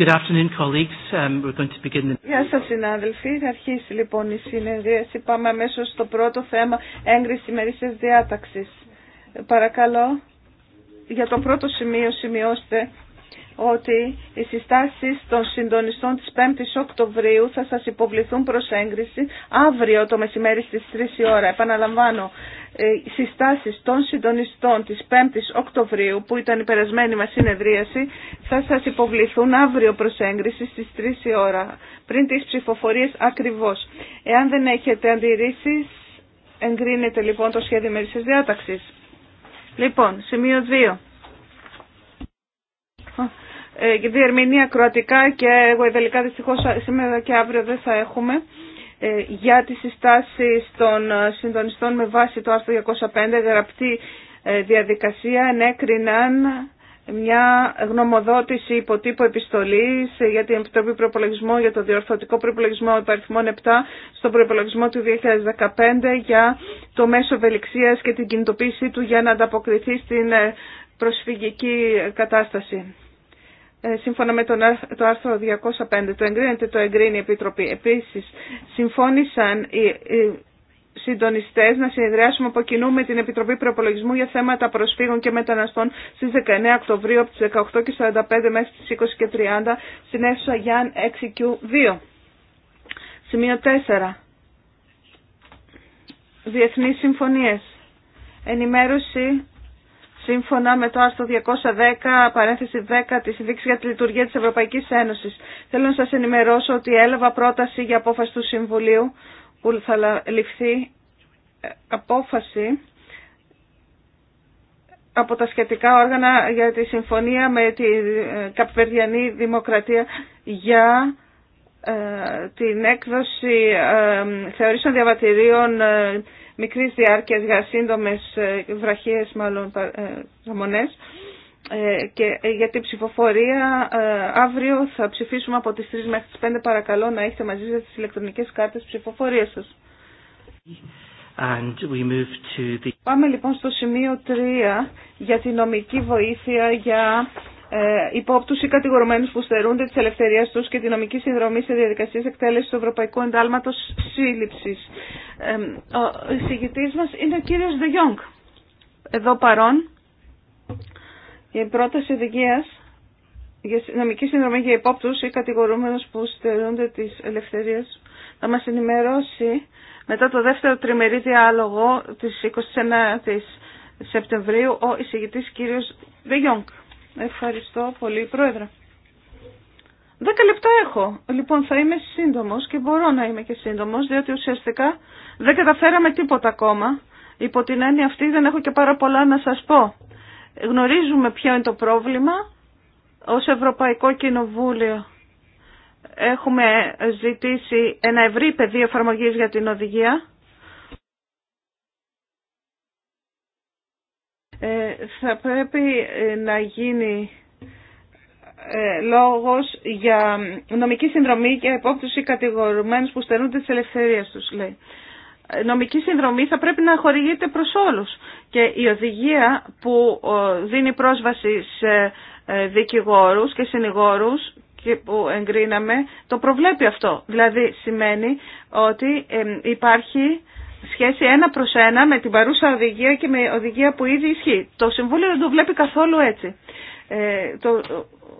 Um, Γεια σας συνάδελφοι. Θα αρχίσει λοιπόν η συνεδρίαση. Πάμε αμέσω στο πρώτο θέμα, έγκριση μερίσιας διάταξης. Ε, παρακαλώ, για το πρώτο σημείο σημειώστε ότι οι συστάσει των συντονιστών τη 5 η Οκτωβρίου θα σα υποβληθούν προ έγκριση αύριο το μεσημέρι στι 3 η ώρα. Επαναλαμβάνω, ε, οι συστάσει των συντονιστών τη 5 η Οκτωβρίου που ήταν η περασμένη μα συνεδρίαση θα σα υποβληθούν αύριο προ έγκριση στι 3 η ώρα πριν τι ψηφοφορίε ακριβώ. Εάν δεν έχετε αντιρρήσει, εγκρίνεται λοιπόν το σχέδιο τη διάταξη. Λοιπόν, σημείο 2. Ε, διερμηνία κροατικά και εγώ ιδελικά δυστυχώ, σήμερα και αύριο δεν θα έχουμε ε, για τις συστάσεις των ε, συντονιστών με βάση το άρθρο 205 γραπτή διαδικασία ενέκριναν μια γνωμοδότηση υποτύπου επιστολή για την Επιτροπή Προπολογισμού για το διορθωτικό προπολογισμό υπαριθμών 7 στον προπολογισμό του 2015 για το μέσο ευελιξία και την κινητοποίησή του για να ανταποκριθεί στην προσφυγική κατάσταση. Ε, σύμφωνα με το άρθρο 205, το εγκρίνεται, το εγκρίνει η Επιτροπή. Επίσης, συμφώνησαν οι συντονιστές να συνεδριάσουμε από κοινού με την Επιτροπή Προπολογισμού για θέματα προσφύγων και μεταναστών στις 19 Οκτωβρίου από τις 18.45 μέχρι τις 20.30 στην αίθουσα Γιάν 6Q2. Σημείο 4. Διεθνείς συμφωνίες. Ενημέρωση σύμφωνα με το άρθρο 210 παρένθεση 10 της Συνδίκης για τη Λειτουργία της Ευρωπαϊκής Ένωσης. Θέλω να σας ενημερώσω ότι έλαβα πρόταση για απόφαση του Συμβουλίου που θα ληφθεί ε, απόφαση από τα σχετικά όργανα για τη συμφωνία με τη ε, Καπβερδιανή Δημοκρατία για ε, την έκδοση θεωρήσεων διαβατηρίων μικρής διάρκειας για σύντομες ε, βραχίες μάλλον Ε, ε και ε, για την ψηφοφορία αύριο θα ψηφίσουμε από τις 3 μέχρι τις 5 παρακαλώ να έχετε μαζί σας τις ηλεκτρονικές κάρτες ψηφοφορίας σας. And we move to the... Πάμε λοιπόν στο σημείο 3 για τη νομική βοήθεια για ε, υπόπτου ή κατηγορουμένου που στερούνται τη ελευθερία του και τη νομική συνδρομή σε διαδικασίες εκτέλεση του Ευρωπαϊκού Εντάλματος Σύλληψης. Ε, ο εισηγητή μα είναι ο κύριο Δε Γιόγκ. Εδώ παρόν, η πρόταση οδηγία για νομική συνδρομή για υπόπτου ή κατηγορούμενου που στερούνται τη ελευθερία θα μα ενημερώσει μετά το δεύτερο τριμερή διάλογο τη 29 Σεπτεμβρίου ο εισηγητή κύριο Δε Γιόγκ. Ευχαριστώ πολύ, Πρόεδρε. Δέκα λεπτά έχω. Λοιπόν, θα είμαι σύντομο και μπορώ να είμαι και σύντομο, διότι ουσιαστικά δεν καταφέραμε τίποτα ακόμα. Υπό την έννοια αυτή δεν έχω και πάρα πολλά να σα πω. Γνωρίζουμε ποιο είναι το πρόβλημα. Ω Ευρωπαϊκό Κοινοβούλιο έχουμε ζητήσει ένα ευρύ πεδίο εφαρμογή για την οδηγία. Ε, θα πρέπει ε, να γίνει ε, λόγος για νομική συνδρομή και υπόπτωση κατηγορουμένους που στερούνται της ελευθερία τους, λέει. Νομική συνδρομή θα πρέπει να χορηγείται προς όλους και η οδηγία που δίνει πρόσβαση σε δικηγόρους και συνηγόρους και που εγκρίναμε το προβλέπει αυτό. Δηλαδή σημαίνει ότι υπάρχει σχέση ένα προ ένα με την παρούσα οδηγία και με οδηγία που ήδη ισχύει. Το Συμβούλιο δεν το βλέπει καθόλου έτσι. Ε, το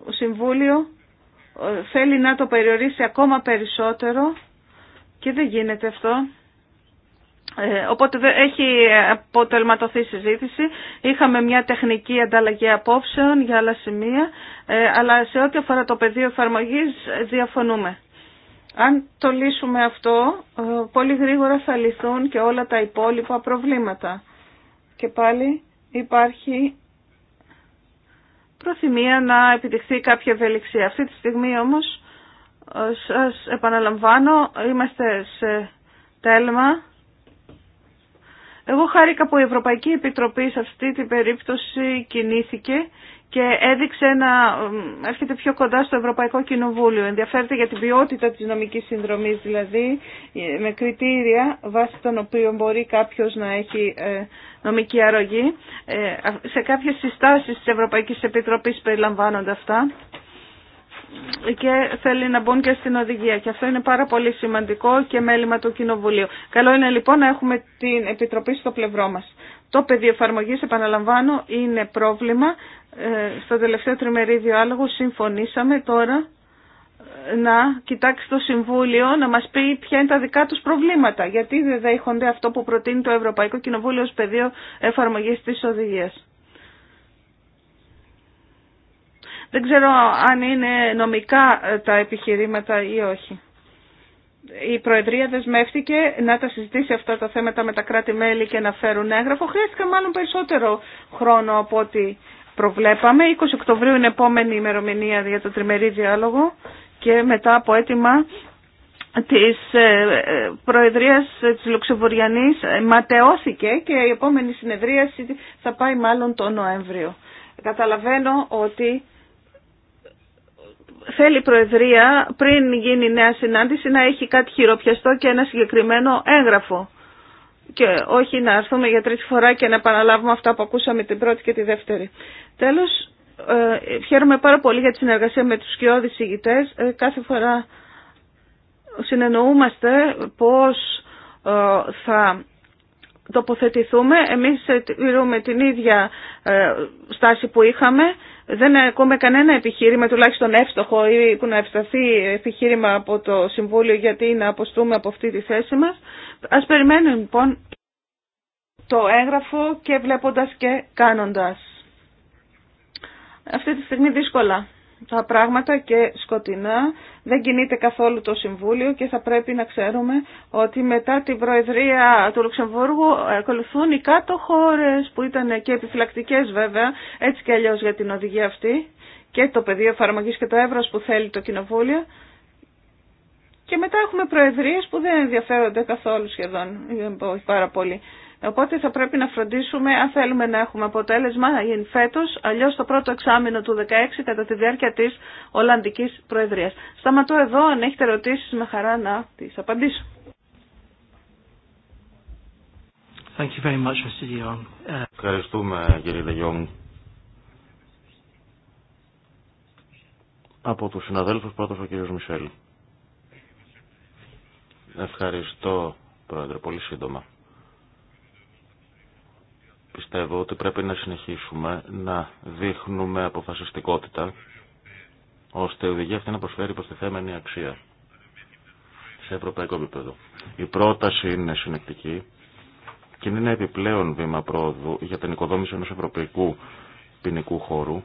Συμβούλιο ε, θέλει να το περιορίσει ακόμα περισσότερο και δεν γίνεται αυτό. Ε, οπότε έχει αποτελματωθεί συζήτηση. Είχαμε μια τεχνική ανταλλαγή απόψεων για άλλα σημεία, αλλά σε ό,τι αφορά το πεδίο εφαρμογής διαφωνούμε. Αν το λύσουμε αυτό, ε, πολύ γρήγορα θα λυθούν και όλα τα υπόλοιπα προβλήματα. Και πάλι υπάρχει προθυμία να επιτυχθεί κάποια ευελιξία. Αυτή τη στιγμή όμως, ε, σας επαναλαμβάνω, είμαστε σε τέλμα. Εγώ χάρηκα που η Ευρωπαϊκή Επιτροπή σε αυτή την περίπτωση κινήθηκε και έδειξε να έρχεται πιο κοντά στο Ευρωπαϊκό Κοινοβούλιο. Ενδιαφέρεται για την ποιότητα της νομικής συνδρομής, δηλαδή με κριτήρια βάσει των οποίων μπορεί κάποιος να έχει ε, νομική αρρωγή. Ε, σε κάποιες συστάσεις της Ευρωπαϊκής Επιτροπής περιλαμβάνονται αυτά και θέλει να μπουν και στην οδηγία. Και αυτό είναι πάρα πολύ σημαντικό και μέλημα του Κοινοβουλίου. Καλό είναι λοιπόν να έχουμε την Επιτροπή στο πλευρό μας. Το πεδίο εφαρμογή, επαναλαμβάνω, είναι πρόβλημα ε, στο τελευταίο τριμερή διάλογο συμφωνήσαμε τώρα ε, να κοιτάξει το Συμβούλιο να μας πει ποια είναι τα δικά τους προβλήματα. Γιατί δεν δέχονται αυτό που προτείνει το Ευρωπαϊκό Κοινοβούλιο ως πεδίο εφαρμογής της οδηγίας. Δεν ξέρω αν είναι νομικά ε, τα επιχειρήματα ή όχι. Η Προεδρία δεσμεύτηκε να τα συζητήσει αυτά τα θέματα με τα κράτη-μέλη και να φέρουν έγγραφο. Χρειάστηκε μάλλον περισσότερο χρόνο από ότι προβλέπαμε. 20 Οκτωβρίου είναι επόμενη ημερομηνία για το τριμερή διάλογο και μετά από αίτημα της ε, Προεδρίας της Λουξεμβουριανής ε, ματαιώθηκε και η επόμενη συνεδρίαση θα πάει μάλλον τον Νοέμβριο. Καταλαβαίνω ότι θέλει η Προεδρία πριν γίνει η νέα συνάντηση να έχει κάτι χειροπιαστό και ένα συγκεκριμένο έγγραφο και όχι να έρθουμε για τρίτη φορά και να επαναλάβουμε αυτά που ακούσαμε την πρώτη και τη δεύτερη. Τέλος, ε, χαίρομαι πάρα πολύ για τη συνεργασία με τους σκιώδεις ηγητές. Ε, κάθε φορά συνεννοούμαστε πώς ε, θα τοποθετηθούμε. Εμείς τηρούμε την ίδια στάση που είχαμε δεν ακούμε κανένα επιχείρημα, τουλάχιστον εύστοχο ή που να ευσταθεί επιχείρημα από το Συμβούλιο γιατί να αποστούμε από αυτή τη θέση μας. Ας περιμένουμε λοιπόν το έγγραφο και βλέποντας και κάνοντας. Αυτή τη στιγμή δύσκολα τα πράγματα και σκοτεινά. Δεν κινείται καθόλου το Συμβούλιο και θα πρέπει να ξέρουμε ότι μετά την Προεδρία του Λουξεμβούργου ακολουθούν οι κάτω χώρες που ήταν και επιφυλακτικές βέβαια, έτσι και αλλιώς για την οδηγία αυτή και το πεδίο εφαρμογής και το εύρος που θέλει το Κοινοβούλιο. Και μετά έχουμε προεδρίες που δεν ενδιαφέρονται καθόλου σχεδόν, πάρα πολύ. Οπότε θα πρέπει να φροντίσουμε αν θέλουμε να έχουμε αποτέλεσμα να γίνει φέτο, αλλιώ το πρώτο εξάμεινο του 2016 κατά τη διάρκεια τη Ολλανδική Προεδρία. Σταματώ εδώ. Αν έχετε ερωτήσει, με χαρά να τι απαντήσω. Thank you very much, uh, Ευχαριστούμε, κύριε Δεγιόμ. Από τους συναδέλφους πρώτος ο κύριος Μισελ. Ευχαριστώ, Πρόεδρε, πολύ σύντομα. Πιστεύω ότι πρέπει να συνεχίσουμε να δείχνουμε αποφασιστικότητα ώστε η οδηγία αυτή να προσφέρει υποστηθέμενη αξία σε ευρωπαϊκό επίπεδο. Η πρόταση είναι συνεκτική και είναι επιπλέον βήμα πρόοδου για την οικοδόμηση ενός ευρωπαϊκού ποινικού χώρου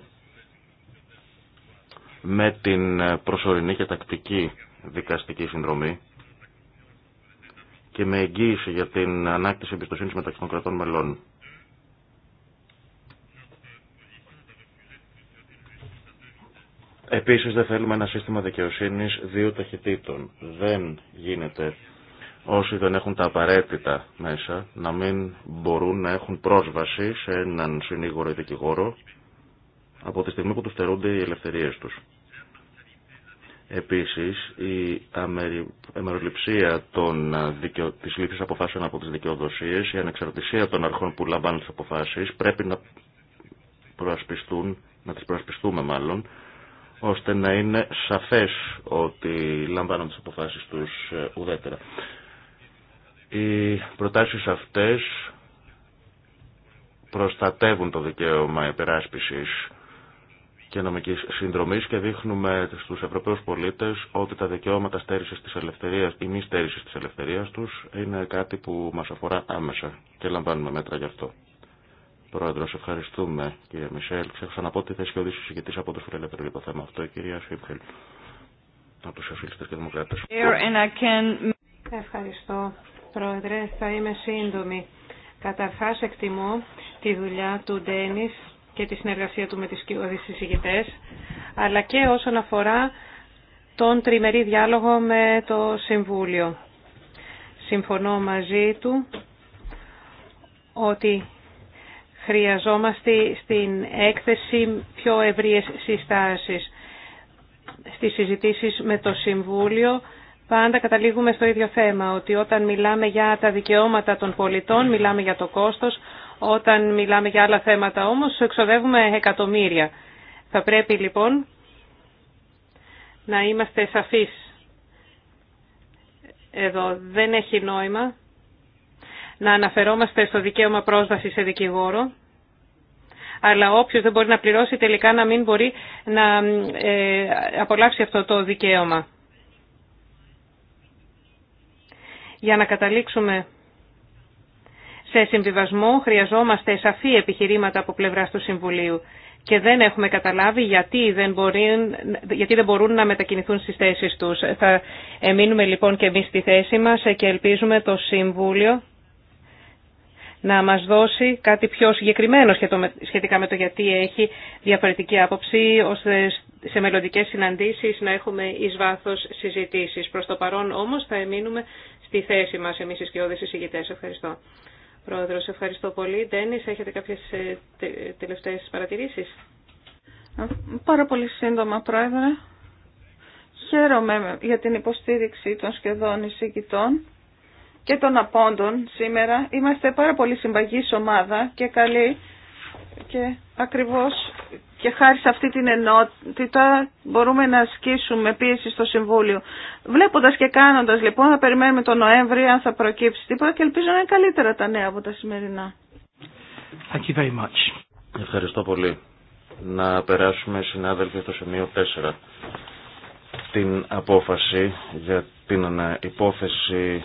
με την προσωρινή και τακτική δικαστική συνδρομή και με εγγύηση για την ανάκτηση εμπιστοσύνη μεταξύ των κρατών μελών. Επίσης δεν θέλουμε ένα σύστημα δικαιοσύνης δύο ταχυτήτων. Δεν γίνεται όσοι δεν έχουν τα απαραίτητα μέσα να μην μπορούν να έχουν πρόσβαση σε έναν συνήγορο ή δικηγόρο από τη στιγμή που τους θερούνται οι ελευθερίες τους. Επίσης, η αμεροληψία δικαιο... της λήψης αποφάσεων από τις δικαιοδοσίες, η ανεξαρτησία των αρχών που λαμβάνουν τις αποφάσεις πρέπει να προασπιστούν, να τις προασπιστούμε μάλλον, ώστε να είναι σαφές ότι λαμβάνουν τις αποφάσεις τους ε, ουδέτερα. Οι προτάσεις αυτές προστατεύουν το δικαίωμα υπεράσπισης και νομικής συνδρομής και δείχνουμε στους Ευρωπαίους πολίτες ότι τα δικαιώματα στέρησης της ελευθερίας ή μη στέρησης της ελευθερίας τους είναι κάτι που μας αφορά άμεσα και λαμβάνουμε μέτρα γι' αυτό. Προέδρο. ευχαριστούμε κύριε Μισελ. Ξέχασα να πω ότι θα ισχυωδήσω συγκεκριτής από το φιλελεύθερο για θέμα αυτό, η κυρία Σίπχελ, από του σοσιαλιστέ και Can... Ευχαριστώ, Πρόεδρε. Θα είμαι σύντομη. Καταρχά εκτιμώ τη δουλειά του Ντένι και τη συνεργασία του με τις συζητητές, αλλά και όσον αφορά τον τριμερή διάλογο με το Συμβούλιο. Συμφωνώ μαζί του ότι Χρειαζόμαστε στην έκθεση πιο ευρύες συστάσεις. Στις συζητήσεις με το Συμβούλιο πάντα καταλήγουμε στο ίδιο θέμα, ότι όταν μιλάμε για τα δικαιώματα των πολιτών, μιλάμε για το κόστος, όταν μιλάμε για άλλα θέματα όμως, εξοδεύουμε εκατομμύρια. Θα πρέπει λοιπόν να είμαστε σαφείς εδώ. Δεν έχει νόημα να αναφερόμαστε στο δικαίωμα πρόσβαση σε δικηγόρο, αλλά όποιος δεν μπορεί να πληρώσει τελικά να μην μπορεί να ε, απολαύσει αυτό το δικαίωμα. Για να καταλήξουμε σε συμβιβασμό χρειαζόμαστε σαφή επιχειρήματα από πλευρά του Συμβουλίου και δεν έχουμε καταλάβει γιατί δεν, γιατί δεν μπορούν να μετακινηθούν στις θέσεις τους. Θα εμείνουμε λοιπόν και εμείς στη θέση μας και ελπίζουμε το Συμβούλιο να μας δώσει κάτι πιο συγκεκριμένο σχετικά με το γιατί έχει διαφορετική άποψη, ώστε σε μελλοντικέ συναντήσεις να έχουμε εις βάθος συζητήσεις. Προς το παρόν όμως θα εμείνουμε στη θέση μας εμείς οι σκιώδες εισηγητές. Ευχαριστώ. Πρόεδρος, ευχαριστώ πολύ. Ντένις, έχετε κάποιες ε, τελευταίες παρατηρήσεις. Ε, πάρα πολύ σύντομα, Πρόεδρε. Χαίρομαι για την υποστήριξη των σχεδόν εισηγητών και των απόντων σήμερα. Είμαστε πάρα πολύ συμπαγής ομάδα και καλή και ακριβώς και χάρη σε αυτή την ενότητα μπορούμε να ασκήσουμε πίεση στο Συμβούλιο. Βλέποντας και κάνοντας λοιπόν θα περιμένουμε τον Νοέμβριο αν θα προκύψει τίποτα και ελπίζω να είναι καλύτερα τα νέα από τα σημερινά. Thank you very much. Ευχαριστώ πολύ. Να περάσουμε συνάδελφοι στο σημείο 4. Την απόφαση για την υπόθεση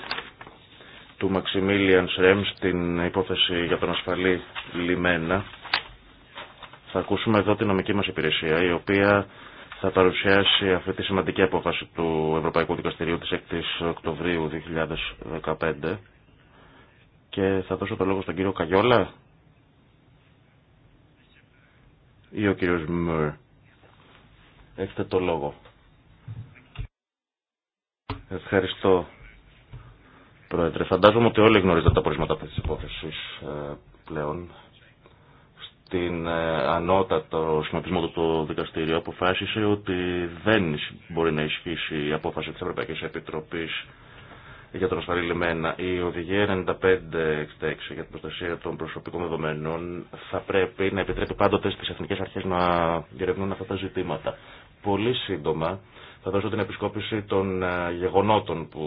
του Μαξιμίλιαν Σρέμ στην υπόθεση για τον ασφαλή λιμένα. Θα ακούσουμε εδώ την νομική μας υπηρεσία, η οποία θα παρουσιάσει αυτή τη σημαντική απόφαση του Ευρωπαϊκού Δικαστηρίου της 6ης Οκτωβρίου 2015 και θα δώσω το λόγο στον κύριο Καγιόλα ή ο κύριος Μουρ. Έχετε το λόγο. Ευχαριστώ Πρόεδρε, φαντάζομαι ότι όλοι γνωρίζετε τα πορίσματα αυτή τη υπόθεση ε, πλέον. Στην ε, ανώτατο σχηματισμό του το δικαστήριο αποφάσισε ότι δεν μπορεί να ισχύσει η απόφαση τη Ευρωπαϊκή Επιτροπή για τον ασφαλή λιμένα. Η οδηγία 9566 για την προστασία των προσωπικών δεδομένων θα πρέπει να επιτρέπει πάντοτε στι εθνικέ αρχέ να διερευνούν αυτά τα ζητήματα. Πολύ σύντομα θα δώσω την επισκόπηση των ε, γεγονότων που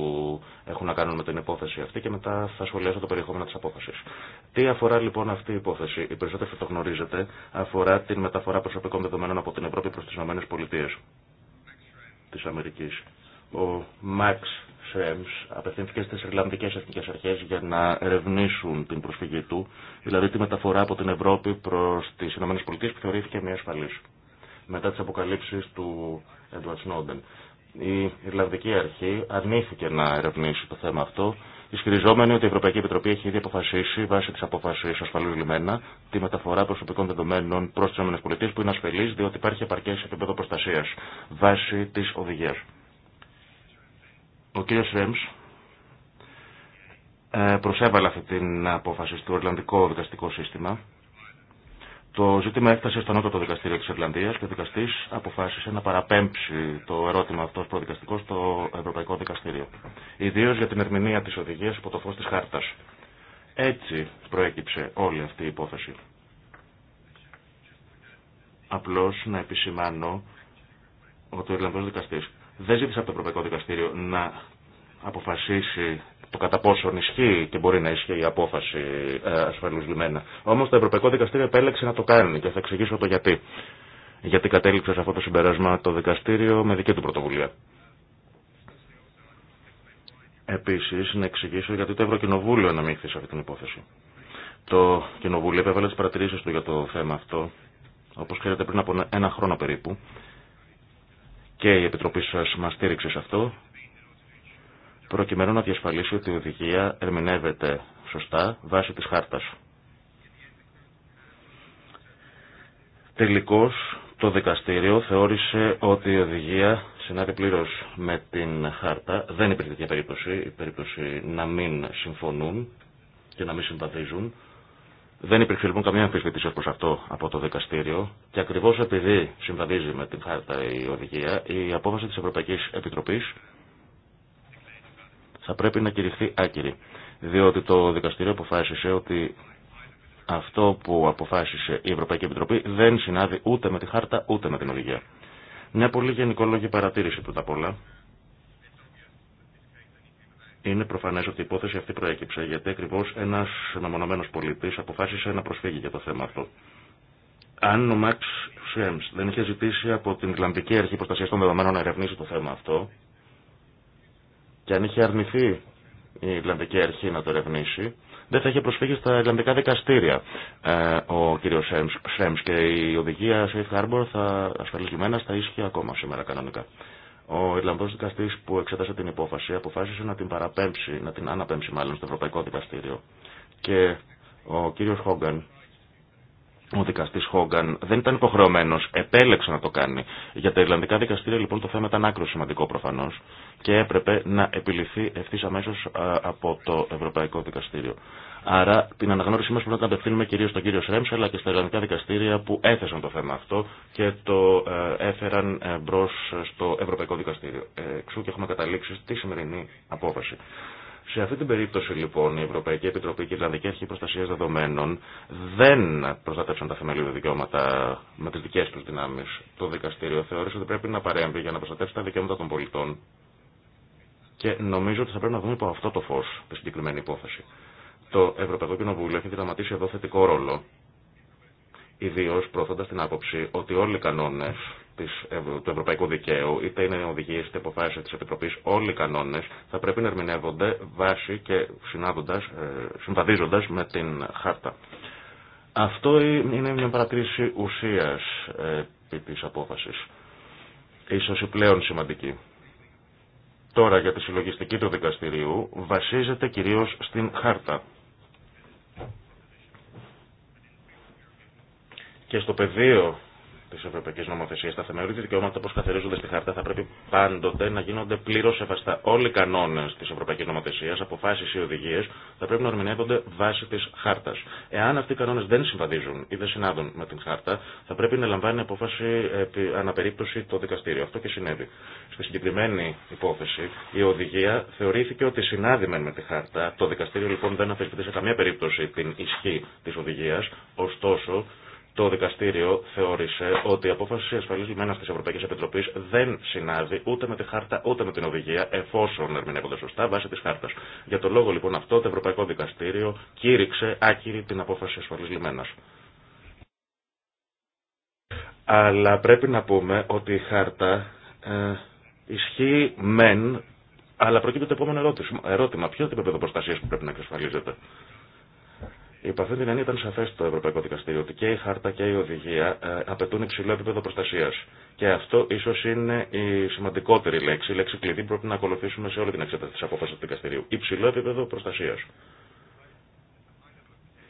έχουν να κάνουν με την υπόθεση αυτή και μετά θα σχολιάσω το περιεχόμενο της απόφασης. Τι αφορά λοιπόν αυτή η υπόθεση, οι περισσότεροι το γνωρίζετε, αφορά την μεταφορά προσωπικών δεδομένων από την Ευρώπη προς τις ΗΠΑ της Αμερικής. Ο Μαξ Σρέμς απευθύνθηκε στις Ιρλανδικές Εθνικές Αρχές για να ερευνήσουν την προσφυγή του, δηλαδή τη μεταφορά από την Ευρώπη προς τις ΗΠΑ που θεωρήθηκε μια ασφαλή Μετά τι αποκαλύψεις του Edward Snowden. Η Ιρλανδική Αρχή αρνήθηκε να ερευνήσει το θέμα αυτό, ισχυριζόμενη ότι η Ευρωπαϊκή Επιτροπή έχει ήδη αποφασίσει, βάσει τη απόφαση ασφαλού λιμένα, τη μεταφορά προσωπικών δεδομένων προ τι ΗΠΑ που είναι ασφαλή, διότι υπάρχει επαρκέ επίπεδο προστασία βάσει τη οδηγία. Ο κ. Σρέμ ε, προσέβαλε αυτή την απόφαση στο Ιρλανδικό δικαστικό σύστημα το ζήτημα έφτασε στον Νότο το Δικαστήριο της Ιρλανδίας και ο δικαστής αποφάσισε να παραπέμψει το ερώτημα αυτό προδικαστικό στο Ευρωπαϊκό Δικαστήριο. Ιδίως για την ερμηνεία της οδηγίας υπό το φως της χάρτας. Έτσι προέκυψε όλη αυτή η υπόθεση. Απλώς να επισημάνω ότι ο Ιρλανδός δικαστής δεν ζήτησε από το Ευρωπαϊκό Δικαστήριο να αποφασίσει το κατά πόσο ισχύει και μπορεί να ισχύει η απόφαση ε, ασφαλούς λιμένα. Όμως το Ευρωπαϊκό Δικαστήριο επέλεξε να το κάνει και θα εξηγήσω το γιατί. Γιατί κατέληξε σε αυτό το συμπεράσμα το δικαστήριο με δική του πρωτοβουλία. Επίσης, να εξηγήσω γιατί το Ευρωκοινοβούλιο αναμίχθη σε αυτή την υπόθεση. Το Κοινοβούλιο επέβαλε τις παρατηρήσεις του για το θέμα αυτό, όπως ξέρετε πριν από ένα χρόνο περίπου, και η Επιτροπή σας μας στήριξε σε αυτό προκειμένου να διασφαλίσει ότι η οδηγία ερμηνεύεται σωστά βάσει της χάρτας. Τελικώς, το δικαστήριο θεώρησε ότι η οδηγία συνάδει πλήρω με την χάρτα. Δεν υπήρχε τέτοια περίπτωση, η περίπτωση να μην συμφωνούν και να μην συμβαδίζουν. Δεν υπήρχε, λοιπόν καμία αμφισβήτηση προ αυτό από το δικαστήριο και ακριβώ επειδή συμβαδίζει με την χάρτα η οδηγία, η απόφαση τη Ευρωπαϊκή Επιτροπή θα πρέπει να κηρυχθεί άκυρη. Διότι το δικαστήριο αποφάσισε ότι αυτό που αποφάσισε η Ευρωπαϊκή Επιτροπή δεν συνάδει ούτε με τη χάρτα ούτε με την οδηγία. Μια πολύ γενικόλογη παρατήρηση πρώτα απ' όλα. Είναι προφανέ ότι η υπόθεση αυτή προέκυψε γιατί ακριβώ ένα μεμονωμένο πολίτη αποφάσισε να προσφύγει για το θέμα αυτό. Αν ο Μαξ Σέμ δεν είχε ζητήσει από την Ιρλανδική Αρχή Προστασία των Δεδομένων να ερευνήσει το θέμα αυτό, και αν είχε αρνηθεί η Ιρλανδική Αρχή να το ερευνήσει, δεν θα είχε προσφύγει στα Ιρλανδικά δικαστήρια. Ε, ο κ. Σέμ και η οδηγία Safe Harbor θα ασφαλισμένα θα ίσχυε ακόμα σήμερα κανονικά. Ο Ιρλανδό Δικαστή, που εξέτασε την υπόφαση αποφάσισε να την παραπέμψει, να την αναπέμψει μάλλον στο Ευρωπαϊκό Δικαστήριο. Και ο κύριος Χόγκαν ο δικαστή Χόγκαν δεν ήταν υποχρεωμένο, επέλεξε να το κάνει. Για τα Ιρλανδικά δικαστήρια λοιπόν το θέμα ήταν άκρο σημαντικό προφανώ και έπρεπε να επιληθεί ευθύ αμέσω από το Ευρωπαϊκό Δικαστήριο. Άρα την αναγνώρισή μα πρέπει να την απευθύνουμε κυρίω στον κύριο Σρέμψ αλλά και στα Ιρλανδικά δικαστήρια που έθεσαν το θέμα αυτό και το ε, έφεραν ε, μπρο στο Ευρωπαϊκό Δικαστήριο. Ε, εξού και έχουμε καταλήξει στη σημερινή απόφαση. Σε αυτή την περίπτωση λοιπόν η Ευρωπαϊκή Επιτροπή και η Ιρλανδική Αρχή Προστασία Δεδομένων δεν προστάτευσαν τα θεμελιώδη δικαιώματα με τι δικέ του δυνάμει. Το δικαστήριο θεώρησε ότι πρέπει να παρέμβει για να προστατεύσει τα δικαιώματα των πολιτών. Και νομίζω ότι θα πρέπει να δούμε από αυτό το φω τη συγκεκριμένη υπόθεση. Το Ευρωπαϊκό Κοινοβούλιο έχει δραματίσει εδώ θετικό ρόλο. Ιδίω προωθώντα την άποψη ότι όλοι οι κανόνε της, ε, του ευρωπαϊκού δικαίου, είτε είναι οδηγίε είτε αποφάσει τη Επιτροπή, όλοι οι κανόνε θα πρέπει να ερμηνεύονται βάσει και ε, συμβαδίζοντα με την χάρτα. Αυτό είναι μια παρατήρηση ουσία ε, επί τη απόφαση. Ίσως η πλέον σημαντική. Τώρα για τη συλλογιστική του δικαστηρίου βασίζεται κυρίως στην χάρτα. Και στο πεδίο τη Ευρωπαϊκή Νομοθεσία. Τα θεμελιώδη δικαιώματα, όπω καθορίζονται στη Χάρτα, θα πρέπει πάντοτε να γίνονται πλήρω σεβαστά. Όλοι οι κανόνε τη Ευρωπαϊκή Νομοθεσία, αποφάσει ή οδηγίε, θα πρέπει να ερμηνεύονται βάσει τη Χάρτα. Εάν αυτοί οι κανόνε δεν συμβαδίζουν ή δεν συνάδουν με την Χάρτα, θα πρέπει να λαμβάνει απόφαση αναπερίπτωση το δικαστήριο. Αυτό και συνέβη. Στη συγκεκριμένη υπόθεση, η οδηγία θεωρήθηκε ότι συνάδει με τη Χάρτα. Το δικαστήριο λοιπόν δεν αφισβητεί σε καμία περίπτωση την ισχύ τη οδηγία. Ωστόσο, το δικαστήριο θεώρησε ότι η απόφαση ασφαλή λιμένα τη Ευρωπαϊκή Επιτροπή δεν συνάδει ούτε με τη χάρτα ούτε με την οδηγία, εφόσον ερμηνεύονται σωστά βάσει τη χάρτα. Για τον λόγο λοιπόν αυτό, το Ευρωπαϊκό Δικαστήριο κήρυξε άκυρη την απόφαση ασφαλή λιμένα. Αλλά πρέπει να πούμε ότι η χάρτα ε, ισχύει μεν, αλλά προκύπτει το επόμενο ερώτημα. Ερώτημα, ποιο είναι το επίπεδο προστασία που πρέπει να εξασφαλίζεται. Υπ' αυτή την έννοια ήταν σαφέ στο Ευρωπαϊκό Δικαστήριο ότι και η χάρτα και η οδηγία ε, απαιτούν υψηλό επίπεδο προστασία. Και αυτό ίσω είναι η σημαντικότερη λέξη, η λέξη κλειδί που πρέπει να ακολουθήσουμε σε όλη την εξέταση τη απόφαση του δικαστηρίου. Υψηλό επίπεδο προστασία.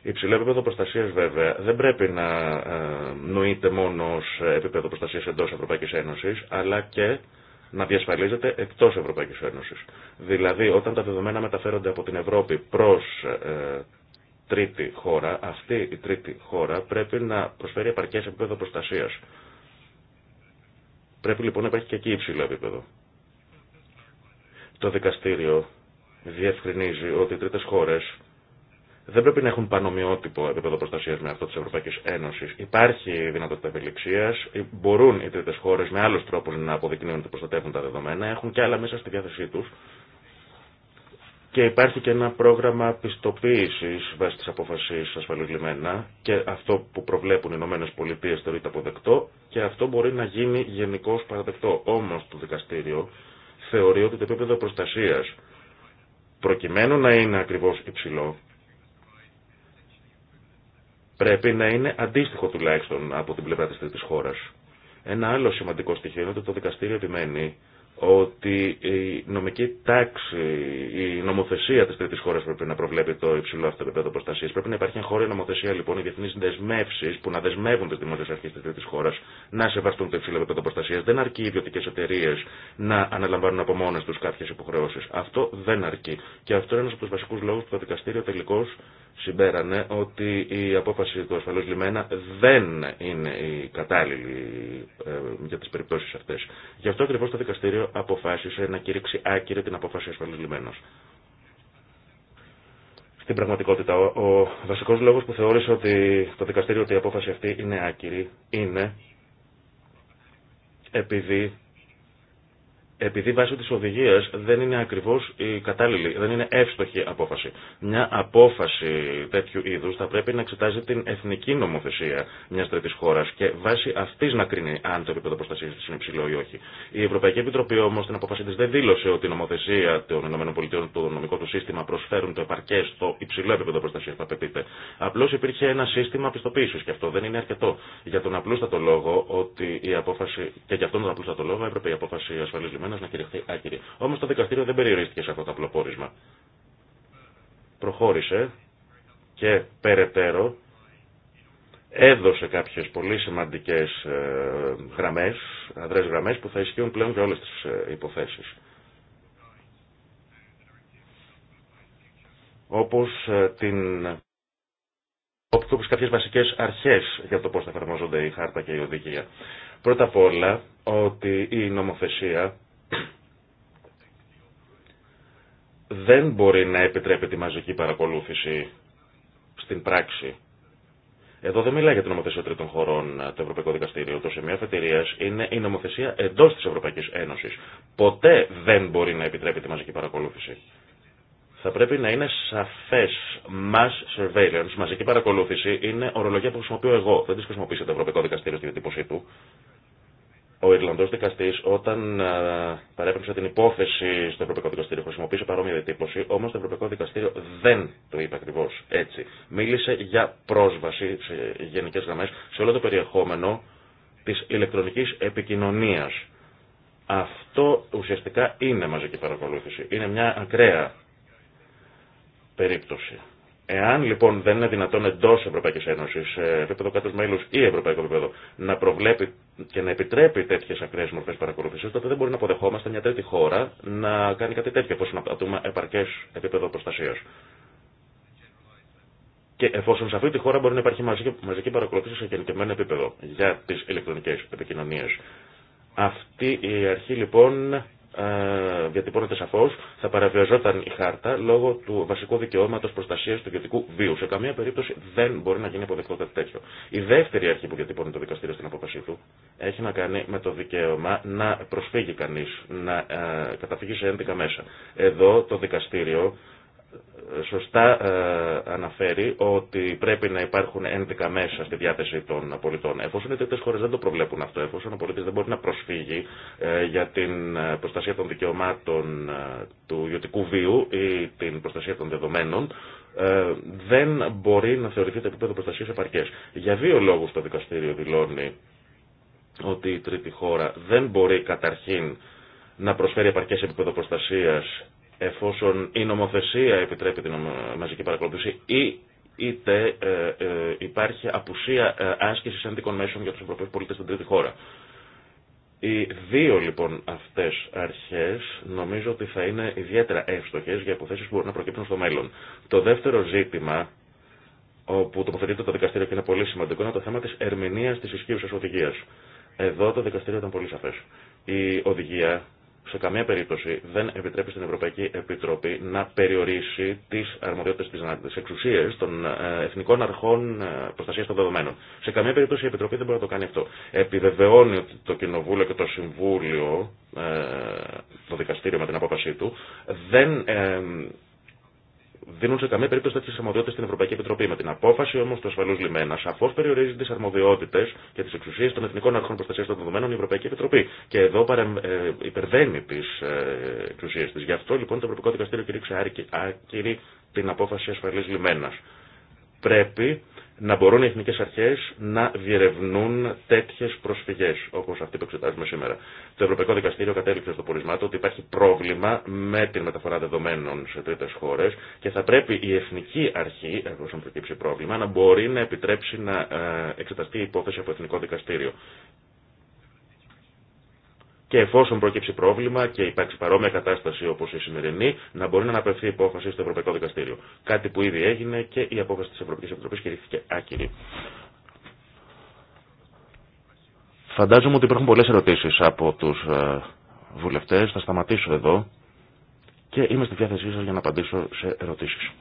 Υψηλό επίπεδο προστασία βέβαια δεν πρέπει να ε, νοείται μόνο σε επίπεδο προστασία εντό Ευρωπαϊκή Ένωση, αλλά και να διασφαλίζεται εκτό Ευρωπαϊκή Ένωση. Δηλαδή, όταν τα δεδομένα μεταφέρονται από την Ευρώπη προ ε, τρίτη χώρα, αυτή η τρίτη χώρα πρέπει να προσφέρει επαρκέ επίπεδο προστασία. Πρέπει λοιπόν να υπάρχει και εκεί υψηλό επίπεδο. Το δικαστήριο διευκρινίζει ότι οι τρίτε χώρε δεν πρέπει να έχουν πανομοιότυπο επίπεδο προστασία με αυτό τη Ευρωπαϊκή Ένωση. Υπάρχει δυνατότητα ευελιξία, μπορούν οι τρίτε χώρε με άλλου τρόπου να αποδεικνύουν ότι προστατεύουν τα δεδομένα, έχουν και άλλα μέσα στη διάθεσή του και υπάρχει και ένα πρόγραμμα πιστοποίηση βάσει τη απόφαση και αυτό που προβλέπουν οι Ηνωμένε Πολιτείε θεωρείται αποδεκτό και αυτό μπορεί να γίνει γενικώ παραδεκτό. Όμω το δικαστήριο θεωρεί ότι το επίπεδο προστασία προκειμένου να είναι ακριβώ υψηλό πρέπει να είναι αντίστοιχο τουλάχιστον από την πλευρά τη τρίτη χώρα. Ένα άλλο σημαντικό στοιχείο είναι ότι το δικαστήριο επιμένει ότι η νομική τάξη, η νομοθεσία τη τρίτη χώρα πρέπει να προβλέπει το υψηλό αυτό επίπεδο προστασία. Πρέπει να υπάρχει χωρή νομοθεσία λοιπόν, οι διεθνεί δεσμεύσει που να δεσμεύουν τι δημόσιε αρχέ τη τρίτη χώρα να σεβαστούν το υψηλό επίπεδο προστασία. Δεν αρκεί οι ιδιωτικέ εταιρείε να αναλαμβάνουν από μόνε του κάποιε υποχρεώσει. Αυτό δεν αρκεί. Και αυτό είναι ένα από του βασικού λόγου που το δικαστήριο τελικώ συμπέρανε ότι η απόφαση του ασφαλώ λιμένα δεν είναι η κατάλληλη ε, για τι περιπτώσει αυτέ. Γι' αυτό ακριβώ το δικαστήριο αποφάσισε να κηρύξει άκυρη την απόφαση ασφαλής λιμένος. Στην πραγματικότητα, ο βασικός λόγος που θεώρησε ότι το δικαστήριο ότι η απόφαση αυτή είναι άκυρη είναι επειδή επειδή βάσει τη οδηγία δεν είναι ακριβώς η κατάλληλη, δεν είναι εύστοχη απόφαση. Μια απόφαση τέτοιου είδους θα πρέπει να εξετάζει την εθνική νομοθεσία μιας τρίτης χώρας και βάσει αυτής να κρίνει αν το επίπεδο προστασίας της είναι υψηλό ή όχι. Η Ευρωπαϊκή Επιτροπή όμως την απόφαση της δεν δήλωσε ότι η νομοθεσία των ΗΠΑ, το νομικό του σύστημα προσφέρουν το επαρκέ στο υψηλό επίπεδο προστασίας που απαιτείται. Απλώς υπήρχε ένα σύστημα πιστοποίησης και αυτό δεν είναι αρκετό. Για τον απλούστατο λόγο ότι η απόφαση, και για αυτόν τον απλούστατο λόγο έπρεπε η απόφαση ασφαλής να κηρυχθεί άκυρη. Όμω το δικαστήριο δεν περιορίστηκε σε αυτό το απλό Προχώρησε και περαιτέρω έδωσε κάποιε πολύ σημαντικέ ε, γραμμέ, αδρέ γραμμέ, που θα ισχύουν πλέον για όλε τι ε, υποθέσει. Όπω ε, την όπως κάποιες βασικές αρχές για το πώ θα εφαρμόζονται η χάρτα και η οδηγία. Πρώτα απ' όλα ότι η νομοθεσία δεν μπορεί να επιτρέπει τη μαζική παρακολούθηση στην πράξη. Εδώ δεν μιλάει για την νομοθεσία τρίτων χωρών ε, το Ευρωπαϊκό Δικαστήριο. Το σημείο αφετηρία είναι η νομοθεσία εντό τη Ευρωπαϊκή Ένωση. Ποτέ δεν μπορεί να επιτρέπεται τη μαζική παρακολούθηση. Θα πρέπει να είναι σαφέ. Mass surveillance, μαζική παρακολούθηση, είναι ορολογία που χρησιμοποιώ εγώ. Δεν τη χρησιμοποιήσατε το Ευρωπαϊκό Δικαστήριο στην διατύπωσή του ο Ιρλανδός Δικαστή, όταν ε, παρέπεψε την υπόθεση στο Ευρωπαϊκό Δικαστήριο χρησιμοποίησε παρόμοια διατύπωση, όμω το Ευρωπαϊκό Δικαστήριο δεν το είπε ακριβώ έτσι. Μίλησε για πρόσβαση σε γενικέ γραμμέ σε όλο το περιεχόμενο τη ηλεκτρονική επικοινωνία. Αυτό ουσιαστικά είναι μαζική παρακολούθηση. Είναι μια ακραία περίπτωση. Εάν λοιπόν δεν είναι δυνατόν εντό Ευρωπαϊκή Ένωση, σε επίπεδο κάτω μέλου ή ευρωπαϊκό επίπεδο, να προβλέπει και να επιτρέπει τέτοιε ακραίε μορφέ παρακολούθηση, τότε δεν μπορεί να αποδεχόμαστε μια τρίτη χώρα να κάνει κάτι τέτοιο, εφόσον απαντούμε επαρκέ επίπεδο προστασία. Και εφόσον σε αυτή τη χώρα μπορεί να υπάρχει μαζική παρακολούθηση σε γενικευμένο επίπεδο για τι ηλεκτρονικέ επικοινωνίε. Αυτή η αρχή λοιπόν ε, διατυπώνεται σαφώ, θα παραβιαζόταν η χάρτα λόγω του βασικού δικαιώματο προστασία του ιδιωτικού βίου. Σε καμία περίπτωση δεν μπορεί να γίνει αποδεκτό κάτι τέτοιο. Η δεύτερη αρχή που διατυπώνει το δικαστήριο στην απόφασή του έχει να κάνει με το δικαίωμα να προσφύγει κανεί, να ε, καταφύγει σε ένδικα μέσα. Εδώ το δικαστήριο σωστά ε, αναφέρει ότι πρέπει να υπάρχουν ένδικα μέσα στη διάθεση των πολιτών. Εφόσον οι τέτοιες χώρε δεν το προβλέπουν αυτό, εφόσον ο πολίτης δεν μπορεί να προσφύγει ε, για την ε, προστασία των δικαιωμάτων του ιωτικού βίου ή την προστασία των δεδομένων, δεν μπορεί να θεωρηθεί το επίπεδο προστασία επαρκέ. Για δύο λόγου το δικαστήριο δηλώνει ότι η τρίτη χώρα δεν μπορεί καταρχήν να θεωρηθει το επιπεδο προστασιας επαρκες για δυο λογους το δικαστηριο δηλωνει οτι επίπεδο προστασίας εφόσον η νομοθεσία επιτρέπει την μαζική παρακολούθηση ή είτε ε, ε, υπάρχει απουσία ε, άσκησης ένδικων μέσων για τους Ευρωπαίους πολίτες στην τρίτη χώρα. Οι δύο λοιπόν αυτές αρχές νομίζω ότι θα είναι ιδιαίτερα εύστοχες για υποθέσεις που μπορούν να προκύπτουν στο μέλλον. Το δεύτερο ζήτημα όπου τοποθετείται το δικαστήριο και είναι πολύ σημαντικό είναι το θέμα της ερμηνείας της ισχύουσας οδηγίας. Εδώ το δικαστήριο ήταν πολύ σαφές. Η οδηγία σε καμία περίπτωση δεν επιτρέπει στην Ευρωπαϊκή Επιτροπή να περιορίσει τι αρμοδιότητε τη των ε, εθνικών αρχών ε, προστασία των δεδομένων. Σε καμία περίπτωση η Επιτροπή δεν μπορεί να το κάνει αυτό. Επιβεβαιώνει ότι το Κοινοβούλιο και το Συμβούλιο, ε, το Δικαστήριο με την απόφασή του, δεν δίνουν σε καμία περίπτωση τέτοιε αρμοδιότητε στην Ευρωπαϊκή Επιτροπή. Με την απόφαση όμω του ασφαλού λιμένα, σαφώ περιορίζει τι αρμοδιότητε και τι εξουσίε των Εθνικών Αρχών Προστασία των Δεδομένων η Ευρωπαϊκή Επιτροπή. Και εδώ παρε, ε, υπερβαίνει τι ε, εξουσίε τη. Γι' αυτό λοιπόν το Ευρωπαϊκό Δικαστήριο κηρύξε άκυρη την απόφαση ασφαλή λιμένα. Πρέπει να μπορούν οι εθνικές αρχές να διερευνούν τέτοιες προσφυγές, όπως αυτή που εξετάζουμε σήμερα. Το Ευρωπαϊκό Δικαστήριο κατέληξε στο πορισμά ότι υπάρχει πρόβλημα με την μεταφορά δεδομένων σε τρίτες χώρες και θα πρέπει η εθνική αρχή, εφόσον προκύψει πρόβλημα, να μπορεί να επιτρέψει να ε, εξεταστεί η υπόθεση από το Εθνικό Δικαστήριο και εφόσον προκύψει πρόβλημα και υπάρξει παρόμοια κατάσταση όπω η σημερινή, να μπορεί να αναπευθεί η υπόφαση στο Ευρωπαϊκό Δικαστήριο. Κάτι που ήδη έγινε και η απόφαση τη Ευρωπαϊκή Επιτροπή κηρύχθηκε άκυρη. Φαντάζομαι ότι υπάρχουν πολλέ ερωτήσει από του ε, βουλευτέ. Θα σταματήσω εδώ και είμαι στη διάθεσή σα για να απαντήσω σε ερωτήσει.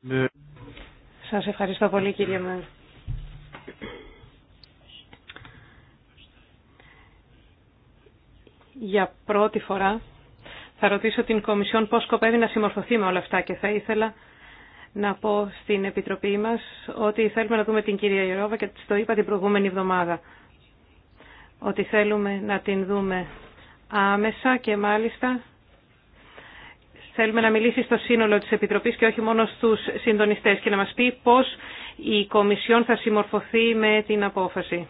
Ναι. Σας ευχαριστώ πολύ κύριε για πρώτη φορά θα ρωτήσω την Κομισιόν πώς σκοπεύει να συμμορφωθεί με όλα αυτά και θα ήθελα να πω στην Επιτροπή μας ότι θέλουμε να δούμε την κυρία Ιερόβα και το είπα την προηγούμενη εβδομάδα ότι θέλουμε να την δούμε άμεσα και μάλιστα θέλουμε να μιλήσει στο σύνολο της Επιτροπής και όχι μόνο στους συντονιστές και να μας πει πώς η Κομισιόν θα συμμορφωθεί με την απόφαση.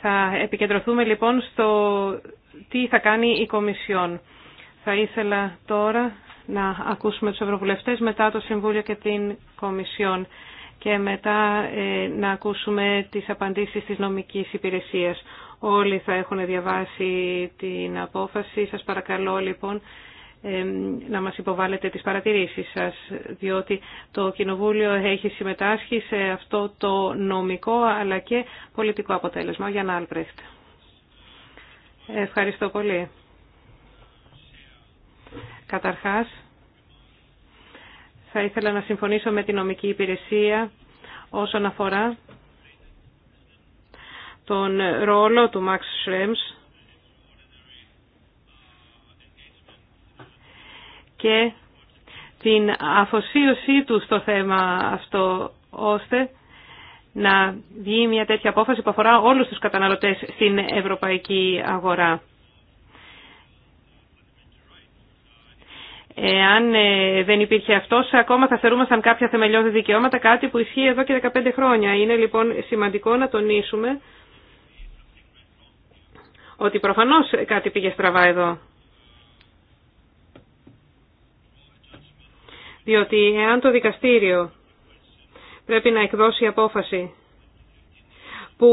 Θα επικεντρωθούμε λοιπόν στο τι θα κάνει η Κομισιόν. Θα ήθελα τώρα να ακούσουμε τους Ευρωβουλευτές, μετά το Συμβούλιο και την Κομισιόν και μετά ε, να ακούσουμε τις απαντήσεις της νομικής υπηρεσίας. Όλοι θα έχουν διαβάσει την απόφαση. Σας παρακαλώ λοιπόν να μας υποβάλλετε τις παρατηρήσεις σας, διότι το Κοινοβούλιο έχει συμμετάσχει σε αυτό το νομικό αλλά και πολιτικό αποτέλεσμα. Για να Άλπρεχτ. Ευχαριστώ πολύ. Καταρχάς, θα ήθελα να συμφωνήσω με την νομική υπηρεσία όσον αφορά τον ρόλο του Max Schrems και την αφοσίωσή του στο θέμα αυτό, ώστε να βγει μια τέτοια απόφαση που αφορά όλους τους καταναλωτές στην ευρωπαϊκή αγορά. Εάν ε, δεν υπήρχε αυτό, ακόμα θα θερούμασταν κάποια θεμελιώδη δικαιώματα, κάτι που ισχύει εδώ και 15 χρόνια. Είναι λοιπόν σημαντικό να τονίσουμε ότι προφανώς κάτι πήγε στραβά εδώ. Διότι εάν το δικαστήριο πρέπει να εκδώσει απόφαση που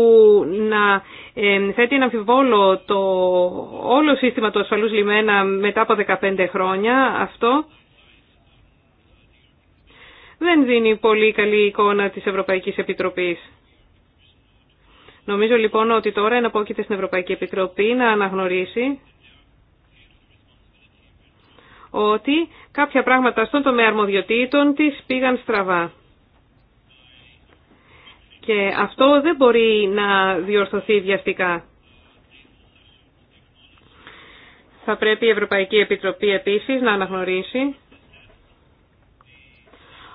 να θέτει ένα αμφιβόλο το όλο σύστημα του ασφαλούς λιμένα μετά από 15 χρόνια, αυτό δεν δίνει πολύ καλή εικόνα της Ευρωπαϊκής Επιτροπής. Νομίζω λοιπόν ότι τώρα εναπόκειται στην Ευρωπαϊκή Επιτροπή να αναγνωρίσει ότι κάποια πράγματα στον τομέα αρμοδιοτήτων της πήγαν στραβά. Και αυτό δεν μπορεί να διορθωθεί βιαστικά. Θα πρέπει η Ευρωπαϊκή Επιτροπή επίσης να αναγνωρίσει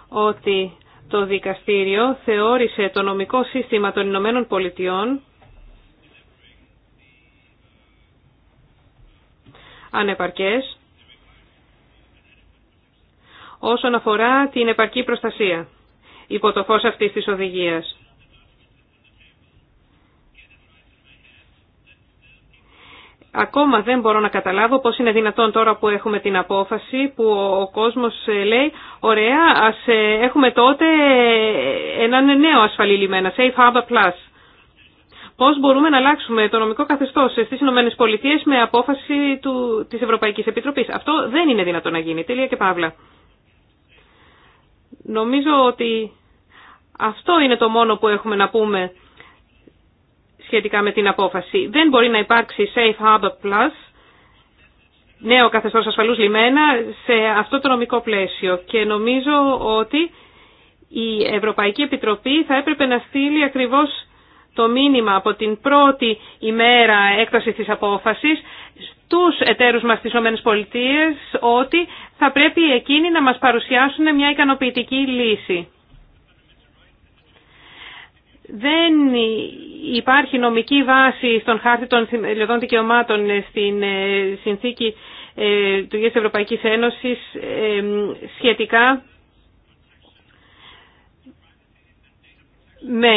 ότι το δικαστήριο θεώρησε το νομικό σύστημα των Ηνωμένων Πολιτειών ανεπαρκές όσον αφορά την επαρκή προστασία υπό το φως αυτής της οδηγίας. Ακόμα δεν μπορώ να καταλάβω πώς είναι δυνατόν τώρα που έχουμε την απόφαση που ο κόσμος ε, λέει «Ωραία, ας ε, έχουμε τότε έναν νέο ασφαλή λιμένα, Safe Harbor Plus». Πώς μπορούμε να αλλάξουμε το νομικό καθεστώς στις Ηνωμένες Πολιτείες με απόφαση του, της Ευρωπαϊκής Επιτροπής. Αυτό δεν είναι δυνατόν να γίνει. Τελεία και παύλα. Νομίζω ότι αυτό είναι το μόνο που έχουμε να πούμε σχετικά με την απόφαση. Δεν μπορεί να υπάρξει Safe Harbor Plus, νέο καθεστώς ασφαλούς λιμένα, σε αυτό το νομικό πλαίσιο. Και νομίζω ότι η Ευρωπαϊκή Επιτροπή θα έπρεπε να στείλει ακριβώς το μήνυμα από την πρώτη ημέρα έκταση της απόφασης στους εταίρους μας στις ΗΠΑ ότι θα πρέπει εκείνοι να μας παρουσιάσουν μια ικανοποιητική λύση. Δεν υπάρχει νομική βάση στον χάρτη των θεμελιωδών δικαιωμάτων στην ε, συνθήκη ε, του ΓΕΣ Ευρωπαϊκής Ένωσης ε, σχετικά με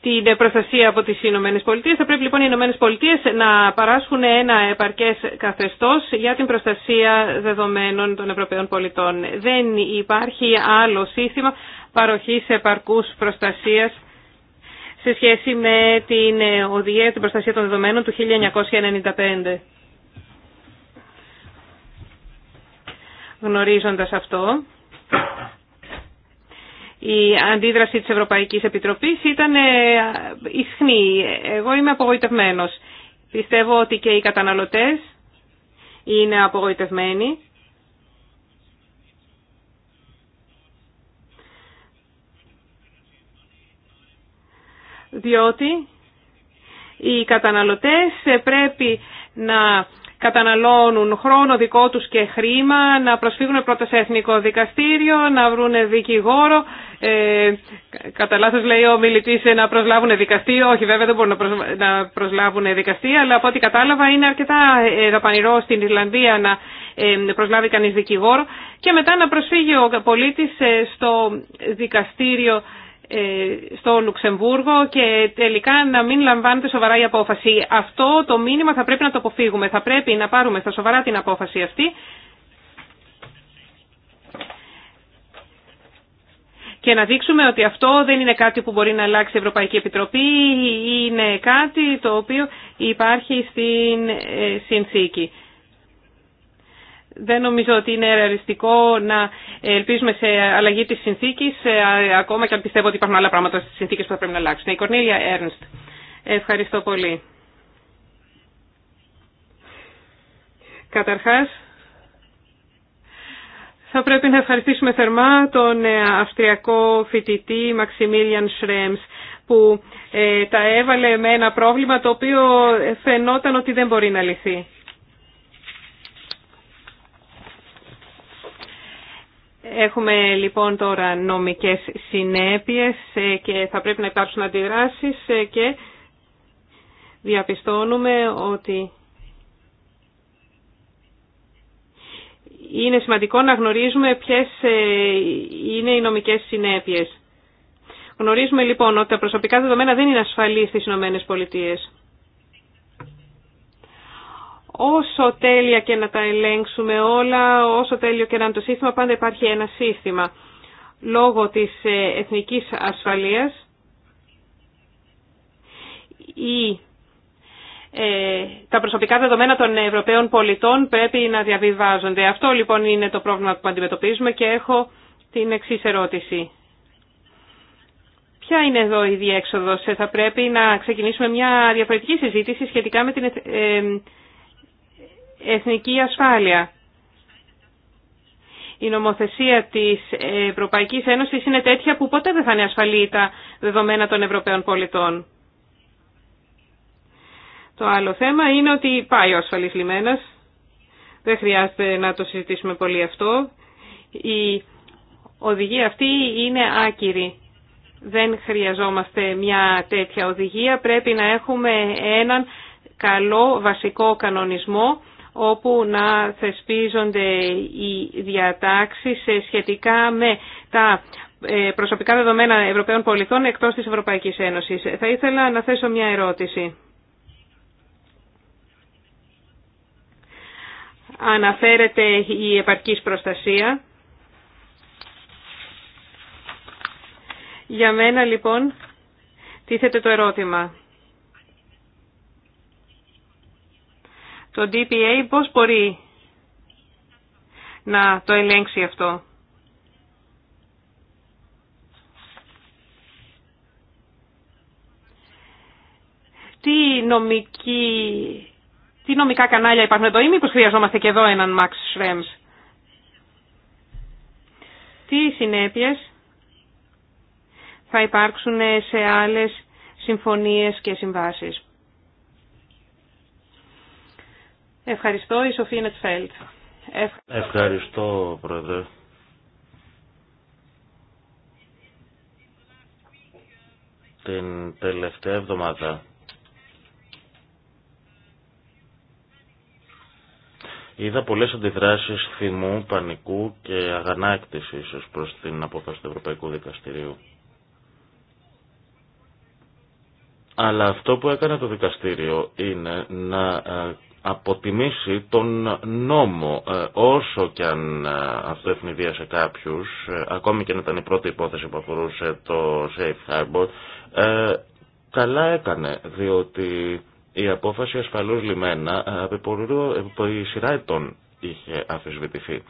την προστασία από τις Ηνωμένες Πολιτείες. Θα πρέπει λοιπόν οι Ηνωμένες Πολιτείες να παράσχουν ένα επαρκές καθεστώς για την προστασία δεδομένων των Ευρωπαίων πολιτών. Δεν υπάρχει άλλο σύστημα παροχής επαρκούς προστασίας σε σχέση με την οδηγία για την προστασία των δεδομένων του 1995. Γνωρίζοντας αυτό, η αντίδραση της Ευρωπαϊκής Επιτροπής ήταν ε, ισχνή. Εγώ είμαι απογοητευμένος. Πιστεύω ότι και οι καταναλωτές είναι απογοητευμένοι. Διότι οι καταναλωτές ε, πρέπει να καταναλώνουν χρόνο δικό τους και χρήμα, να προσφύγουν πρώτα σε εθνικό δικαστήριο, να βρουν δικηγόρο. Ε, κατά λάθος λέει ο μιλητής ε, να προσλάβουν δικαστήριο, όχι βέβαια δεν μπορούν να προσλάβουν δικαστήριο, αλλά από ό,τι κατάλαβα είναι αρκετά ε, δαπανηρό στην Ιρλανδία να ε, προσλάβει κανείς δικηγόρο και μετά να προσφύγει ο πολίτης στο δικαστήριο ε, στο Λουξεμβούργο και τελικά να μην λαμβάνεται σοβαρά η απόφαση. Αυτό το μήνυμα θα πρέπει να το αποφύγουμε. Θα πρέπει να πάρουμε στα σοβαρά την απόφαση αυτή και να δείξουμε ότι αυτό δεν είναι κάτι που μπορεί να αλλάξει η Ευρωπαϊκή Επιτροπή, είναι κάτι το οποίο υπάρχει στην ε, συνθήκη δεν νομίζω ότι είναι ρεαλιστικό να ελπίζουμε σε αλλαγή της συνθήκης, ε, ακόμα και αν πιστεύω ότι υπάρχουν άλλα πράγματα στις συνθήκες που θα πρέπει να αλλάξουν. Η Κορνίλια Έρνστ. Ευχαριστώ πολύ. Καταρχάς, θα πρέπει να ευχαριστήσουμε θερμά τον ε, αυστριακό φοιτητή Μαξιμίλιαν Σρέμς που ε, τα έβαλε με ένα πρόβλημα το οποίο φαινόταν ότι δεν μπορεί να λυθεί. Έχουμε λοιπόν τώρα νομικές συνέπειες ε, και θα πρέπει να υπάρξουν αντιδράσεις ε, και διαπιστώνουμε ότι είναι σημαντικό να γνωρίζουμε ποιες ε, είναι οι νομικές συνέπειες. Γνωρίζουμε λοιπόν ότι τα προσωπικά δεδομένα δεν είναι ασφαλή στις ΗΠΑ. Πολιτείες όσο τέλεια και να τα ελέγξουμε όλα, όσο τέλειο και να είναι το σύστημα, πάντα υπάρχει ένα σύστημα. Λόγω της ε, εθνικής ασφαλείας, η, ε, τα προσωπικά δεδομένα των Ευρωπαίων πολιτών πρέπει να διαβιβάζονται. Αυτό λοιπόν είναι το πρόβλημα που αντιμετωπίζουμε και έχω την εξή ερώτηση. Ποια είναι εδώ η διέξοδος. Ε, θα πρέπει να ξεκινήσουμε μια διαφορετική συζήτηση σχετικά με την... Ε, εθνική ασφάλεια. Η νομοθεσία της Ευρωπαϊκής Ένωσης είναι τέτοια που ποτέ δεν θα είναι ασφαλή τα δεδομένα των Ευρωπαίων πολιτών. Το άλλο θέμα είναι ότι πάει ο ασφαλής λιμένας. Δεν χρειάζεται να το συζητήσουμε πολύ αυτό. Η οδηγία αυτή είναι άκυρη. Δεν χρειαζόμαστε μια τέτοια οδηγία. Πρέπει να έχουμε έναν καλό βασικό κανονισμό όπου να θεσπίζονται οι διατάξεις σχετικά με τα ε, προσωπικά δεδομένα Ευρωπαίων πολιτών εκτός της Ευρωπαϊκής Ένωσης. Θα ήθελα να θέσω μια ερώτηση. Αναφέρεται η επαρκής προστασία. Για μένα λοιπόν τίθεται το ερώτημα. το DPA πώς μπορεί να το ελέγξει αυτό. Τι, νομική, τι νομικά κανάλια υπάρχουν εδώ ή μήπως χρειαζόμαστε και εδώ έναν Max Schrems. Τι συνέπειες θα υπάρξουν σε άλλες συμφωνίες και συμβάσεις. Ευχαριστώ, η Σοφία Νετφέλτ. Ευχαριστώ, Πρόεδρε. Την τελευταία εβδομάδα Είδα πολλές αντιδράσεις θυμού, πανικού και αγανάκτησης ως προ την απόφαση του Ευρωπαϊκού Δικαστηρίου. Αλλά αυτό που έκανε το δικαστήριο είναι να ε, αποτιμήσει τον νόμο ε, όσο και αν ε, αυτό ευνηδίασε σε κάποιους ε, ακόμη και αν ήταν η πρώτη υπόθεση που αφορούσε το Safe Harbor καλά έκανε διότι η απόφαση ασφαλώς λιμένα από η σειρά ετών είχε αφισβητηθεί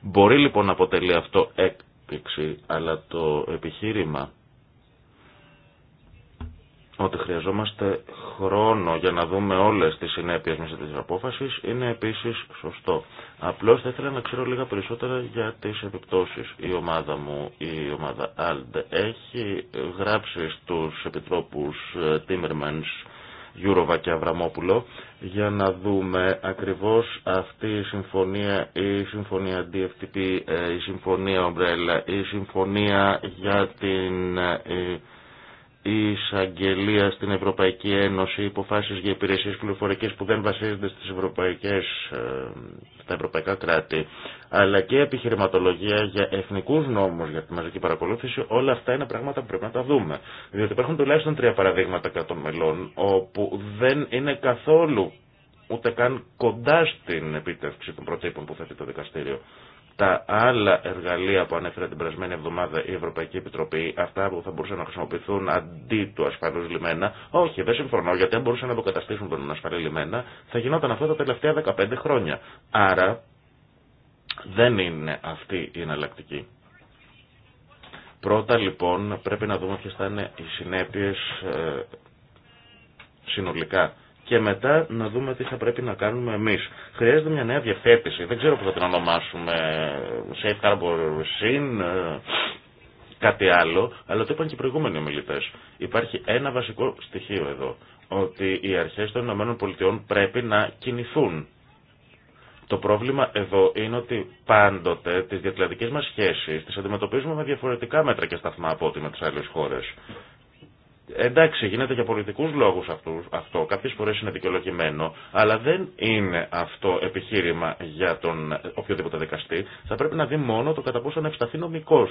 μπορεί λοιπόν να αποτελεί αυτό έκπληξη αλλά το επιχείρημα ότι χρειαζόμαστε χρόνο για να δούμε όλες τις συνέπειες μέσα της απόφασης είναι επίσης σωστό. Απλώς θα ήθελα να ξέρω λίγα περισσότερα για τις επιπτώσεις. Η ομάδα μου, η ομάδα ALD, έχει γράψει στους επιτρόπους Timmermans, ε, Γιούροβα και Αβραμόπουλο για να δούμε ακριβώς αυτή η συμφωνία ή η συμφωνια DFTP, ε, η συμφωνία Ομπρέλα, η συμφωνία για την ε, η εισαγγελία στην Ευρωπαϊκή Ένωση, υποφάσεις για υπηρεσίες πληροφορικές που δεν βασίζονται στις ευρωπαϊκές, ε, στα ευρωπαϊκά κράτη, αλλά και επιχειρηματολογία για εθνικούς νόμους για τη μαζική παρακολούθηση, όλα αυτά είναι πράγματα που πρέπει να τα δούμε. Διότι υπάρχουν τουλάχιστον τρία παραδείγματα των μελών, όπου δεν είναι καθόλου ούτε καν κοντά στην επίτευξη των προτύπων που θέτει το δικαστήριο τα άλλα εργαλεία που ανέφερε την περασμένη εβδομάδα η Ευρωπαϊκή Επιτροπή, αυτά που θα μπορούσαν να χρησιμοποιηθούν αντί του ασφαλού λιμένα, όχι, δεν συμφωνώ, γιατί αν μπορούσαν να αποκαταστήσουν τον ασφαλή λιμένα, θα γινόταν αυτό τα τελευταία 15 χρόνια. Άρα, δεν είναι αυτή η εναλλακτική. Πρώτα λοιπόν πρέπει να δούμε ποιες θα είναι οι συνέπειες ε, συνολικά και μετά να δούμε τι θα πρέπει να κάνουμε εμείς. Χρειάζεται μια νέα διαθέτηση. Δεν ξέρω πώ θα την ονομάσουμε. Safe Harbor Sin, ε, κάτι άλλο. Αλλά το είπαν και οι προηγούμενοι ομιλητέ. Υπάρχει ένα βασικό στοιχείο εδώ. Ότι οι αρχές των ΗΠΑ πρέπει να κινηθούν. Το πρόβλημα εδώ είναι ότι πάντοτε τις διακλαδικές μας σχέσεις τις αντιμετωπίζουμε με διαφορετικά μέτρα και σταθμά από ό,τι με τις άλλες χώρες. Εντάξει, γίνεται για πολιτικούς λόγους αυτού, αυτό, κάποιες φορές είναι δικαιολογημένο, αλλά δεν είναι αυτό επιχείρημα για τον οποιοδήποτε δικαστή. Θα πρέπει να δει μόνο το κατά πόσο να ευσταθεί νομικός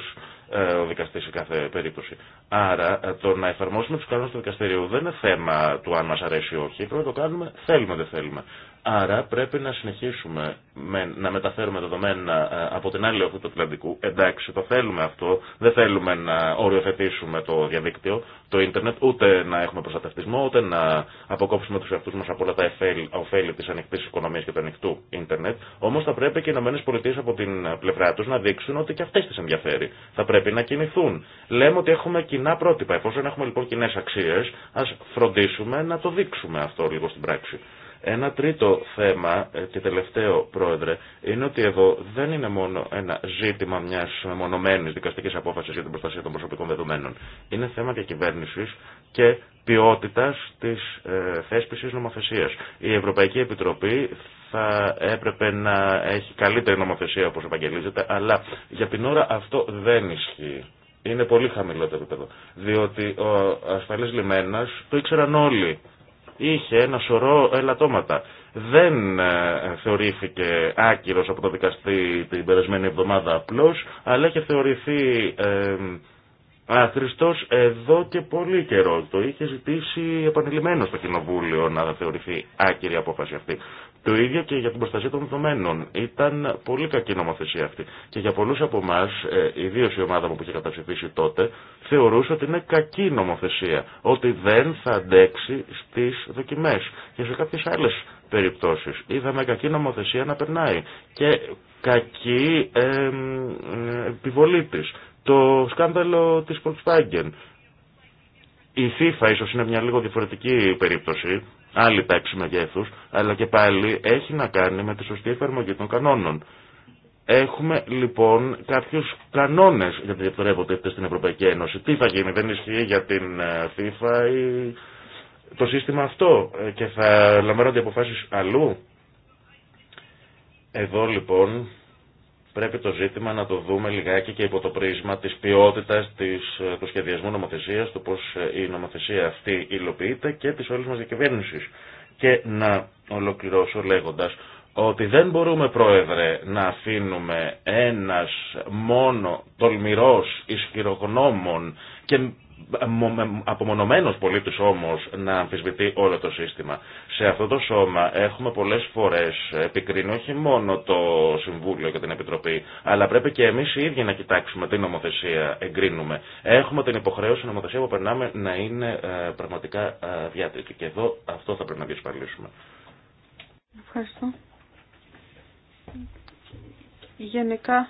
ε, ο δικαστής σε κάθε περίπτωση. Άρα ε, το να εφαρμόσουμε τους κανόνες του δικαστηρίου δεν είναι θέμα του αν μας αρέσει ή όχι, πρέπει να το κάνουμε θέλουμε δεν θέλουμε. Άρα πρέπει να συνεχίσουμε με, να μεταφέρουμε δεδομένα ε, από την άλλη όχθη του Ατλαντικού. Εντάξει, το θέλουμε αυτό. Δεν θέλουμε να οριοθετήσουμε το διαδίκτυο, το ίντερνετ, ούτε να έχουμε προστατευτισμό, ούτε να αποκόψουμε του εαυτού μα από όλα τα ωφέλη τη ανοιχτή οικονομία και του ανοιχτού ίντερνετ. Όμω θα πρέπει και οι ΗΠΑ από την πλευρά του να δείξουν ότι και αυτέ τι ενδιαφέρει. Θα πρέπει να κινηθούν. Λέμε ότι έχουμε κοινά πρότυπα. Εφόσον έχουμε λοιπόν κοινέ αξίε, α φροντίσουμε να το δείξουμε αυτό λίγο στην πράξη. Ένα τρίτο θέμα, ε, και τελευταίο πρόεδρε, είναι ότι εδώ δεν είναι μόνο ένα ζήτημα μια μονομένη δικαστική απόφαση για την προστασία των προσωπικών δεδομένων. Είναι θέμα διακυβέρνηση και ποιότητα τη ε, θέσπιση νομοθεσία. Η Ευρωπαϊκή Επιτροπή θα έπρεπε να έχει καλύτερη νομοθεσία όπω επαγγελίζεται, αλλά για την ώρα αυτό δεν ισχύει. Είναι πολύ χαμηλό το επίπεδο. Διότι ο ασφαλή λιμένα το ήξεραν όλοι είχε ένα σωρό ελαττώματα. Δεν ε, θεωρήθηκε άκυρος από το δικαστή την περασμένη εβδομάδα απλώς, αλλά είχε θεωρηθεί ε, εδώ και πολύ καιρό. Το είχε ζητήσει επανειλημμένο στο Κοινοβούλιο να θεωρηθεί άκυρη απόφαση αυτή. Το ίδιο και για την προστασία των δεδομένων. Ήταν πολύ κακή νομοθεσία αυτή. Και για πολλού από εμά, ε, ιδίω η ομάδα μου που είχε καταψηφίσει τότε, θεωρούσε ότι είναι κακή νομοθεσία. Ότι δεν θα αντέξει στι δοκιμέ. Και σε κάποιε άλλε περιπτώσει είδαμε κακή νομοθεσία να περνάει. Και κακή ε, επιβολή τη. Το σκάνδαλο τη Volkswagen. Η FIFA ίσω είναι μια λίγο διαφορετική περίπτωση, άλλη τάξη μεγέθους, αλλά και πάλι έχει να κάνει με τη σωστή εφαρμογή των κανόνων. Έχουμε λοιπόν κάποιου κανόνε για τη διαπτωρεύονται στην Ευρωπαϊκή Ένωση. Τι θα γίνει, δεν ισχύει για την ε, FIFA ή το σύστημα αυτό ε, και θα λαμβάνονται αποφάσει αλλού. Εδώ λοιπόν Πρέπει το ζήτημα να το δούμε λιγάκι και υπό το πρίσμα της ποιότητας της, ε, του σχεδιασμού νομοθεσίας, του πώς ε, η νομοθεσία αυτή υλοποιείται και της όλης μας διακυβέρνησης. Και να ολοκληρώσω λέγοντας ότι δεν μπορούμε πρόεδρε να αφήνουμε ένας μόνο τολμηρός ισχυρογνώμων και απομονωμένος πολίτης όμως να αμφισβητεί όλο το σύστημα. Σε αυτό το σώμα έχουμε πολλές φορές επικρίνει όχι μόνο το Συμβούλιο και την Επιτροπή, αλλά πρέπει και εμείς οι ίδιοι να κοιτάξουμε τι νομοθεσία εγκρίνουμε. Έχουμε την υποχρέωση νομοθεσία που περνάμε να είναι ε, πραγματικά διάτητη. Και εδώ αυτό θα πρέπει να διασφαλίσουμε. Ευχαριστώ. Γενικά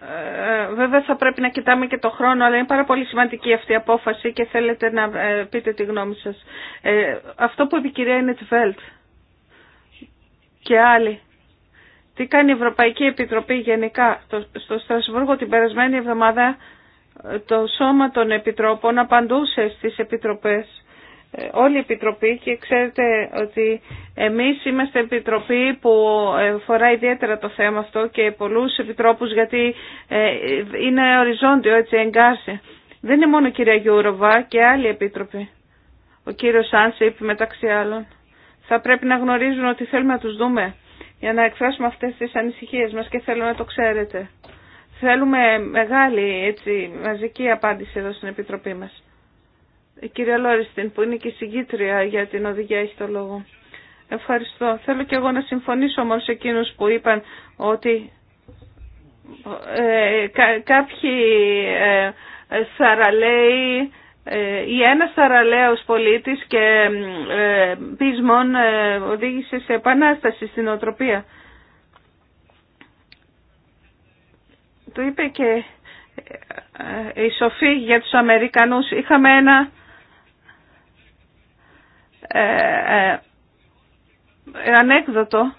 ε, βέβαια θα πρέπει να κοιτάμε και το χρόνο, αλλά είναι πάρα πολύ σημαντική αυτή η απόφαση και θέλετε να ε, πείτε τη γνώμη σας. Ε, αυτό που είπε η κυρία Βέλτ και άλλοι, τι κάνει η Ευρωπαϊκή Επιτροπή γενικά. Στο Στρασβούργο την περασμένη εβδομάδα το Σώμα των Επιτρόπων απαντούσε στις Επιτροπές όλη η Επιτροπή και ξέρετε ότι εμείς είμαστε Επιτροπή που ε, φορά ιδιαίτερα το θέμα αυτό και πολλούς επιτρόπους γιατί ε, είναι οριζόντιο έτσι εγκάρσια. Δεν είναι μόνο η κυρία Γιούροβα και άλλοι Επίτροποι. Ο κύριος Άνσιπ μεταξύ άλλων. Θα πρέπει να γνωρίζουν ότι θέλουμε να τους δούμε για να εκφράσουμε αυτές τις ανησυχίες μας και θέλω να το ξέρετε. Θέλουμε μεγάλη έτσι, μαζική απάντηση εδώ στην Επιτροπή μας. Η κυρία Λόριστην που είναι και η για την οδηγία έχει το λόγο. Ευχαριστώ. Θέλω και εγώ να συμφωνήσω όμως εκείνους που είπαν ότι ε, κάποιοι ε, ε, ή ένας θαραλέος πολίτης και ε, πείσμων οδήγησε σε επανάσταση στην οτροπία. Το είπε και ε, η Σοφή για τους Αμερικανούς. Είχαμε ένα ε, ε, ε, ανέκδοτο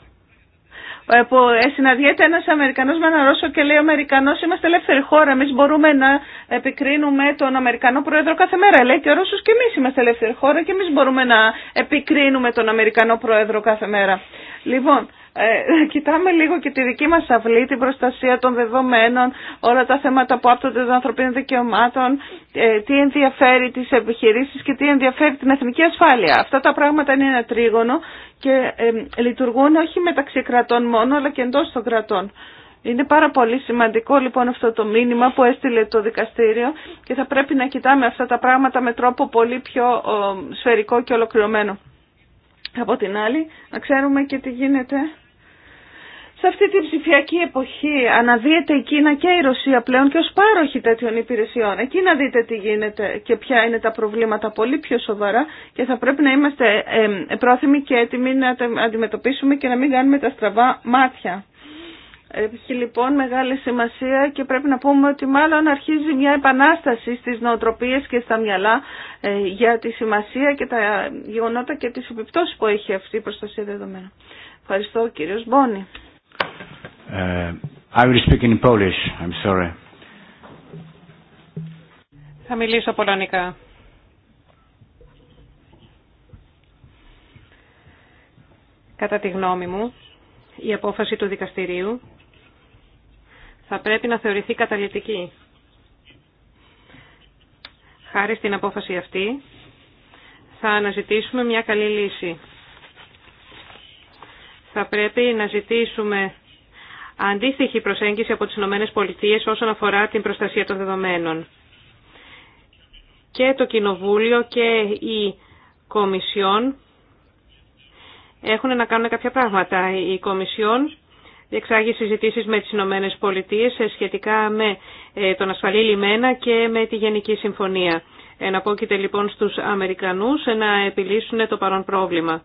που συναντιέται ένας Αμερικανός με έναν Ρώσο και λέει Αμερικανός είμαστε ελεύθερη χώρα, εμείς μπορούμε να επικρίνουμε τον Αμερικανό Πρόεδρο κάθε μέρα. Λέει και ο Ρώσος και εμείς είμαστε ελεύθερη χώρα και εμείς μπορούμε να επικρίνουμε τον Αμερικανό Πρόεδρο κάθε μέρα. Λοιπόν, ε, κοιτάμε λίγο και τη δική μας αυλή, την προστασία των δεδομένων, όλα τα θέματα που άπτονται των ανθρωπίνων δικαιωμάτων, ε, τι ενδιαφέρει τις επιχειρήσεις και τι ενδιαφέρει την εθνική ασφάλεια. Αυτά τα πράγματα είναι ένα τρίγωνο και ε, λειτουργούν όχι μεταξύ κρατών μόνο, αλλά και εντός των κρατών. Είναι πάρα πολύ σημαντικό λοιπόν αυτό το μήνυμα που έστειλε το δικαστήριο και θα πρέπει να κοιτάμε αυτά τα πράγματα με τρόπο πολύ πιο σφαιρικό και ολοκληρωμένο. Από την άλλη, να ξέρουμε και τι γίνεται σε αυτή την ψηφιακή εποχή αναδύεται η Κίνα και η Ρωσία πλέον και ως πάροχη τέτοιων υπηρεσιών. Εκεί να δείτε τι γίνεται και ποια είναι τα προβλήματα πολύ πιο σοβαρά και θα πρέπει να είμαστε πρόθυμοι και έτοιμοι να τα αντιμετωπίσουμε και να μην κάνουμε τα στραβά μάτια. Έχει λοιπόν μεγάλη σημασία και πρέπει να πούμε ότι μάλλον αρχίζει μια επανάσταση στις νοοτροπίες και στα μυαλά ε, για τη σημασία και τα γεγονότα και τις επιπτώσεις που έχει αυτή η προστασία δεδομένα. Ευχαριστώ κύριος Μπόνη. Uh, I speak in Polish. I'm sorry. Θα μιλήσω πολωνικά. Κατά τη γνώμη μου, η απόφαση του δικαστηρίου θα πρέπει να θεωρηθεί καταλητική. Χάρη στην απόφαση αυτή, θα αναζητήσουμε μια καλή λύση θα πρέπει να ζητήσουμε αντίστοιχη προσέγγιση από τις Ηνωμένες Πολιτείες όσον αφορά την προστασία των δεδομένων. Και το Κοινοβούλιο και η Κομισιόν έχουν να κάνουν κάποια πράγματα. Η Κομισιόν διεξάγει συζητήσεις με τις Ηνωμένες Πολιτείες σχετικά με ε, τον ασφαλή λιμένα και με τη Γενική Συμφωνία. Εναπόκειται λοιπόν στους Αμερικανούς να επιλύσουν το παρόν πρόβλημα.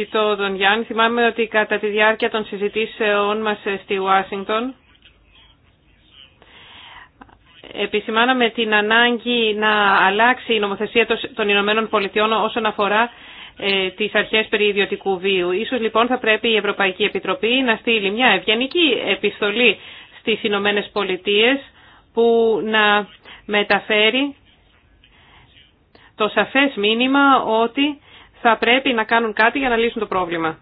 ευχηθώ τον Γιάννη. Θυμάμαι ότι κατά τη διάρκεια των συζητήσεών μας ε, στη Ουάσιγκτον επισημάναμε την ανάγκη να αλλάξει η νομοθεσία των Ηνωμένων Πολιτειών όσον αφορά ε, τις αρχές περί ιδιωτικού βίου. Ίσως λοιπόν θα πρέπει η Ευρωπαϊκή Επιτροπή να στείλει μια ευγενική επιστολή στις Ηνωμένε Πολιτείε που να μεταφέρει το σαφές μήνυμα ότι θα πρέπει να κάνουν κάτι για να λύσουν το πρόβλημα.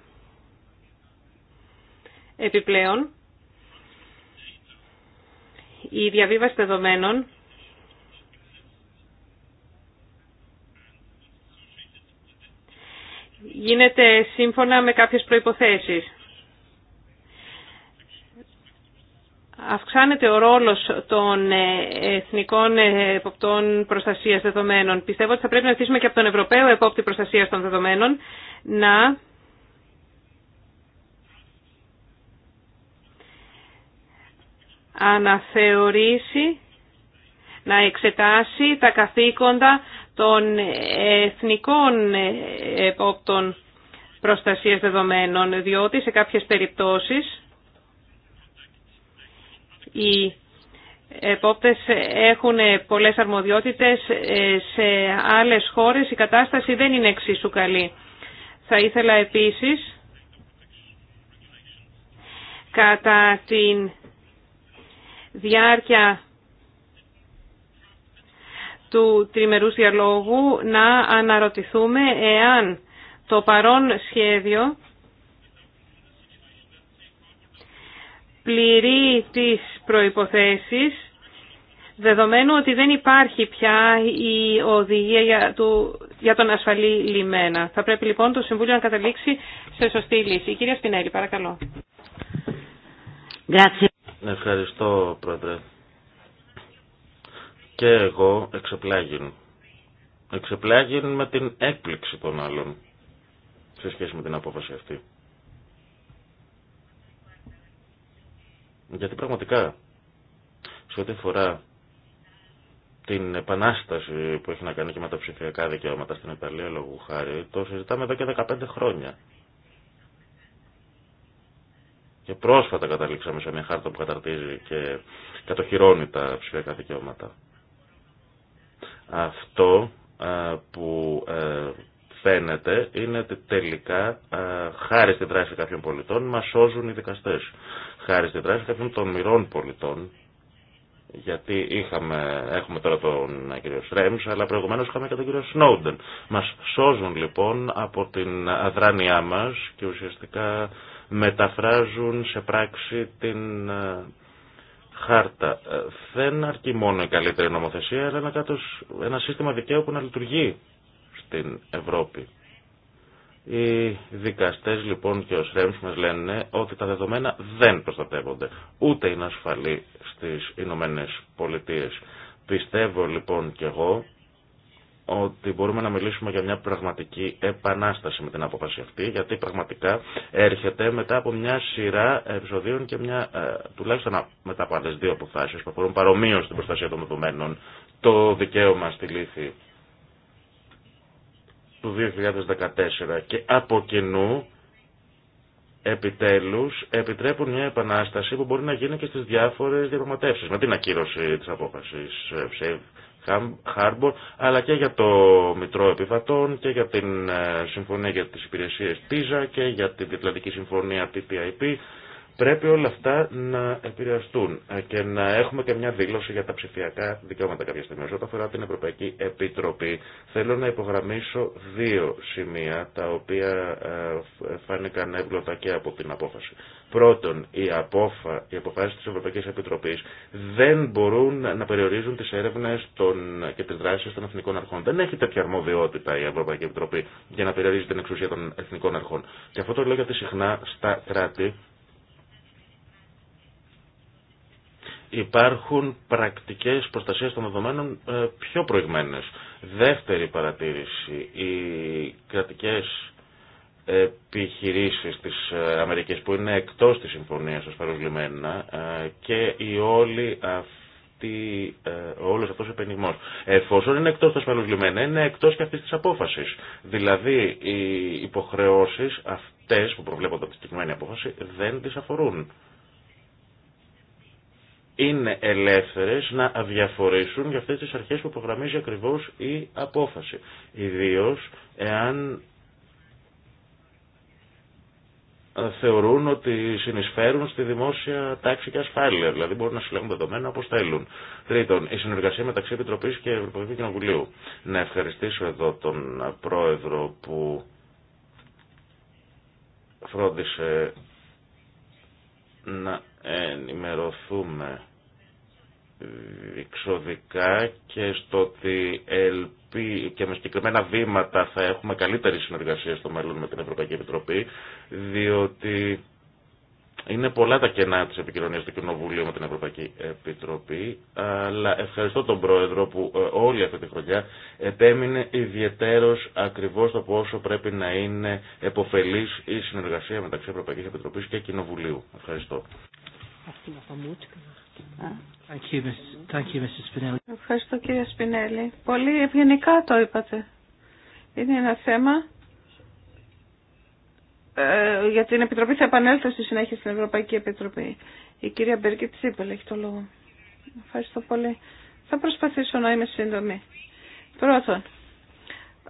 Επιπλέον, η διαβίβαση δεδομένων γίνεται σύμφωνα με κάποιες προϋποθέσεις. αυξάνεται ο ρόλος των ε, εθνικών ε, εποπτών προστασίας δεδομένων. Πιστεύω ότι θα πρέπει να αφήσουμε και από τον Ευρωπαίο Επόπτη Προστασίας των Δεδομένων να αναθεωρήσει, να εξετάσει τα καθήκοντα των εθνικών ε, επόπτων προστασίας δεδομένων, διότι σε κάποιες περιπτώσεις οι επόπτες έχουν πολλές αρμοδιότητες. Ε, σε άλλες χώρες η κατάσταση δεν είναι εξίσου καλή. Θα ήθελα επίσης κατά την διάρκεια του τριμερούς διαλόγου να αναρωτηθούμε εάν το παρόν σχέδιο πληρεί τις προϋποθέσεις δεδομένου ότι δεν υπάρχει πια η οδηγία για, του, για τον ασφαλή λιμένα. Θα πρέπει λοιπόν το Συμβούλιο να καταλήξει σε σωστή λύση. Η κυρία Σπινέλη, παρακαλώ. Ευχαριστώ, Πρόεδρε. Και εγώ εξεπλάγιν. Εξεπλάγιν με την έκπληξη των άλλων σε σχέση με την απόφαση αυτή. Γιατί πραγματικά, σε ό,τι αφορά την επανάσταση που έχει να κάνει και με τα ψηφιακά δικαιώματα στην Ιταλία, λόγου χάρη, το συζητάμε εδώ και 15 χρόνια. Και πρόσφατα καταλήξαμε σε μια χάρτα που καταρτίζει και κατοχυρώνει τα ψηφιακά δικαιώματα. Αυτό ε, που ε, φαίνεται είναι ότι τελικά χάρη στη δράση κάποιων πολιτών μας σώζουν οι δικαστές. Χάρη στη δράση κάποιων των μοιρών πολιτών, γιατί είχαμε, έχουμε τώρα τον ε, κύριο Σρέμς, αλλά προηγουμένως είχαμε και τον κύριο Σνόντεν. Μας σώζουν λοιπόν από την αδράνειά μας και ουσιαστικά μεταφράζουν σε πράξη την ε, χάρτα. Ε, δεν αρκεί μόνο η καλύτερη νομοθεσία, αλλά ένα, ένα σύστημα δικαίου που να λειτουργεί στην Ευρώπη. Οι δικαστές λοιπόν και ο ΣΡΕΜΣ μας λένε ότι τα δεδομένα δεν προστατεύονται. Ούτε είναι ασφαλή στις Ηνωμένε Πολιτείες. Πιστεύω λοιπόν και εγώ ότι μπορούμε να μιλήσουμε για μια πραγματική επανάσταση με την απόφαση αυτή, γιατί πραγματικά έρχεται μετά από μια σειρά επεισοδίων και μια, ε, τουλάχιστον μετά από άλλε δύο αποφάσει που αφορούν παρομοίω την προστασία των δεδομένων, το δικαίωμα στη λύθη του 2014 και από κοινού επιτέλους επιτρέπουν μια επανάσταση που μπορεί να γίνει και στις διάφορες διαπραγματεύσεις με την ακύρωση της απόφασης ε, Safe Harbor αλλά και για το Μητρό Επιβατών και για την ε, Συμφωνία για τις Υπηρεσίες TISA και για την Διατλαντική Συμφωνία TTIP Πρέπει όλα αυτά να επηρεαστούν και να έχουμε και μια δήλωση για τα ψηφιακά δικαιώματα κάποια στιγμή. Όταν αφορά την Ευρωπαϊκή Επιτροπή, θέλω να υπογραμμίσω δύο σημεία τα οποία ε, φάνηκαν εύγλωτα και από την απόφαση. Πρώτον, οι, απόφα, οι αποφάσει τη Ευρωπαϊκή Επιτροπή δεν μπορούν να περιορίζουν τι έρευνε και τι δράσει των εθνικών αρχών. Δεν έχει τέτοια αρμοδιότητα η Ευρωπαϊκή Επιτροπή για να περιορίζει την εξουσία των εθνικών αρχών. Και αυτό το λέω γιατί συχνά στα κράτη υπάρχουν πρακτικές προστασίας των δεδομένων ε, πιο προηγμένες. Δεύτερη παρατήρηση, οι κρατικές επιχειρήσεις της ε, Αμερικής που είναι εκτός της συμφωνίας παρολυμένα λιμένα ε, και η όλη αυτή, όλος αυτός ο επενιγμός. Εφόσον είναι εκτός της ασφαλώς είναι εκτός και αυτής της απόφασης. Δηλαδή οι υποχρεώσεις αυτές που προβλέπονται από τη συγκεκριμένη απόφαση δεν τις αφορούν είναι ελεύθερες να αδιαφορήσουν για αυτές τις αρχές που προγραμμίζει ακριβώς η απόφαση. Ιδίως εάν θεωρούν ότι συνεισφέρουν στη δημόσια τάξη και ασφάλεια. Δηλαδή μπορούν να συλλέγουν δεδομένα όπω θέλουν. Τρίτον, η συνεργασία μεταξύ Επιτροπής και Ευρωπαϊκού Κοινοβουλίου. Να ευχαριστήσω εδώ τον πρόεδρο που φρόντισε να ενημερωθούμε εξωδικά και στο ότι ελπί και με συγκεκριμένα βήματα θα έχουμε καλύτερη συνεργασία στο μέλλον με την Ευρωπαϊκή Επιτροπή, διότι είναι πολλά τα κενά της επικοινωνίας του Κοινοβουλίου με την Ευρωπαϊκή Επιτροπή, αλλά ευχαριστώ τον Πρόεδρο που ε, όλη αυτή τη χρονιά επέμεινε ιδιαιτέρως ακριβώς το πόσο πρέπει να είναι εποφελής η συνεργασία μεταξύ Ευρωπαϊκής Επιτροπής και Κοινοβουλίου. Ευχαριστώ. Ευχαριστώ κύριε Σπινέλη. Πολύ ευγενικά το είπατε. Είναι ένα θέμα ε, για την Επιτροπή θα επανέλθω στη συνέχεια στην Ευρωπαϊκή Επιτροπή. Η κυρία Μπέρκη Τσίπελ έχει το λόγο. Ευχαριστώ πολύ. Θα προσπαθήσω να είμαι σύντομη. Πρώτον,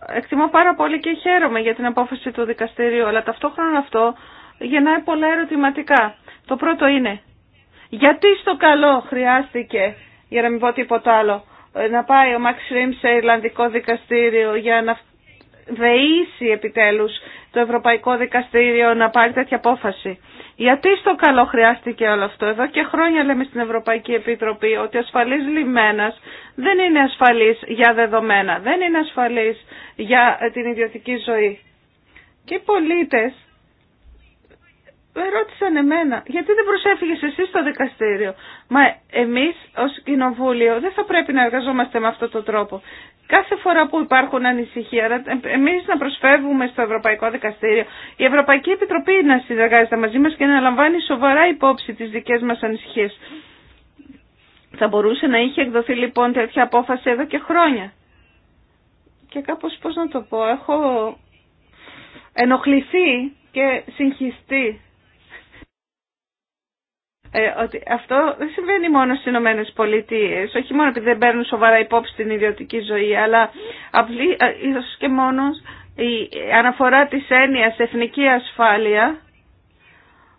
εκτιμώ πάρα πολύ και χαίρομαι για την απόφαση του δικαστηρίου, αλλά ταυτόχρονα αυτό γεννάει πολλά ερωτηματικά. Το πρώτο είναι, γιατί στο καλό χρειάστηκε, για να μην πω τίποτα άλλο, να πάει ο Μαξ Ρίμ σε Ιρλανδικό δικαστήριο για να δεήσει επιτέλους το Ευρωπαϊκό Δικαστήριο να πάρει τέτοια απόφαση. Γιατί στο καλό χρειάστηκε όλο αυτό. Εδώ και χρόνια λέμε στην Ευρωπαϊκή Επιτροπή ότι ασφαλής λιμένας δεν είναι ασφαλής για δεδομένα, δεν είναι ασφαλής για την ιδιωτική ζωή. Και οι πολίτες ρώτησαν εμένα, γιατί δεν προσέφυγες εσύ στο δικαστήριο. Μα εμείς ως κοινοβούλιο δεν θα πρέπει να εργαζόμαστε με αυτόν τον τρόπο. Κάθε φορά που υπάρχουν ανησυχία, εμείς να προσφεύγουμε στο Ευρωπαϊκό Δικαστήριο, η Ευρωπαϊκή Επιτροπή να συνεργάζεται μαζί μας και να λαμβάνει σοβαρά υπόψη τις δικές μας ανησυχίες. Θα μπορούσε να είχε εκδοθεί λοιπόν τέτοια απόφαση εδώ και χρόνια. Και κάπως πώς να το πω, έχω ενοχληθεί και συγχυστεί ε, ότι αυτό δεν συμβαίνει μόνο στι Ηνωμένε Πολιτείε, όχι μόνο επειδή δεν παίρνουν σοβαρά υπόψη την ιδιωτική ζωή, αλλά απλή, ε, και μόνο η αναφορά τη έννοια, εθνική ασφάλεια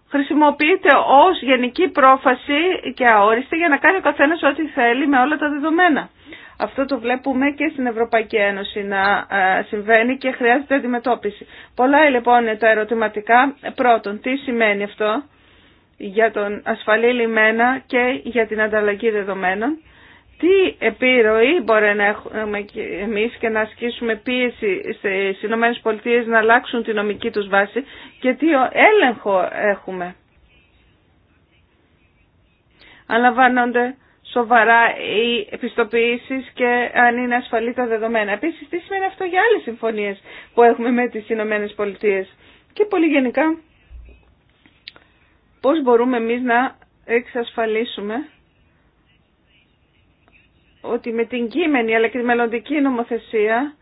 χρησιμοποιείται ω γενική πρόφαση και αόριστη για να κάνει ο καθένα ό,τι θέλει με όλα τα δεδομένα. Αυτό το βλέπουμε και στην Ευρωπαϊκή Ένωση να ε, συμβαίνει και χρειάζεται αντιμετώπιση. Πολλά λοιπόν είναι τα ερωτηματικά. Πρώτον, τι σημαίνει αυτό για τον ασφαλή λιμένα και για την ανταλλαγή δεδομένων. Τι επιρροή μπορεί να έχουμε εμείς και να ασκήσουμε πίεση στις Ηνωμένες Πολιτείες να αλλάξουν τη νομική τους βάση και τι έλεγχο έχουμε. Αναλαμβάνονται σοβαρά οι επιστοποιήσεις και αν είναι ασφαλή τα δεδομένα. Επίσης τι σημαίνει αυτό για άλλες συμφωνίες που έχουμε με τις Ηνωμένες και πολύ γενικά πώς μπορούμε εμείς να εξασφαλίσουμε ότι με την κείμενη αλλά και τη μελλοντική νομοθεσία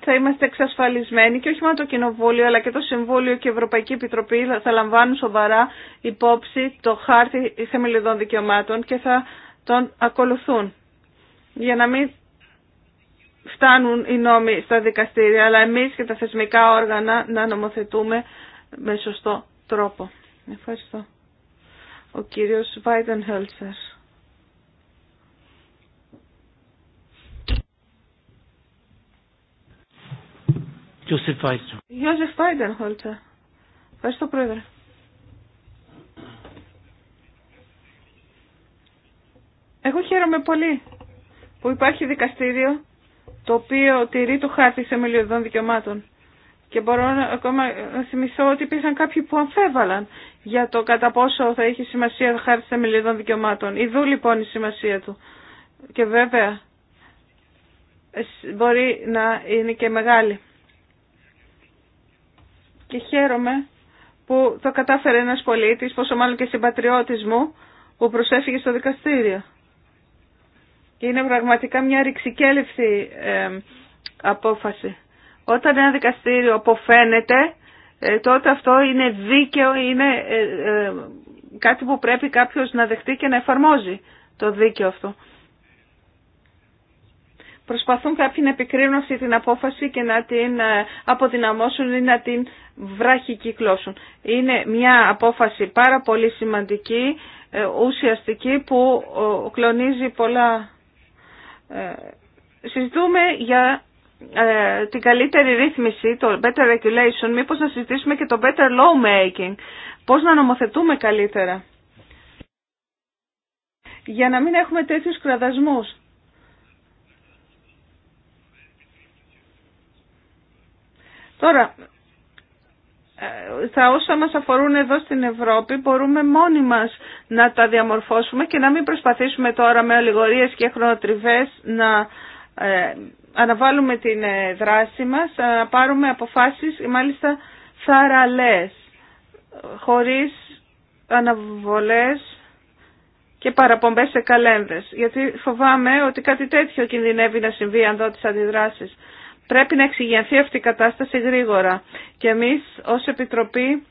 θα είμαστε εξασφαλισμένοι και όχι μόνο το Κοινοβούλιο αλλά και το Συμβούλιο και η Ευρωπαϊκή Επιτροπή θα λαμβάνουν σοβαρά υπόψη το χάρτη θεμελιωδών δικαιωμάτων και θα τον ακολουθούν για να μην φτάνουν οι νόμοι στα δικαστήρια αλλά εμείς και τα θεσμικά όργανα να νομοθετούμε με σωστό τρόπο. Ευχαριστώ. Ο κύριος Βάιντεν Χέλσερ. Joseph Βάιντεν Joseph Ευχαριστώ, Πρόεδρε. Εγώ χαίρομαι πολύ που υπάρχει δικαστήριο το οποίο τηρεί το χάρτη θεμελιωδών δικαιωμάτων. Και μπορώ να, ακόμα να θυμηθώ ότι υπήρχαν κάποιοι που αμφέβαλαν για το κατά πόσο θα είχε σημασία το χάρτη θεμελιωδών δικαιωμάτων. Ιδού λοιπόν η σημασία του. Και βέβαια μπορεί να είναι και μεγάλη. Και χαίρομαι που το κατάφερε ένας πολίτης, πόσο μάλλον και συμπατριώτης μου, που προσέφηκε στο δικαστήριο. Και Είναι πραγματικά μια ρηξικέλευτη ε, απόφαση. Όταν ένα δικαστήριο αποφαίνεται, ε, τότε αυτό είναι δίκαιο, είναι ε, ε, κάτι που πρέπει κάποιος να δεχτεί και να εφαρμόζει το δίκαιο αυτό. Προσπαθούν κάποιοι να επικρίνουν αυτή την απόφαση και να την αποδυναμώσουν ή να την βραχικυκλώσουν. Είναι μια απόφαση πάρα πολύ σημαντική, ουσιαστική που κλονίζει πολλά. Συζητούμε για ε, την καλύτερη ρύθμιση, το better regulation, μήπως να συζητήσουμε και το better law making, πώς να νομοθετούμε καλύτερα. Για να μην έχουμε τέτοιους κραδασμούς. Τώρα, θα ε, όσα μας αφορούν εδώ στην Ευρώπη μπορούμε μόνοι μας να τα διαμορφώσουμε και να μην προσπαθήσουμε τώρα με ολιγορίες και χρονοτριβές να ε, αναβάλουμε την ε, δράση μας, να πάρουμε αποφάσεις μάλιστα θαραλές, χωρίς αναβολές και παραπομπές σε καλένδες. Γιατί φοβάμαι ότι κάτι τέτοιο κινδυνεύει να συμβεί αν δω τις αντιδράσεις. Πρέπει να εξηγενθεί αυτή η κατάσταση γρήγορα. Και εμείς ως Επιτροπή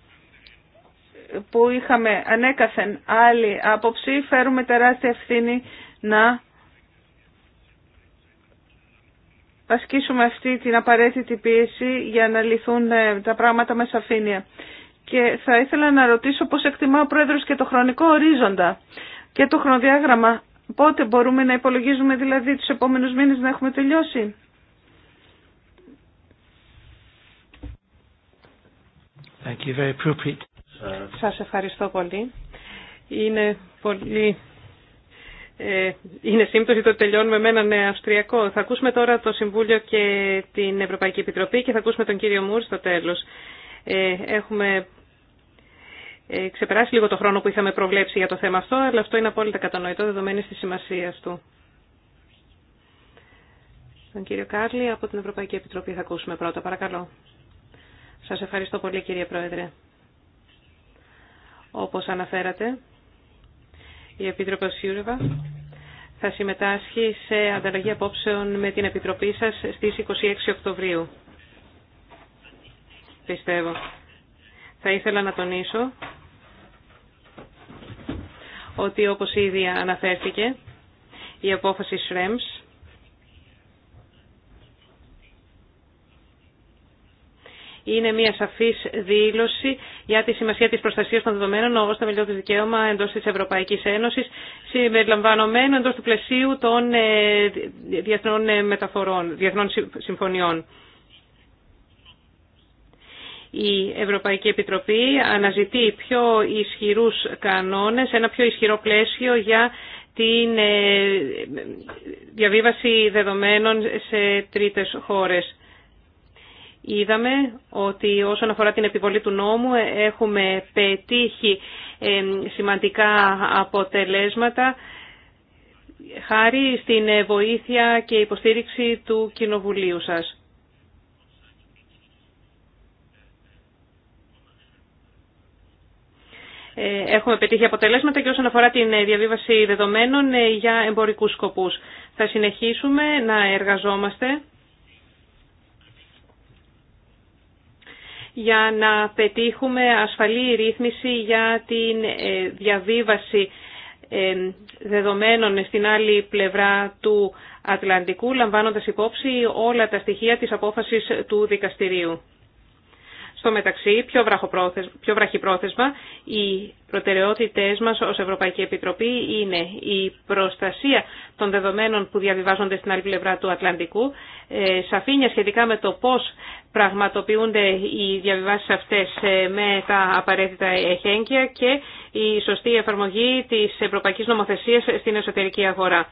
που είχαμε ανέκαθεν άλλη άποψη, φέρουμε τεράστια ευθύνη να ασκήσουμε αυτή την απαραίτητη πίεση για να λυθούν ε, τα πράγματα με σαφήνεια. Και θα ήθελα να ρωτήσω πώς εκτιμά ο Πρόεδρος και το χρονικό ορίζοντα και το χρονοδιάγραμμα. Πότε μπορούμε να υπολογίζουμε δηλαδή τους επόμενους μήνες να έχουμε τελειώσει. Thank Σας ευχαριστώ πολύ. Είναι πολύ ε, είναι σύμπτωση ότι τελειώνουμε με έναν Αυστριακό. Θα ακούσουμε τώρα το Συμβούλιο και την Ευρωπαϊκή Επιτροπή και θα ακούσουμε τον κύριο Μούρ στο τέλος. Ε, έχουμε ε, ξεπεράσει λίγο το χρόνο που είχαμε προβλέψει για το θέμα αυτό, αλλά αυτό είναι απόλυτα κατανοητό δεδομένη τη σημασία του. Τον κύριο Κάρλι από την Ευρωπαϊκή Επιτροπή θα ακούσουμε πρώτα. Παρακαλώ. Σας ευχαριστώ πολύ κύριε Πρόεδρε. Όπως αναφέρατε, η Επίτροπος Σιούρεβα θα συμμετάσχει σε ανταλλαγή απόψεων με την Επιτροπή σας στις 26 Οκτωβρίου. Πιστεύω. Θα ήθελα να τονίσω ότι όπως ήδη αναφέρθηκε η απόφαση ΣΡΕΜΣ είναι μια σαφής δήλωση για τη σημασία της προστασίας των δεδομένων ως το δικαίωμα εντός της Ευρωπαϊκής Ένωση, συμπεριλαμβανομένου εντός του πλαισίου των ε, διεθνών ε, μεταφορών, διεθνών συμφωνιών. Η Ευρωπαϊκή Επιτροπή αναζητεί πιο ισχυρούς κανόνες, ένα πιο ισχυρό πλαίσιο για την ε, διαβίβαση δεδομένων σε τρίτες χώρες είδαμε ότι όσον αφορά την επιβολή του νόμου έχουμε πετύχει σημαντικά αποτελέσματα χάρη στην βοήθεια και υποστήριξη του Κοινοβουλίου σας. Ε, έχουμε πετύχει αποτελέσματα και όσον αφορά την διαβίβαση δεδομένων ε, για εμπορικούς σκοπούς. Θα συνεχίσουμε να εργαζόμαστε για να πετύχουμε ασφαλή ρύθμιση για την ε, διαβίβαση ε, δεδομένων στην άλλη πλευρά του Ατλαντικού, λαμβάνοντας υπόψη όλα τα στοιχεία της απόφασης του δικαστηρίου. Στο μεταξύ, πιο, πιο βραχυπρόθεσμα, οι προτεραιότητες μας ως Ευρωπαϊκή Επιτροπή είναι η προστασία των δεδομένων που διαβιβάζονται στην άλλη πλευρά του Ατλαντικού, ε, σαφήνεια σχετικά με το πώς πραγματοποιούνται οι διαβιβάσεις αυτές ε, με τα απαραίτητα εχέγγυα και η σωστή εφαρμογή της Ευρωπαϊκής Νομοθεσίας στην εσωτερική αγορά.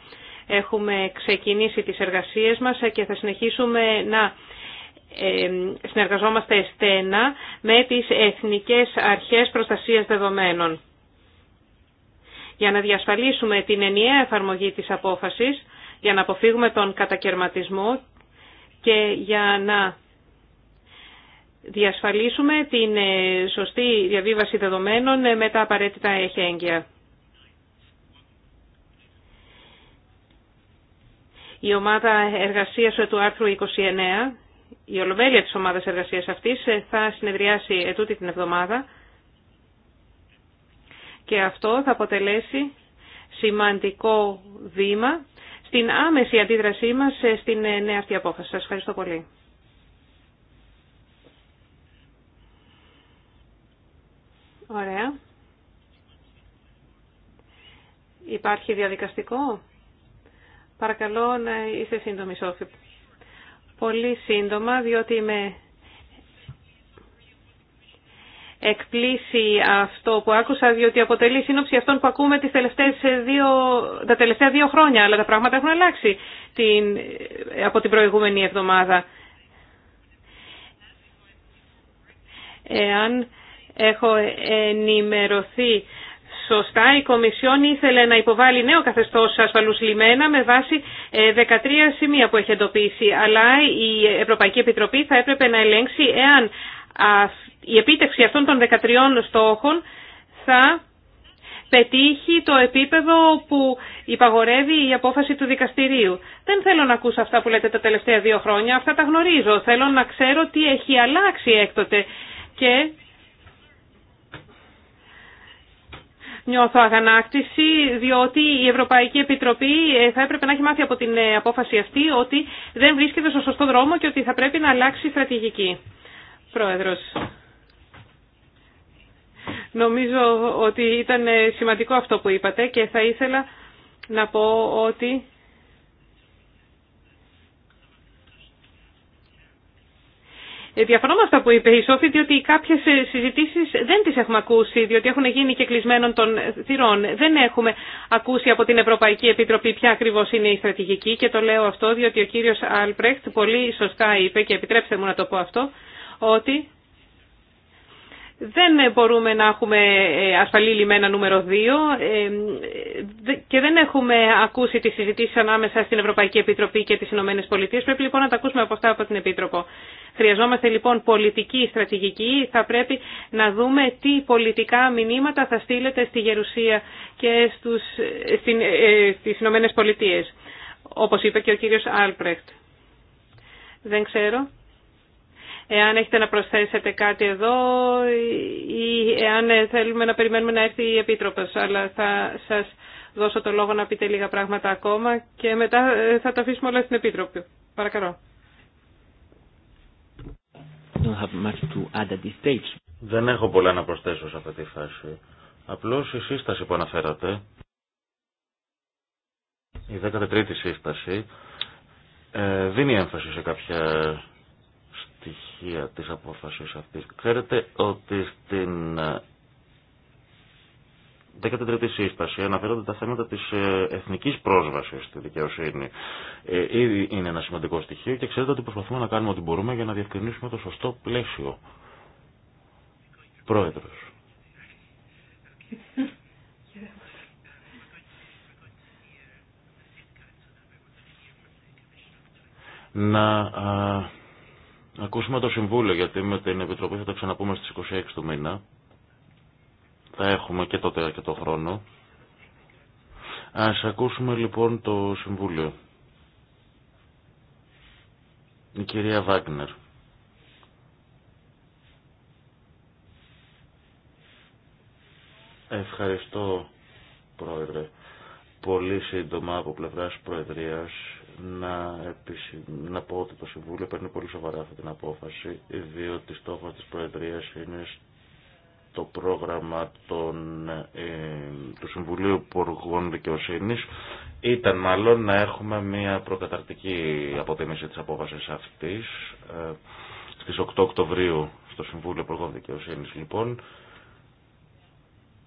Έχουμε ξεκινήσει τις εργασίες μας ε, και θα συνεχίσουμε να συνεργαζόμαστε στένα με τις Εθνικές Αρχές Προστασίας Δεδομένων. Για να διασφαλίσουμε την ενιαία εφαρμογή της απόφασης, για να αποφύγουμε τον κατακαιρματισμό και για να διασφαλίσουμε την ε, σωστή διαβίβαση δεδομένων ε, με τα απαραίτητα εχέγγυα. Η ομάδα εργασίας του άρθρου 29 η ολομέλεια της ομάδας εργασίας αυτής ε, θα συνεδριάσει ετούτη την εβδομάδα και αυτό θα αποτελέσει σημαντικό βήμα στην άμεση αντίδρασή μας ε, στην ε, νέα αυτή απόφαση. Σας ευχαριστώ πολύ. Ωραία. Υπάρχει διαδικαστικό. Παρακαλώ να είστε σύντομοι, πολύ σύντομα, διότι με εκπλήσει αυτό που άκουσα, διότι αποτελεί σύνοψη αυτών που ακούμε τις τελευταίες δύο, τα τελευταία δύο χρόνια, αλλά τα πράγματα έχουν αλλάξει την, από την προηγούμενη εβδομάδα. Εάν έχω ενημερωθεί σωστά, η Κομισιόν ήθελε να υποβάλει νέο καθεστώς ασφαλούς λιμένα με βάση 13 ε, σημεία που έχει εντοπίσει. Αλλά η Ευρωπαϊκή Επιτροπή θα έπρεπε να ελέγξει εάν η επίτευξη αυτών των 13 στόχων θα πετύχει το επίπεδο που υπαγορεύει η απόφαση του δικαστηρίου. Δεν θέλω να ακούσω αυτά που λέτε τα τελευταία δύο χρόνια, αυτά τα γνωρίζω. Θέλω να ξέρω τι έχει αλλάξει έκτοτε και νιώθω αγανάκτηση, διότι η Ευρωπαϊκή Επιτροπή ε, θα έπρεπε να έχει μάθει από την ε, απόφαση αυτή ότι δεν βρίσκεται στο σωστό δρόμο και ότι θα πρέπει να αλλάξει στρατηγική. Πρόεδρος. Νομίζω ότι ήταν ε, σημαντικό αυτό που είπατε και θα ήθελα να πω ότι Ε, διαφωνώ με αυτά που είπε η Σόφη, διότι κάποιε συζητήσει δεν τι έχουμε ακούσει, διότι έχουν γίνει και κλεισμένων των ε, θυρών. Δεν έχουμε ακούσει από την Ευρωπαϊκή Επιτροπή ποια ακριβώ είναι η στρατηγική και το λέω αυτό διότι ο κύριο Άλπρεχτ πολύ σωστά είπε, και επιτρέψτε μου να το πω αυτό, ότι δεν μπορούμε να έχουμε ε, ασφαλή λιμένα νούμερο 2 ε, και δεν έχουμε ακούσει τις συζητήσεις ανάμεσα στην Ευρωπαϊκή Επιτροπή και τις Ηνωμένες Πολιτείες. Πρέπει λοιπόν να τα ακούσουμε από αυτά από την Επίτροπο. Χρειαζόμαστε λοιπόν πολιτική στρατηγική. Θα πρέπει να δούμε τι πολιτικά μηνύματα θα στείλετε στη Γερουσία και στους, ε, στην, ε, στις Ηνωμένες Όπως είπε και ο κύριος Άλπρεχτ. Δεν ξέρω εάν έχετε να προσθέσετε κάτι εδώ ή εάν θέλουμε να περιμένουμε να έρθει η Επίτροπος. Αλλά θα σας δώσω το λόγο να πείτε λίγα πράγματα ακόμα και μετά ε, θα τα αφήσουμε όλα στην Επίτροπη. Παρακαλώ. Δεν έχω πολλά να προσθέσω σε αυτή τη φάση. Απλώς η σύσταση που αναφέρατε, η 13η σύσταση, ε, δίνει έμφαση σε κάποια στοιχεία της απόφασης αυτής. Ξέρετε ότι στην 13η ε, σύσταση αναφέρονται τα θέματα της ε, εθνικής πρόσβασης στη δικαιοσύνη. Ε, ήδη είναι ένα σημαντικό στοιχείο και ξέρετε ότι προσπαθούμε να κάνουμε ό,τι μπορούμε για να διευκρινίσουμε το σωστό πλαίσιο. Πρόεδρος. Να ακούσουμε το Συμβούλιο, γιατί με την Επιτροπή θα το ξαναπούμε στις 26 του μήνα. Θα έχουμε και τότε και το χρόνο. Ας ακούσουμε λοιπόν το Συμβούλιο. Η κυρία Βάγκνερ. Ευχαριστώ, Πρόεδρε. Πολύ σύντομα από πλευράς Προεδρίας να, επιση... να πω ότι το Συμβούλιο παίρνει πολύ σοβαρά αυτή την απόφαση, διότι στόχος της Προεδρίας είναι το πρόγραμμα των, ε, του Συμβουλίου Υπουργών Δικαιοσύνη ήταν μάλλον να έχουμε μια προκαταρτική αποτίμηση της απόφασης αυτής. Ε, στις 8 Οκτωβρίου στο Συμβούλιο Υπουργών Δικαιοσύνη λοιπόν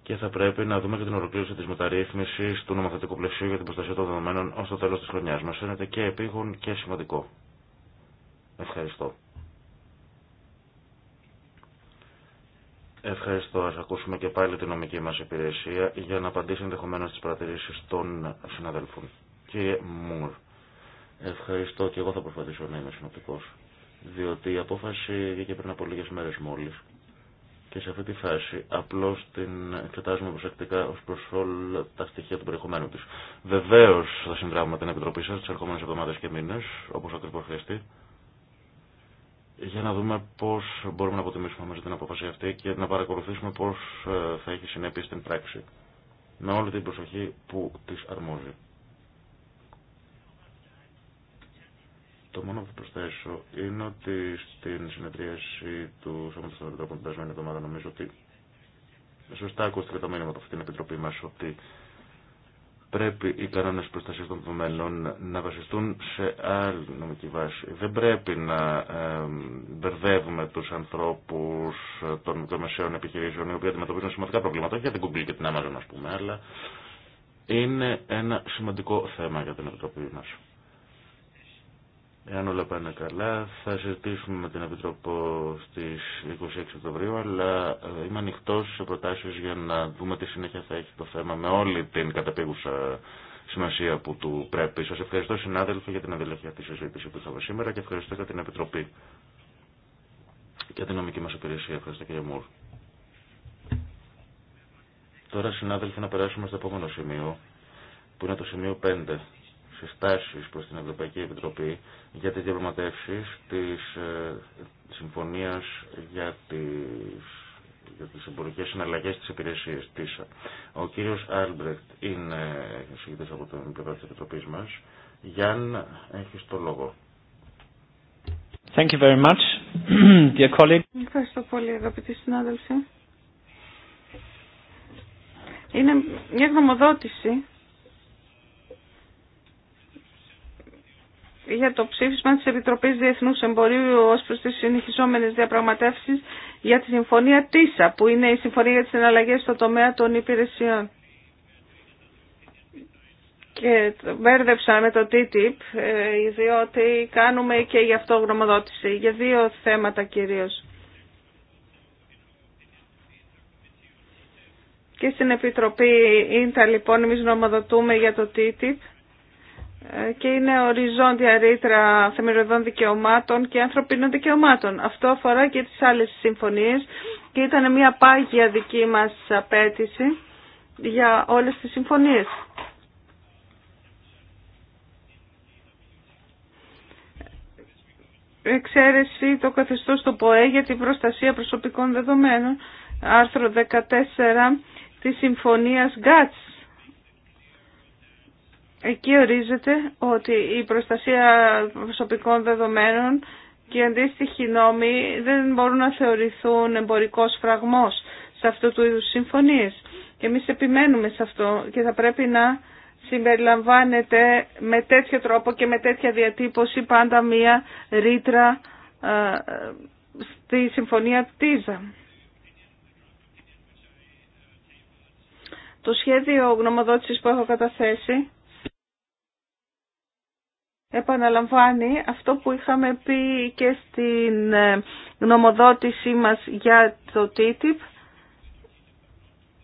και θα πρέπει να δούμε και την ολοκλήρωση τη μεταρρύθμιση του νομοθετικού πλαισίου για την προστασία των δεδομένων ω το τέλο τη χρονιά μα. Φαίνεται και επίγον και σημαντικό. Ευχαριστώ. Ευχαριστώ. Α ακούσουμε και πάλι την νομική μα υπηρεσία για να απαντήσει ενδεχομένω στις παρατηρήσει των συναδέλφων. Κύριε Μουρ, ευχαριστώ και εγώ θα προσπαθήσω να είμαι συνοπτικό. διότι η απόφαση βγήκε πριν από λίγε μέρε μόλι και σε αυτή τη φάση απλώς την εξετάζουμε προσεκτικά ω προ όλα τα στοιχεία του περιεχομένου τη. Βεβαίω θα συνδράμουμε την Επιτροπή σας τι ερχόμενε εβδομάδε και μήνε, όπως ακριβώς χρειαστεί, για να δούμε πώς μπορούμε να αποτιμήσουμε μαζί την απόφαση αυτή και να παρακολουθήσουμε πώς ε, θα έχει συνέπειε στην πράξη. Με όλη την προσοχή που τη αρμόζει. Το μόνο που προσθέσω είναι ότι στην συνεδρίαση του Σώματος των Επιτροπών την περασμένη εβδομάδα νομίζω ότι σωστά ακούστηκε το μήνυμα από αυτή την Επιτροπή μας ότι πρέπει οι κανόνες προστασίας των δεδομένων να βασιστούν σε άλλη νομική βάση. Δεν πρέπει να μπερδεύουμε τους ανθρώπους των μικρομεσαίων επιχειρήσεων οι οποίοι αντιμετωπίζουν σημαντικά προβλήματα, όχι για την Google και την Amazon α πούμε, αλλά είναι ένα σημαντικό θέμα για την Επιτροπή μας. Εάν όλα πάνε καλά, θα συζητήσουμε με την Επιτροπή στις 26 Οκτωβρίου, αλλά ε, είμαι ανοιχτό σε προτάσεις για να δούμε τι συνέχεια θα έχει το θέμα με όλη την καταπήγουσα σημασία που του πρέπει. Σας ευχαριστώ συνάδελφοι για την αδελφία τη συζήτηση που είχαμε σήμερα και ευχαριστώ για την Επιτροπή και την νομική μας υπηρεσία. Ευχαριστώ κύριε Μουρ. Τώρα συνάδελφοι να περάσουμε στο επόμενο σημείο, που είναι το σημείο 5 συστάσεις προς την Ευρωπαϊκή Επιτροπή για τις διαπραγματεύσεις της ε, Συμφωνίας για τις, για τις εμπορικές συναλλαγές της υπηρεσίας της. Ο κύριος Άλμπρεκτ είναι συγκεκριτής από τον πλευρά της Επιτροπής μας. Γιάνν, έχεις το λόγο. Thank you very much, dear colleague. Ευχαριστώ πολύ αγαπητοί συνάδελφοι. Είναι μια γνωμοδότηση για το ψήφισμα της Επιτροπής Διεθνούς Εμπορίου ως προς τις συνεχιζόμενες διαπραγματεύσεις για τη Συμφωνία ΤΙΣΑ, που είναι η Συμφωνία για τις Εναλλαγές στο τομέα των υπηρεσιών. Και μπέρδεψα με το TTIP, ε, διότι κάνουμε και γι' αυτό γνωμοδότηση, για δύο θέματα κυρίως. Και στην Επιτροπή ΙΝΤΑ λοιπόν εμείς γνωμοδοτούμε για το TTIP ε, και είναι οριζόντια ρήτρα θεμελιωδών δικαιωμάτων και ανθρωπίνων δικαιωμάτων. Αυτό αφορά και τις άλλες συμφωνίες και ήταν μια πάγια δική μας απέτηση για όλες τις συμφωνίες. Εξαίρεση το καθεστώς του ΠΟΕ για την προστασία προσωπικών δεδομένων, άρθρο 14 της Συμφωνίας ΓΚΑΤΣ Εκεί ορίζεται ότι η προστασία προσωπικών δεδομένων και οι αντίστοιχοι νόμοι δεν μπορούν να θεωρηθούν εμπορικός φραγμός σε αυτού του είδους συμφωνίες. Και εμείς επιμένουμε σε αυτό και θα πρέπει να συμπεριλαμβάνεται με τέτοιο τρόπο και με τέτοια διατύπωση πάντα μία ρήτρα ε, στη Συμφωνία ΤΙΖΑ. Το σχέδιο γνωμοδότησης που έχω καταθέσει επαναλαμβάνει αυτό που είχαμε πει και στην ε, γνωμοδότησή μας για το TTIP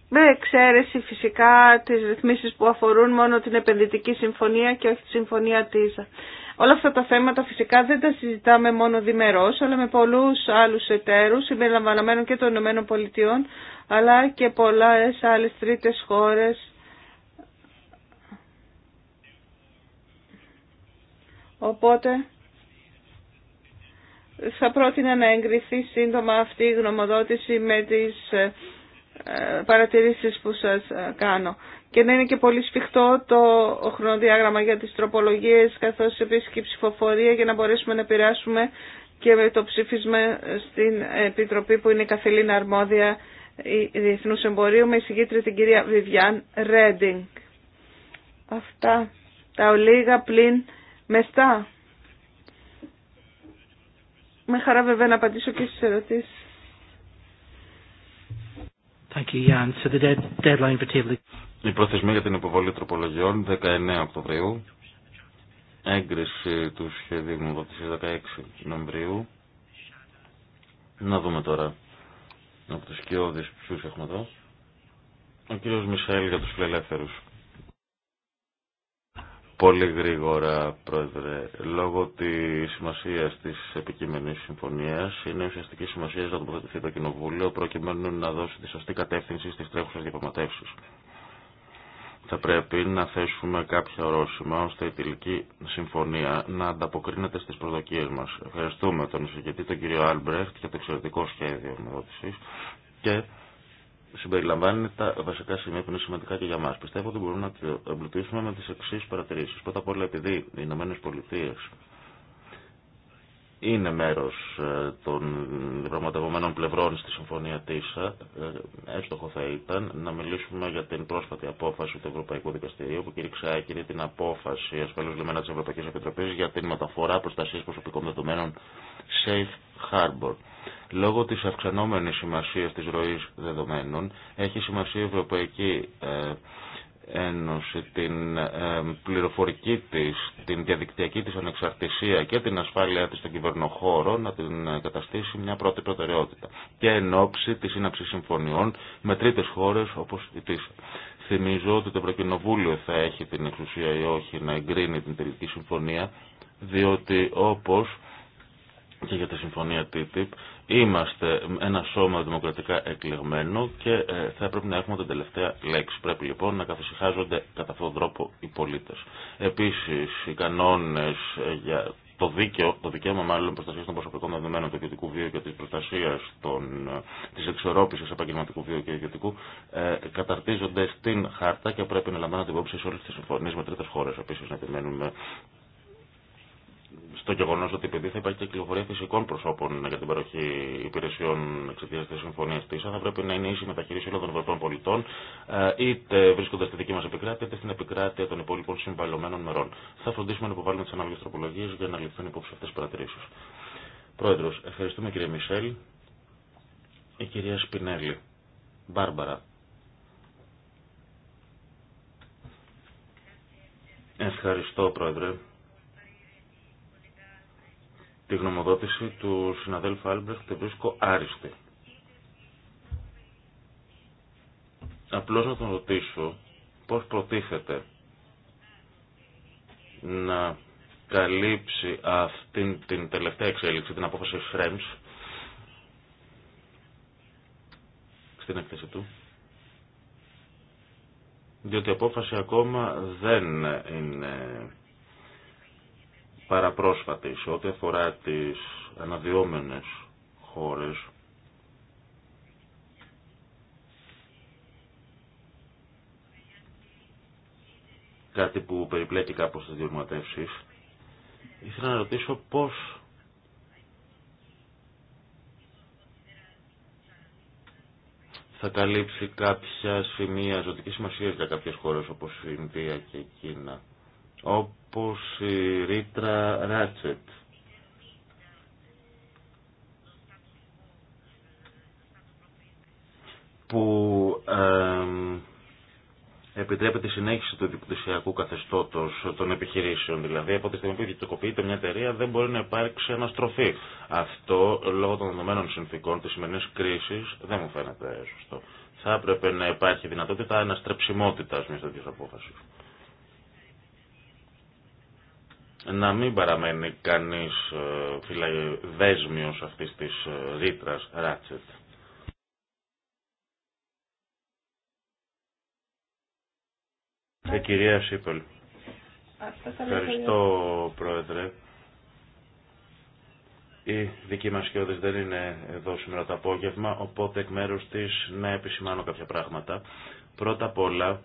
με εξαίρεση φυσικά τις ρυθμίσεις που αφορούν μόνο την επενδυτική συμφωνία και όχι τη συμφωνία της. Όλα αυτά τα θέματα φυσικά δεν τα συζητάμε μόνο διμερώς, αλλά με πολλούς άλλους εταίρους, συμπεριλαμβανομένων και των ΗΠΑ, αλλά και πολλές άλλες τρίτες χώρες Οπότε θα πρότεινα να εγκριθεί σύντομα αυτή η γνωμοδότηση με τις ε, παρατηρήσεις που σας ε, κάνω. Και να είναι και πολύ σφιχτό το χρονοδιάγραμμα για τις τροπολογίες καθώς επίσης και η ψηφοφορία για να μπορέσουμε να επηρεάσουμε και με το ψήφισμα στην Επιτροπή που είναι η αρμόδια Διεθνού Εμπορίου με εισηγήτρια την κυρία Βιβιάν Ρέντινγκ. Αυτά τα ολίγα πλην μεστά. Με χαρά βέβαια να απαντήσω και στις ερωτήσεις. Thank you, Jan. So the deadline for table... Η προθεσμία για την υποβολή τροπολογιών 19 Οκτωβρίου. Έγκριση του σχεδίου μου 16 Νοεμβρίου. Να δούμε τώρα από τους κοιόδεις ποιους έχουμε εδώ. Ο κύριος Μισελ για τους φιλελεύθερους. Πολύ γρήγορα, Πρόεδρε. Λόγω τη σημασία τη επικείμενη συμφωνία, είναι ουσιαστική σημασία να τοποθετηθεί το Κοινοβούλιο προκειμένου να δώσει τη σωστή κατεύθυνση στις τρέχουσες διαπραγματεύσει. Θα πρέπει να θέσουμε κάποια ορόσημα ώστε η τελική συμφωνία να ανταποκρίνεται στι προσδοκίε μα. Ευχαριστούμε τον εισηγητή, τον κύριο Άλμπρεχτ, για το εξαιρετικό σχέδιο ομοδότηση και συμπεριλαμβάνει τα βασικά σημεία που είναι σημαντικά και για μα. Πιστεύω ότι μπορούμε να εμπλουτίσουμε με τι εξή παρατηρήσει. Πρώτα απ' όλα, επειδή οι Ηνωμένε Πολιτείε είναι μέρο ε, των διαπραγματευόμενων πλευρών στη συμφωνία ΤΙΣΑ, έστοχο ε, θα ήταν να μιλήσουμε για την πρόσφατη απόφαση του Ευρωπαϊκού Δικαστηρίου που κήρυξε άκυρη την απόφαση ασφαλώ λιμένα τη Ευρωπαϊκή Επιτροπή για την μεταφορά προστασία προσωπικών δεδομένων Safe Harbor Λόγω της αυξανόμενης σημασίας της ροής δεδομένων, έχει σημασία η Ευρωπαϊκή ε, Ένωση, την ε, πληροφορική της, την διαδικτυακή της ανεξαρτησία και την ασφάλεια της στον κυβερνοχώρο να την καταστήσει μια πρώτη προτεραιότητα και εν ώψη της σύναψης συμφωνιών με τρίτες χώρες όπως η της. Θυμίζω ότι το Ευρωκοινοβούλιο θα έχει την εξουσία ή όχι να εγκρίνει την τελική συμφωνία διότι όπως και για τη συμφωνία TTIP Είμαστε ένα σώμα δημοκρατικά εκλεγμένο και ε, θα έπρεπε να έχουμε την τελευταία λέξη. Πρέπει λοιπόν να καθησυχάζονται κατά αυτόν τον τρόπο οι πολίτες. Επίσης, οι κανόνες ε, για το δίκαιο, το δικαίωμα μάλλον προστασία των προσωπικών δεδομένων του ιδιωτικού βίου και τη προστασία ε, τη εξορρόπησης επαγγελματικού βίου και ιδιωτικού ε, καταρτίζονται στην χάρτα και πρέπει να λαμβάνονται υπόψη σε όλε τι συμφωνίες με τρίτες χώρε. Επίσης να επιμένουμε στο γεγονό ότι επειδή θα υπάρχει και κυκλοφορία φυσικών προσώπων για την παροχή υπηρεσιών εξαιτία τη συμφωνία τη, θα πρέπει να είναι ίση μεταχείριση όλων των Ευρωπαίων πολιτών, ε, είτε βρίσκονται στη δική μα επικράτεια, είτε στην επικράτεια των υπόλοιπων συμβαλλωμένων μερών. Θα φροντίσουμε να υποβάλουμε τι ανάλογε τροπολογίε για να ληφθούν υπόψη αυτέ τι παρατηρήσει. Πρόεδρο, ευχαριστούμε κύριε Μισελ. Η κυρία Σπινέλη. Μπάρμπαρα. Ευχαριστώ, Πρόεδρε. Τη γνωμοδότηση του συναδέλφου Άλμπρεχτ τη βρίσκω άριστη. Απλώς να τον ρωτήσω πώς προτίθεται να καλύψει αυτήν την τελευταία εξέλιξη, την απόφαση Φρέμς, στην έκθεση του. Διότι η απόφαση ακόμα δεν είναι παραπρόσφατη σε ό,τι αφορά τις αναδυόμενες χώρες κάτι που περιπλέκει κάπως τις διορματεύσεις ήθελα να ρωτήσω πώς θα καλύψει κάποια σημεία ζωτική σημασία για κάποιες χώρες όπως η Ινδία και η Κίνα όπως η Ρίτρα Ράτσετ. που επιτρέπεται η συνέχιση του δικτυσιακού καθεστώτο των επιχειρήσεων. Δηλαδή, από τη στιγμή που ιδιωτικοποιείται μια εταιρεία, δεν μπορεί να υπάρξει αναστροφή. Αυτό, λόγω των δεδομένων συνθήκων της σημερινής κρίσης, δεν μου φαίνεται σωστό. Θα έπρεπε να υπάρχει δυνατότητα αναστρεψιμότητα μια τέτοια απόφαση να μην παραμένει κανείς ε, δέσμιος αυτής της ε, ρήτρας Ράτσετ. Ε, κυρία Σίπελ. Ευχαριστώ, Πρόεδρε. Η δική μας σκιώδης δεν είναι εδώ σήμερα το απόγευμα, οπότε εκ μέρους της να επισημάνω κάποια πράγματα. Πρώτα απ' όλα,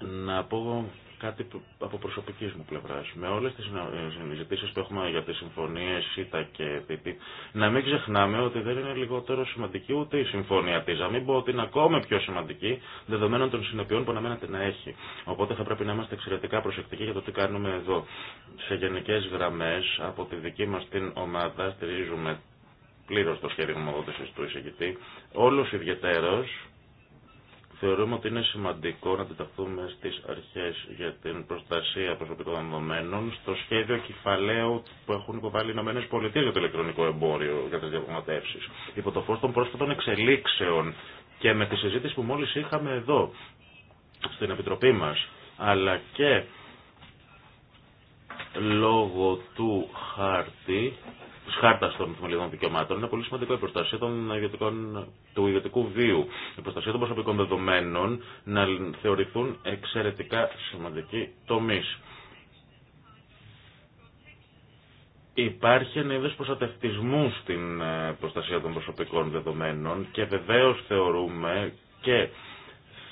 να πω κάτι από προσωπική μου πλευρά. Με όλε τι ε, συζητήσει που έχουμε για τι συμφωνίε ΣΥΤΑ και ΤΙΤΙ, να μην ξεχνάμε ότι δεν είναι λιγότερο σημαντική ούτε η συμφωνία τη. Αν μην πω ότι είναι ακόμα πιο σημαντική, δεδομένων των συνεπειών που αναμένατε να έχει. Οπότε θα πρέπει να είμαστε εξαιρετικά προσεκτικοί για το τι κάνουμε εδώ. Σε γενικέ γραμμέ, από τη δική μα την ομάδα, στηρίζουμε πλήρω το σχέδιο ομοδότησης του εισηγητή. Όλο ιδιαιτέρω Θεωρούμε ότι είναι σημαντικό να αντιταχθούμε στις αρχές για την προστασία προσωπικών δεδομένων στο σχέδιο κεφαλαίου που έχουν υποβάλει οι ΗΠΑ για το ηλεκτρονικό εμπόριο για τι διαπραγματεύσεις. Υπό το φως των πρόσφατων εξελίξεων και με τη συζήτηση που μόλις είχαμε εδώ στην Επιτροπή μας, αλλά και λόγω του χάρτη χάρτα των θεμελιωδών δικαιωμάτων είναι πολύ σημαντικό η προστασία των ιδιωτικών, του ιδιωτικού βίου, η προστασία των προσωπικών δεδομένων να θεωρηθούν εξαιρετικά σημαντικοί τομεί. Υπάρχει ένα είδο προστατευτισμού στην ε, προστασία των προσωπικών δεδομένων και βεβαίω θεωρούμε και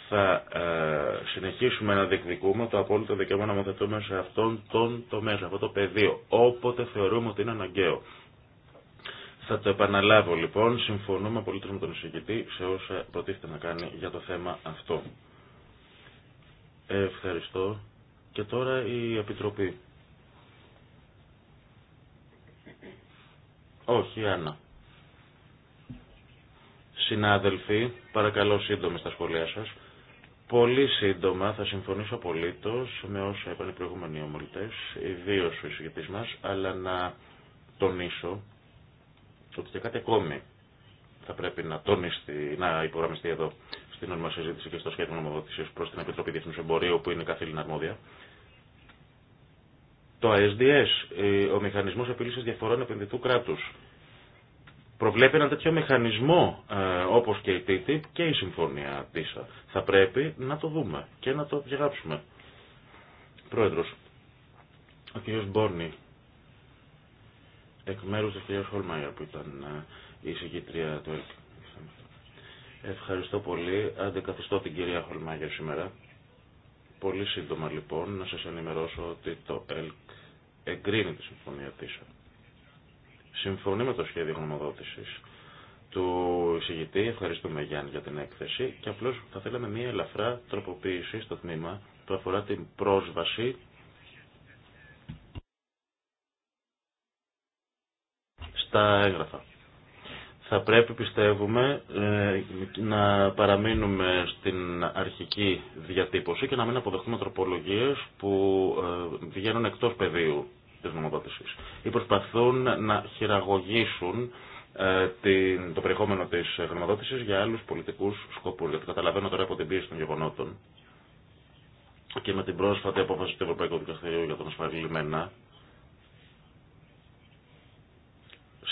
θα ε, συνεχίσουμε να διεκδικούμε το απόλυτο δικαίωμα να μοθετούμε σε αυτόν τον τομέα, σε αυτό το πεδίο, όποτε θεωρούμε ότι είναι αναγκαίο. Θα το επαναλάβω λοιπόν. Συμφωνούμε απολύτω με τον εισηγητή σε όσα προτίθεται να κάνει για το θέμα αυτό. Ευχαριστώ. Και τώρα η Επιτροπή. Όχι, Άννα. Συνάδελφοι, παρακαλώ σύντομα στα σχολεία σας. Πολύ σύντομα θα συμφωνήσω απολύτω με όσα είπαν οι προηγούμενοι ομιλητέ, ιδίω ο εισηγητής μα, αλλά να τονίσω ότι και κάτι ακόμη θα πρέπει να τονιστεί, να υπογραμμιστεί εδώ στην όλη συζήτηση και στο σχέδιο νομοδότηση προ την Επιτροπή Διεθνού Εμπορίου που είναι καθήλυνα αρμόδια. Το ASDS, ο μηχανισμό επιλυση Διαφορών Επενδυτού κράτου. προβλέπει ένα τέτοιο μηχανισμό ε, όπω και η TTIP και η Συμφωνία TISA. Θα πρέπει να το δούμε και να το διαγράψουμε. Πρόεδρο. ο κ. Μπόρνη εκ μέρου τη κυρία Χολμάγερ που ήταν ε, η συγκήτρια του ΕΛΚ. Ευχαριστώ πολύ. Αντικαθιστώ την κυρία Χολμάγερ σήμερα. Πολύ σύντομα λοιπόν να σας ενημερώσω ότι το ΕΛΚ εγκρίνει τη συμφωνία τη. Συμφωνεί με το σχέδιο γνωμοδότησης του εισηγητή. Ευχαριστούμε Γιάννη για την έκθεση και απλώς θα θέλαμε μια ελαφρά τροποποίηση στο τμήμα που αφορά την πρόσβαση τα έγγραφα. Θα πρέπει, πιστεύουμε, ε, να παραμείνουμε στην αρχική διατύπωση και να μην αποδεχτούμε τροπολογίες που ε, βγαίνουν εκτός πεδίου της νομοδότησης ή προσπαθούν να χειραγωγήσουν ε, το περιεχόμενο της χρηματοδότησης για άλλους πολιτικούς σκοπούς. Γιατί καταλαβαίνω τώρα από την πίεση των γεγονότων και με την πρόσφατη απόφαση του Ευρωπαϊκού Δικαστηρίου για τον ασφαλή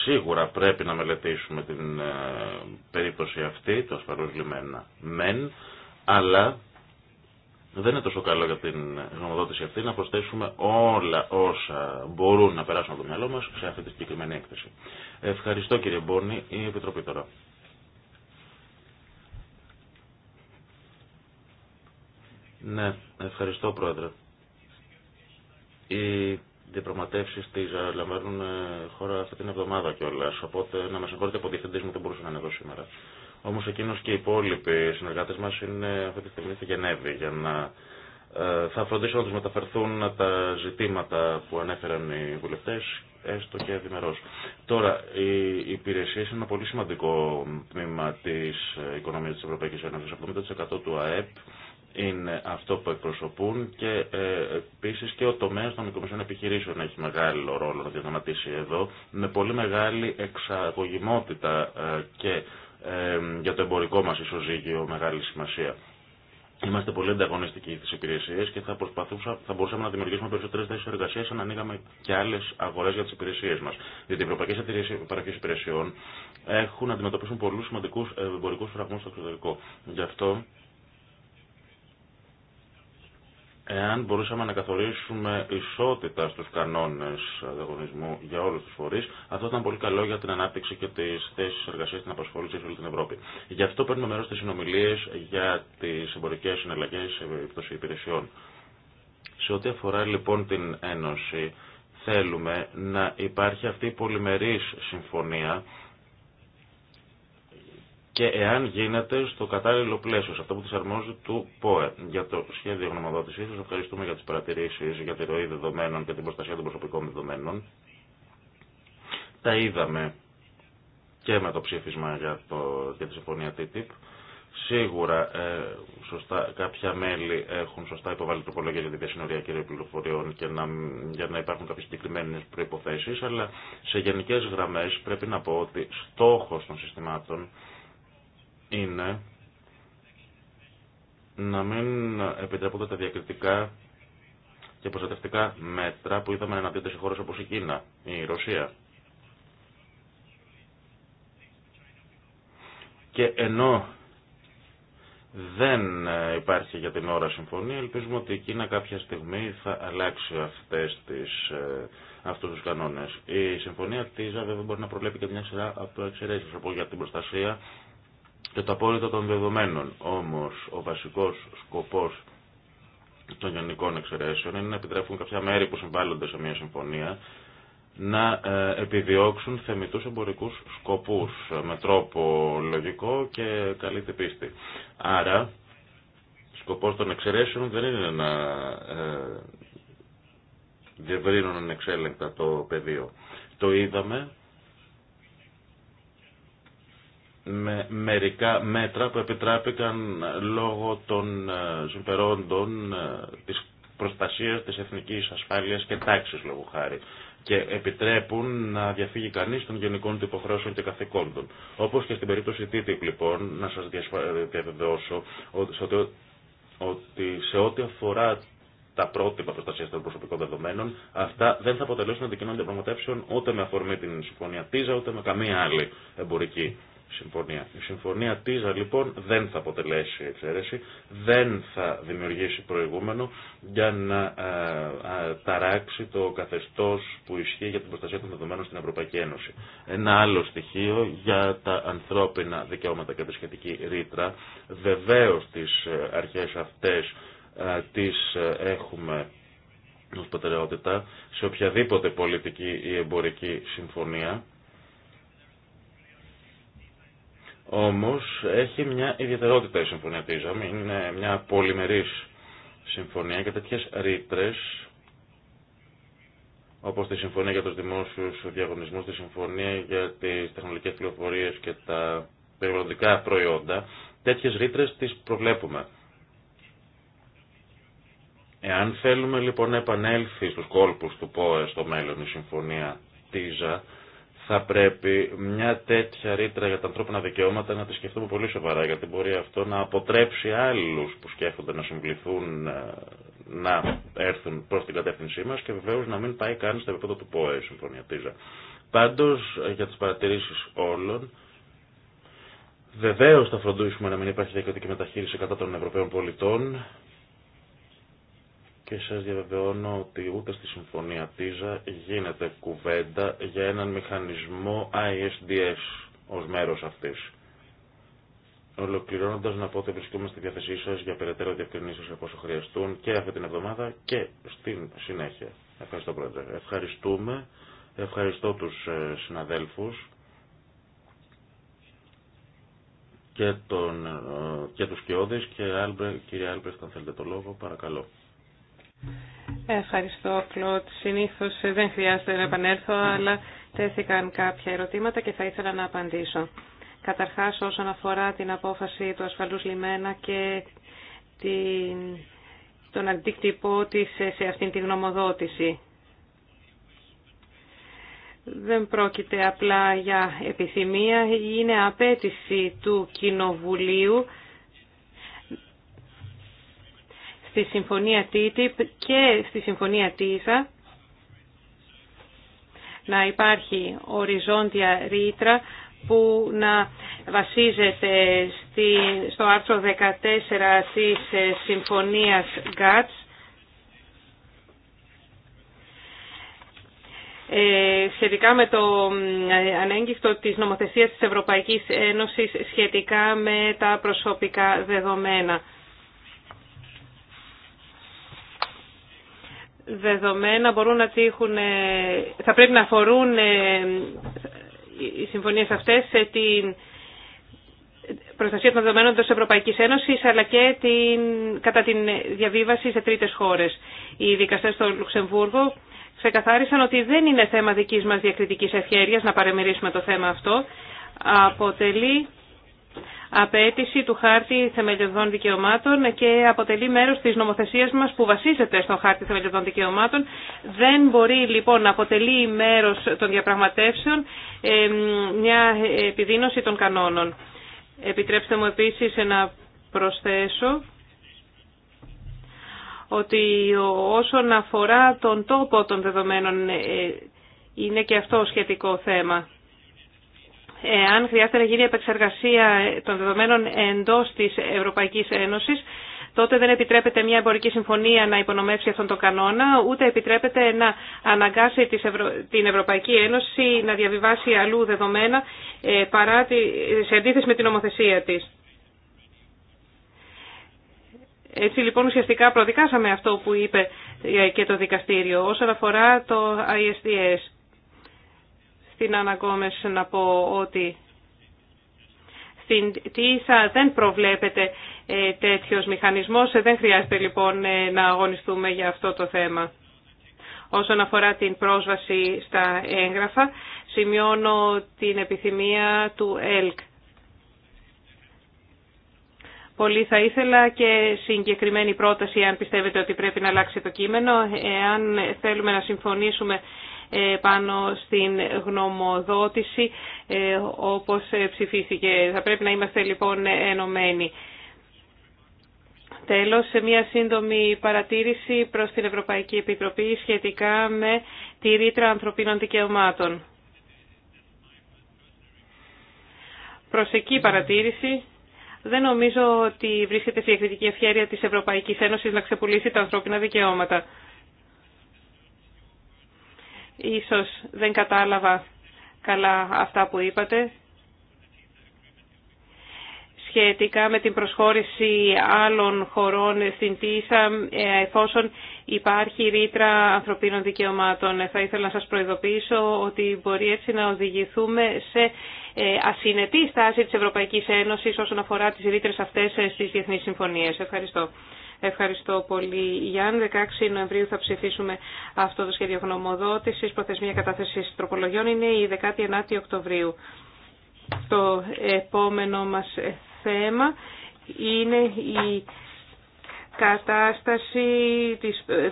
Σίγουρα πρέπει να μελετήσουμε την ε, περίπτωση αυτή, το ασφαλώς λιμένα μεν, αλλά δεν είναι τόσο καλό για την γνωμοδότηση αυτή να προσθέσουμε όλα όσα μπορούν να περάσουν από το μυαλό μας σε αυτή τη συγκεκριμένη έκθεση. Ευχαριστώ κύριε Μπόνη, η Επιτροπή τώρα. Ναι, ευχαριστώ πρόεδρε. Η διαπραγματεύσει τη ε, λαμβάνουν ε, χώρα αυτή την εβδομάδα κιόλα. Οπότε να με συγχωρείτε από διευθυντή μου δεν μπορούσε να είναι εδώ σήμερα. Όμω εκείνο και οι υπόλοιποι συνεργάτε μα είναι αυτή τη στιγμή στη Γενέβη για να ε, θα φροντίσω να του μεταφερθούν τα ζητήματα που ανέφεραν οι βουλευτέ, έστω και διμερό. Τώρα, οι υπηρεσίε είναι ένα πολύ σημαντικό τμήμα τη οικονομία τη Ευρωπαϊκή Ένωση. 70% του ΑΕΠ είναι αυτό που εκπροσωπούν και ε, επίση και ο τομέα των μικρομεσαίων επιχειρήσεων έχει μεγάλο ρόλο να διαδραματίσει εδώ, με πολύ μεγάλη εξαγωγημότητα ε, και ε, για το εμπορικό μας ισοζύγιο μεγάλη σημασία. Είμαστε πολύ ανταγωνιστικοί στι υπηρεσίε και θα, θα μπορούσαμε να δημιουργήσουμε περισσότερε θέσει εργασία αν ανοίγαμε και άλλε αγορέ για τι υπηρεσίε μα. Διότι οι ευρωπαϊκέ εταιρείε υπηρεσιών έχουν να αντιμετωπίσουν πολλού σημαντικού ε, εμπορικού φραγμού στο εξωτερικό. Γι' αυτό Εάν μπορούσαμε να καθορίσουμε ισότητα στους κανόνες ανταγωνισμού για όλους τους φορείς, αυτό ήταν πολύ καλό για την ανάπτυξη και τις θέσεις εργασίας στην απασχόληση σε όλη την Ευρώπη. Γι' αυτό παίρνουμε μέρος στις συνομιλίες για τις εμπορικές συναλλαγές σε υπηρεσιών. Σε ό,τι αφορά λοιπόν την Ένωση, θέλουμε να υπάρχει αυτή η πολυμερής συμφωνία και εάν γίνεται στο κατάλληλο πλαίσιο, σε αυτό που τη αρμόζει του ΠΟΕ. Για το σχέδιο γνωμοδότησή σα, ευχαριστούμε για τι παρατηρήσει για τη ροή δεδομένων και την προστασία των προσωπικών δεδομένων. Τα είδαμε και με το ψήφισμα για, το, για τη συμφωνία TTIP. Σίγουρα ε, σωστά, κάποια μέλη έχουν σωστά υποβάλει τροπολογία για τη διασυνορία κυρίων πληροφοριών και να, για να υπάρχουν κάποιε συγκεκριμένε προποθέσει, αλλά σε γενικέ γραμμέ πρέπει να πω ότι στόχο των συστημάτων είναι να μην επιτρέπονται τα διακριτικά και προστατευτικά μέτρα που είδαμε να αναπτύσσονται σε χώρε όπω η Κίνα, η Ρωσία. Και ενώ δεν υπάρχει για την ώρα συμφωνία, ελπίζουμε ότι η Κίνα κάποια στιγμή θα αλλάξει αυτές τις, ε, αυτούς τους κανόνες. Η συμφωνία της βέβαια μπορεί να προβλέπει και μια σειρά από εξαιρέσεις, όπως για την προστασία και το απόλυτο των δεδομένων. Όμως ο βασικός σκοπός των γενικών εξαιρέσεων είναι να επιτρέφουν κάποια μέρη που συμβάλλονται σε μια συμφωνία να ε, επιδιώξουν θεμητούς εμπορικούς σκοπούς ε, με τρόπο λογικό και καλή πίστη. Άρα, σκοπός των εξαιρέσεων δεν είναι να ε, διευρύνουν εξέλεγκτα το πεδίο. Το είδαμε με μερικά μέτρα που επιτράπηκαν λόγω των ε, συμφερόντων ε, της προστασίας της εθνικής ασφάλειας και τάξης λόγω χάρη και επιτρέπουν να διαφύγει κανείς των γενικών του υποχρεώσεων και καθηκόντων. όπως και στην περίπτωση TTIP, λοιπόν, να σας διαβεβαιώσω ότι σε ό,τι αφορά τα πρότυπα προστασία των προσωπικών δεδομένων, αυτά δεν θα αποτελέσουν αντικείμενο διαπραγματεύσεων ούτε με αφορμή την συμφωνία ΤΙΖΑ ούτε με καμία άλλη εμπορική συμφωνία. Η συμφωνία ΤΙΖΑ λοιπόν δεν θα αποτελέσει εξαίρεση, δεν θα δημιουργήσει προηγούμενο για να ε, ε, ταράξει το καθεστώς που ισχύει για την προστασία των δεδομένων στην Ευρωπαϊκή Ένωση. Ένα άλλο στοιχείο για τα ανθρώπινα δικαιώματα και τη σχετική ρήτρα. Βεβαίως τις ε, αρχές αυτές τις έχουμε ως προτεραιότητα σε οποιαδήποτε πολιτική ή εμπορική συμφωνία Όμως έχει μια ιδιαιτερότητα η συμφωνία της Είναι μια πολυμερής συμφωνία και τέτοιες ρήτρε όπως τη συμφωνία για τους δημόσιους διαγωνισμούς, τη συμφωνία για τις τεχνολογικές πληροφορίες και τα περιβαλλοντικά προϊόντα, τέτοιες ρήτρε τις προβλέπουμε. Εάν θέλουμε λοιπόν να επανέλθει στους κόλπους του ΠΟΕ στο μέλλον η συμφωνία ΤΙΖΑ, θα πρέπει μια τέτοια ρήτρα για τα ανθρώπινα δικαιώματα να τη σκεφτούμε πολύ σοβαρά, γιατί μπορεί αυτό να αποτρέψει άλλους που σκέφτονται να συμβληθούν ε, να έρθουν προς την κατεύθυνσή μας και βεβαίως να μην πάει καν στο επίπεδο του ΠΟΕ, η Συμφωνία Τίζα. Πάντως, ε, για τις παρατηρήσεις όλων, Βεβαίω θα φροντίσουμε να μην υπάρχει διακριτική μεταχείριση κατά των Ευρωπαίων πολιτών και σας διαβεβαιώνω ότι ούτε στη συμφωνία ΤΙΖΑ γίνεται κουβέντα για έναν μηχανισμό ISDS ως μέρος αυτής. Ολοκληρώνοντας να πω ότι βρισκόμαστε στη διάθεσή σας για περαιτέρω διευκρινήσεις από όσο χρειαστούν και αυτή την εβδομάδα και στην συνέχεια. Ευχαριστώ πρόεδρε. Ευχαριστούμε. Ευχαριστώ τους ε, συναδέλφους και, τον, ε, και τους Κιώδης και Άλμπρε, κύριε Άλμπρε, αν θέλετε το λόγο, παρακαλώ. Ευχαριστώ, Κλωτ. Συνήθως δεν χρειάζεται να επανέλθω, αλλά τέθηκαν κάποια ερωτήματα και θα ήθελα να απαντήσω. Καταρχάς, όσον αφορά την απόφαση του ασφαλούς λιμένα και τον αντίκτυπο τη σε αυτήν την γνωμοδότηση. Δεν πρόκειται απλά για επιθυμία, είναι απέτηση του Κοινοβουλίου στη συμφωνία TTIP και στη συμφωνία Τίσα. να υπάρχει οριζόντια ρήτρα που να βασίζεται στη, στο άρθρο 14 της ε, συμφωνίας ΓΑΤΣ ε, σχετικά με το ε, ανέγκυχτο της νομοθεσίας της Ευρωπαϊκής Ένωσης σχετικά με τα προσωπικά δεδομένα. δεδομένα μπορούν να τύχουν, ε, θα πρέπει να αφορούν ε, οι συμφωνίες αυτές σε την προστασία των δεδομένων της Ευρωπαϊκής Ένωσης αλλά και την, κατά τη διαβίβαση σε τρίτες χώρες. Οι δικαστές στο Λουξεμβούργο ξεκαθάρισαν ότι δεν είναι θέμα δικής μας διακριτικής ευχέρειας να παρεμερίσουμε το θέμα αυτό. Αποτελεί απέτηση του χάρτη θεμελιωδών δικαιωμάτων και αποτελεί μέρος της νομοθεσίας μας που βασίζεται στον χάρτη θεμελιωδών δικαιωμάτων. Δεν μπορεί λοιπόν να αποτελεί μέρος των διαπραγματεύσεων μια επιδείνωση των κανόνων. Επιτρέψτε μου επίσης να προσθέσω ότι όσον αφορά τον τόπο των δεδομένων ε, είναι και αυτό σχετικό θέμα. Αν χρειάζεται να γίνει επεξεργασία των δεδομένων εντός της Ευρωπαϊκής Ένωσης, τότε δεν επιτρέπεται μια εμπορική συμφωνία να υπονομεύσει αυτόν τον κανόνα, ούτε επιτρέπεται να αναγκάσει την Ευρωπαϊκή Ένωση να διαβιβάσει αλλού δεδομένα ε, παρά τη, σε αντίθεση με την ομοθεσία της. Έτσι λοιπόν ουσιαστικά προδικάσαμε αυτό που είπε ε, και το δικαστήριο όσον αφορά το ISDS στην ανακόμεση να πω ότι στην ΤΙΣΑ δεν προβλέπεται ε, τέτοιος μηχανισμός, δεν χρειάζεται λοιπόν ε, να αγωνιστούμε για αυτό το θέμα. Όσον αφορά την πρόσβαση στα έγγραφα, σημειώνω την επιθυμία του ΕΛΚ. Πολύ θα ήθελα και συγκεκριμένη πρόταση, αν πιστεύετε ότι πρέπει να αλλάξει το κείμενο, εάν θέλουμε να συμφωνήσουμε ε, πάνω στην γνωμοδότηση ε, όπως ψηφίστηκε. Θα πρέπει να είμαστε λοιπόν ενωμένοι. Τέλος, σε μια σύντομη παρατήρηση προς την Ευρωπαϊκή Επιτροπή σχετικά με τη ρήτρα ανθρωπίνων δικαιωμάτων. Προσεκή παρατήρηση. Δεν νομίζω ότι βρίσκεται στη διακριτική ευχαίρεια της Ευρωπαϊκής Ένωσης να ξεπουλήσει τα ανθρώπινα δικαιώματα. Ίσως δεν κατάλαβα καλά αυτά που είπατε σχετικά με την προσχώρηση άλλων χωρών στην ΤΙΣΑ ε, εφόσον υπάρχει ρήτρα ανθρωπίνων δικαιωμάτων. Ε, θα ήθελα να σας προειδοποιήσω ότι μπορεί έτσι να οδηγηθούμε σε ε, ασυνετή στάση της Ευρωπαϊκής Ένωσης όσον αφορά τις ρήτρες αυτές στις διεθνείς συμφωνίες. Ευχαριστώ. Ευχαριστώ πολύ, Γιάννη. 16 Νοεμβρίου θα ψηφίσουμε αυτό το σχέδιο γνωμοδότησης. Προθεσμία κατάθεσης τροπολογιών είναι η 19η Οκτωβρίου. Το επόμενο μας θέμα είναι η κατάσταση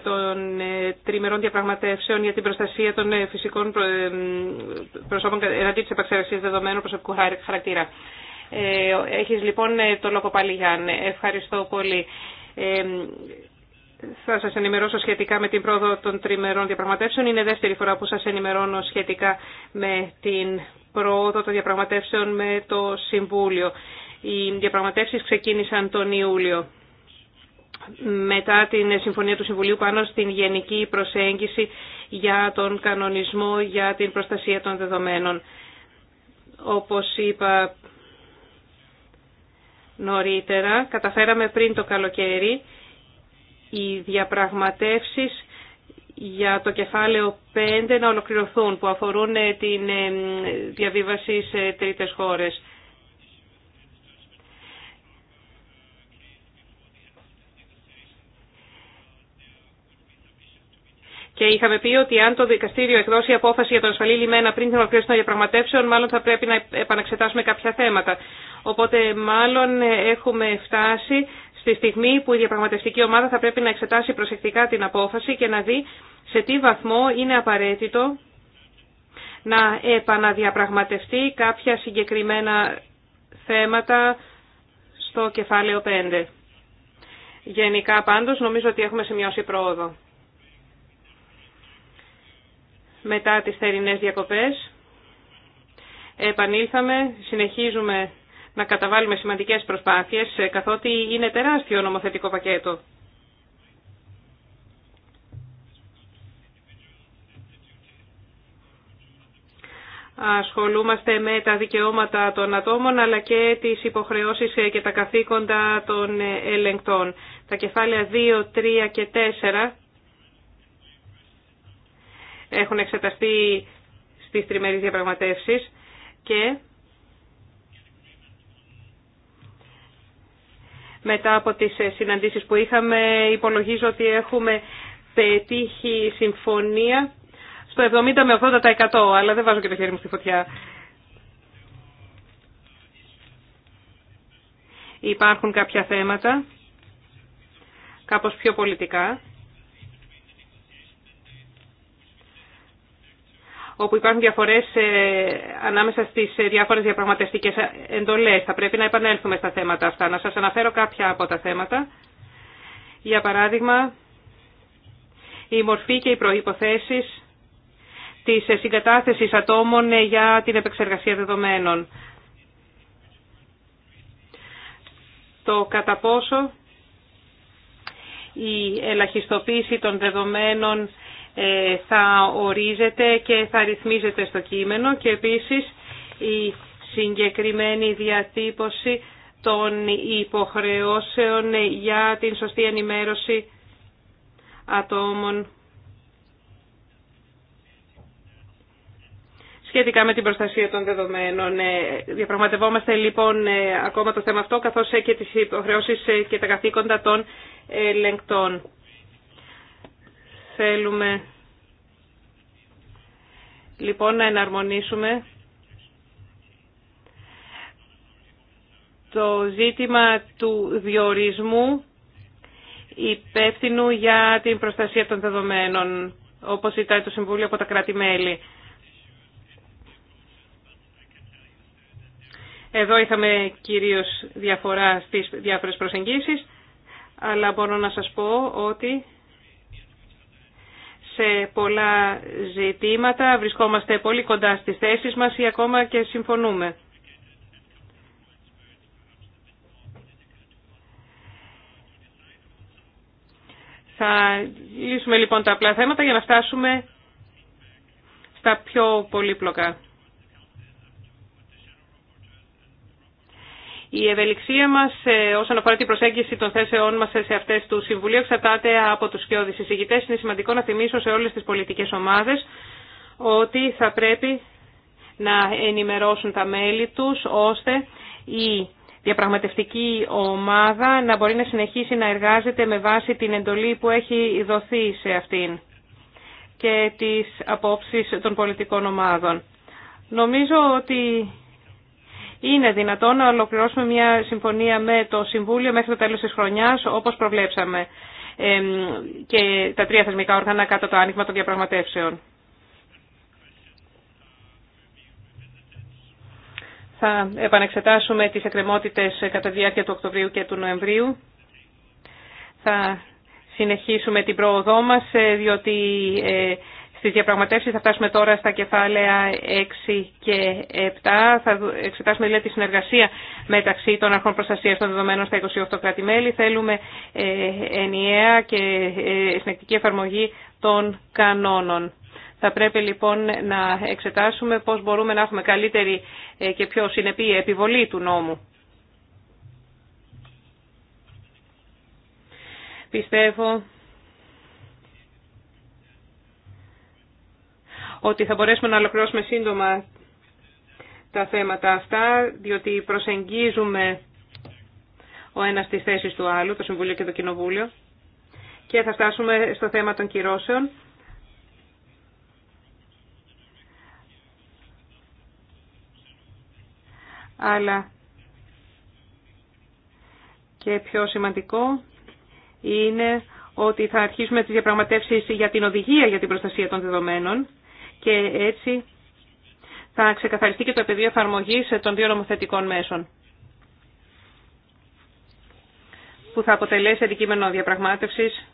των ε, τριμερών διαπραγματεύσεων για την προστασία των ε, φυσικών ε, προσώπων εναντί της επαξεργασίας δεδομένων προσωπικού χαρακτήρα. Έχεις λοιπόν το λόγο πάλι Ευχαριστώ πολύ θα σας ενημερώσω σχετικά με την πρόοδο των τριμερών διαπραγματεύσεων. Είναι δεύτερη φορά που σας ενημερώνω σχετικά με την πρόοδο των διαπραγματεύσεων με το Συμβούλιο. Οι διαπραγματεύσεις ξεκίνησαν τον Ιούλιο. Μετά την συμφωνία του Συμβουλίου πάνω στην γενική προσέγγιση για τον κανονισμό για την προστασία των δεδομένων. Όπως είπα νωρίτερα, καταφέραμε πριν το καλοκαίρι, οι διαπραγματεύσεις για το κεφάλαιο 5 να ολοκληρωθούν που αφορούν ε, την ε, διαβίβαση σε τρίτες χώρες. Και είχαμε πει ότι αν το δικαστήριο εκδώσει απόφαση για τον ασφαλή λιμένα πριν την ολοκλήρωση των διαπραγματεύσεων, μάλλον θα πρέπει να επαναξετάσουμε κάποια θέματα. Οπότε μάλλον έχουμε φτάσει στη στιγμή που η διαπραγματευτική ομάδα θα πρέπει να εξετάσει προσεκτικά την απόφαση και να δει σε τι βαθμό είναι απαραίτητο να επαναδιαπραγματευτεί κάποια συγκεκριμένα θέματα στο κεφάλαιο 5. Γενικά πάντως νομίζω ότι έχουμε σημειώσει πρόοδο μετά τις θερινές διακοπές. Επανήλθαμε, συνεχίζουμε να καταβάλουμε σημαντικές προσπάθειες, ε, καθότι είναι τεράστιο νομοθετικό πακέτο. Ασχολούμαστε με τα δικαιώματα των ατόμων αλλά και τις υποχρεώσεις ε, και τα καθήκοντα των ε, ελεγκτών. Τα κεφάλαια 2, 3 και 4 έχουν εξεταστεί στις τριμερείς διαπραγματεύσεις και μετά από τις συναντήσεις που είχαμε υπολογίζω ότι έχουμε πετύχει συμφωνία στο 70 με 80% αλλά δεν βάζω και το χέρι μου στη φωτιά. Υπάρχουν κάποια θέματα, κάπως πιο πολιτικά, όπου υπάρχουν διαφορές ε, ανάμεσα στις ε, διάφορες διαπραγματευτικές εντολές. Θα πρέπει να επανέλθουμε στα θέματα αυτά. Να σας αναφέρω κάποια από τα θέματα. Για παράδειγμα, η μορφή και οι προϋποθέσεις της ε, συγκατάθεση ατόμων για την επεξεργασία δεδομένων. Το κατά πόσο η ελαχιστοποίηση των δεδομένων ε, θα ορίζεται και θα ρυθμίζεται στο κείμενο και επίσης η συγκεκριμένη διατύπωση των υποχρεώσεων για την σωστή ενημέρωση ατόμων σχετικά με την προστασία των δεδομένων. Ε, διαπραγματευόμαστε λοιπόν ε, ακόμα το θέμα αυτό καθώς και τις υποχρεώσεις και τα καθήκοντα των ελεγκτών. Θέλουμε λοιπόν να εναρμονίσουμε το ζήτημα του διορισμού υπεύθυνου για την προστασία των δεδομένων, όπως ζητάει το Συμβούλιο από τα κράτη-μέλη. Εδώ είχαμε κυρίως διαφορά στις διάφορες προσεγγίσεις, αλλά μπορώ να σας πω ότι σε πολλά ζητήματα, βρισκόμαστε πολύ κοντά στις θέσεις μας ή ακόμα και συμφωνούμε. Θα λύσουμε λοιπόν τα απλά θέματα για να φτάσουμε στα πιο πολύπλοκα. Η ευελιξία μας ε, όσον αφορά την προσέγγιση των θέσεών μα σε αυτές του Συμβουλίου εξαρτάται από τους σκιώδεις συζητητές. Είναι σημαντικό να θυμίσω σε όλες τις πολιτικές ομάδες ότι θα πρέπει να ενημερώσουν τα μέλη τους ώστε η διαπραγματευτική ομάδα να μπορεί να συνεχίσει να εργάζεται με βάση την εντολή που έχει δοθεί σε αυτήν και τις απόψεις των πολιτικών ομάδων. Νομίζω ότι είναι δυνατόν να ολοκληρώσουμε μια συμφωνία με το Συμβούλιο μέχρι το τέλος της χρονιάς, όπως προβλέψαμε, και τα τρία θεσμικά όργανα κατά το άνοιγμα των διαπραγματεύσεων. Θα επανεξετάσουμε τις εκκρεμότητες κατά διάρκεια του Οκτωβρίου και του Νοεμβρίου. Θα συνεχίσουμε την πρόοδό μας, ε, διότι ε, στις διαπραγματεύσεις θα φτάσουμε τώρα στα κεφάλαια 6 και 7. Θα εξετάσουμε δηλαδή τη συνεργασία μεταξύ των αρχών προστασίας των δεδομένων στα 28 κράτη-μέλη. Θέλουμε ε, ενιαία και ε, συνεκτική εφαρμογή των κανόνων. Θα πρέπει λοιπόν να εξετάσουμε πώς μπορούμε να έχουμε καλύτερη ε, και πιο συνεπή επιβολή του νόμου. Πιστεύω ότι θα μπορέσουμε να ολοκληρώσουμε σύντομα τα θέματα αυτά, διότι προσεγγίζουμε ο ένας τις θέσεις του άλλου, το Συμβούλιο και το Κοινοβούλιο, και θα φτάσουμε στο θέμα των κυρώσεων. Αλλά και πιο σημαντικό είναι ότι θα αρχίσουμε τις διαπραγματεύσεις για την οδηγία για την προστασία των δεδομένων και έτσι θα ξεκαθαριστεί και το πεδίο εφαρμογή των δύο νομοθετικών μέσων που θα αποτελέσει αντικείμενο διαπραγμάτευσης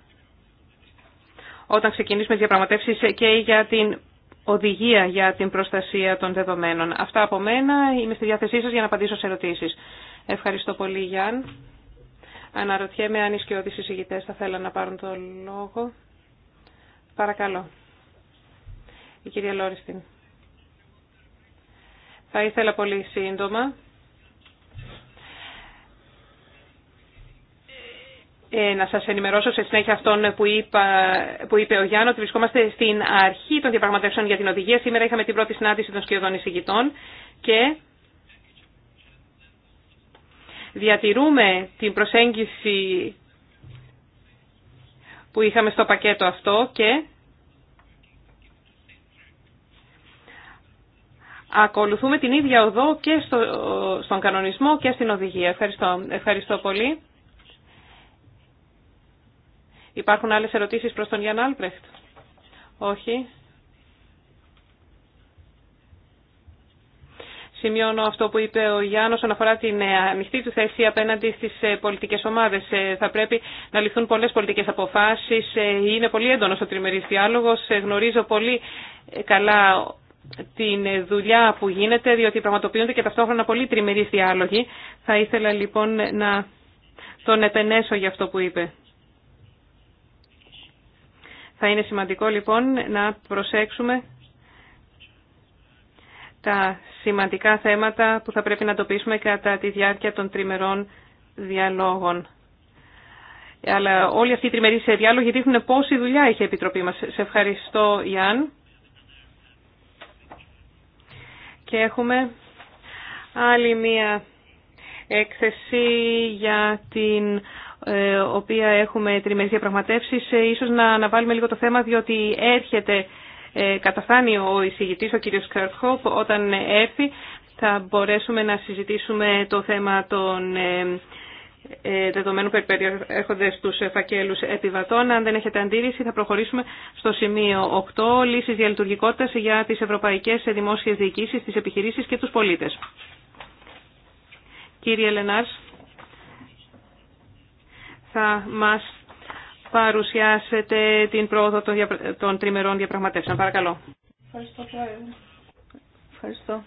όταν ξεκινήσουμε διαπραγματεύσεις και για την οδηγία για την προστασία των δεδομένων. Αυτά από μένα. Είμαι στη διάθεσή σας για να απαντήσω σε ερωτήσεις. Ευχαριστώ πολύ, Γιάν. Αναρωτιέμαι αν οι σκιώδεις συζητητές θα θέλουν να πάρουν το λόγο. Παρακαλώ η κυρία Λόριστην. Θα ήθελα πολύ σύντομα ε, να σας ενημερώσω σε συνέχεια αυτόν που, που είπε ο Γιάννο ότι βρισκόμαστε στην αρχή των διαπραγματεύσεων για την οδηγία. Σήμερα είχαμε την πρώτη συνάντηση των σκιωδών εισηγητών και διατηρούμε την προσέγγιση που είχαμε στο πακέτο αυτό και ακολουθούμε την ίδια οδό και στο, στον κανονισμό και στην οδηγία. Ευχαριστώ, Ευχαριστώ πολύ. Υπάρχουν άλλες ερωτήσεις προς τον Γιάννα Άλπρεχτ. Όχι. Σημειώνω αυτό που είπε ο Γιάννος όσον αφορά την ε, ανοιχτή του θέση απέναντι στις ε, πολιτικές ομάδες. Ε, θα πρέπει να ληφθούν πολλές πολιτικές αποφάσεις. Είναι πολύ έντονος ο τριμερής διάλογος. Γνωρίζω πολύ καλά την ε, δουλειά που γίνεται, διότι πραγματοποιούνται και ταυτόχρονα πολύ τριμερείς διάλογοι. Θα ήθελα λοιπόν να τον επενέσω για αυτό που είπε. Θα είναι σημαντικό λοιπόν να προσέξουμε τα σημαντικά θέματα που θα πρέπει να τοπίσουμε κατά τη διάρκεια των τριμερών διαλόγων. Αλλά όλοι αυτοί οι τριμερείς διάλογοι δείχνουν πόση δουλειά έχει η Επιτροπή μας. Σε ευχαριστώ Ιάν. Και έχουμε άλλη μία έκθεση για την ε, οποία έχουμε τριμερείς διαπραγματεύσεις. Ε, ίσως να αναβάλουμε λίγο το θέμα διότι έρχεται, ε, καταφάνει ο εισηγητής, ο κύριος Κερτχόπ, όταν έρθει θα μπορέσουμε να συζητήσουμε το θέμα των ε, δεδομένου έρχονται στου φακέλους επιβατών. Αν δεν έχετε αντίρρηση θα προχωρήσουμε στο σημείο 8, λύσεις διαλειτουργικότητας για τις ευρωπαϊκές Δημόσιε διοικησει τι επιχειρήσεις και τους πολίτες. Κύριε Λενάρς, θα μας παρουσιάσετε την πρόοδο των, τριμερών διαπραγματεύσεων. Παρακαλώ. Ευχαριστώ.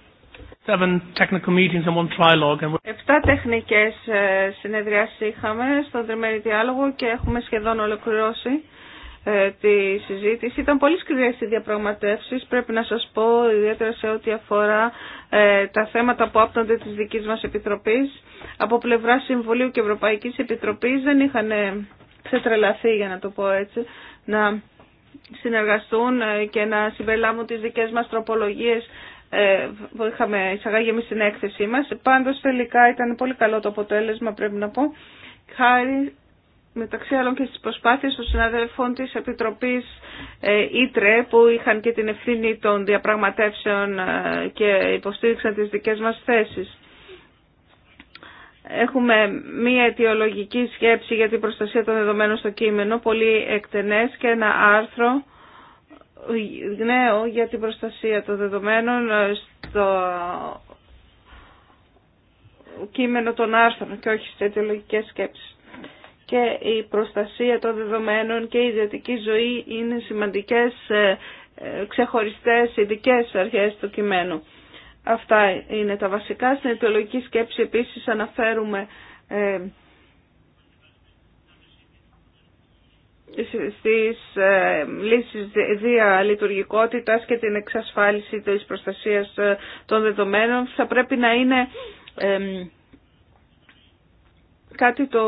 Επτά τεχνικές ε, συνεδριάσεις είχαμε στον τριμερή διάλογο και έχουμε σχεδόν ολοκληρώσει ε, τη συζήτηση. Ήταν πολύ σκληρέ οι διαπραγματεύσεις, πρέπει να σας πω, ιδιαίτερα σε ό,τι αφορά ε, τα θέματα που άπτονται της δικής μας Επιτροπής. Από πλευρά Συμβουλίου και Ευρωπαϊκής Επιτροπής δεν είχαν ξετρελαθεί, για να το πω έτσι, να συνεργαστούν και να συμπεριλάμουν τις δικές μας τροπολογίες που ε, είχαμε εισαγάγει εμείς στην έκθεσή μας. Πάντως τελικά ήταν πολύ καλό το αποτέλεσμα πρέπει να πω. Χάρη μεταξύ άλλων και στις προσπάθειες των συναδελφών της Επιτροπής ε, Ήτρε που είχαν και την ευθύνη των διαπραγματεύσεων ε, και υποστήριξαν τις δικές μας θέσεις. Έχουμε μία αιτιολογική σκέψη για την προστασία των δεδομένων στο κείμενο, πολύ εκτενές και ένα άρθρο νέο για την προστασία των δεδομένων στο κείμενο των άρθρων και όχι σε αιτιολογικές σκέψεις. Και η προστασία των δεδομένων και η ιδιωτική ζωή είναι σημαντικές ε, ε, ξεχωριστές ειδικέ αρχές του κειμένου. Αυτά είναι τα βασικά. Στην αιτιολογική σκέψη επίσης αναφέρουμε ε, στις ε, λύσεις διαλειτουργικότητας και την εξασφάλιση της προστασίας ε, των δεδομένων θα πρέπει να είναι κάτι το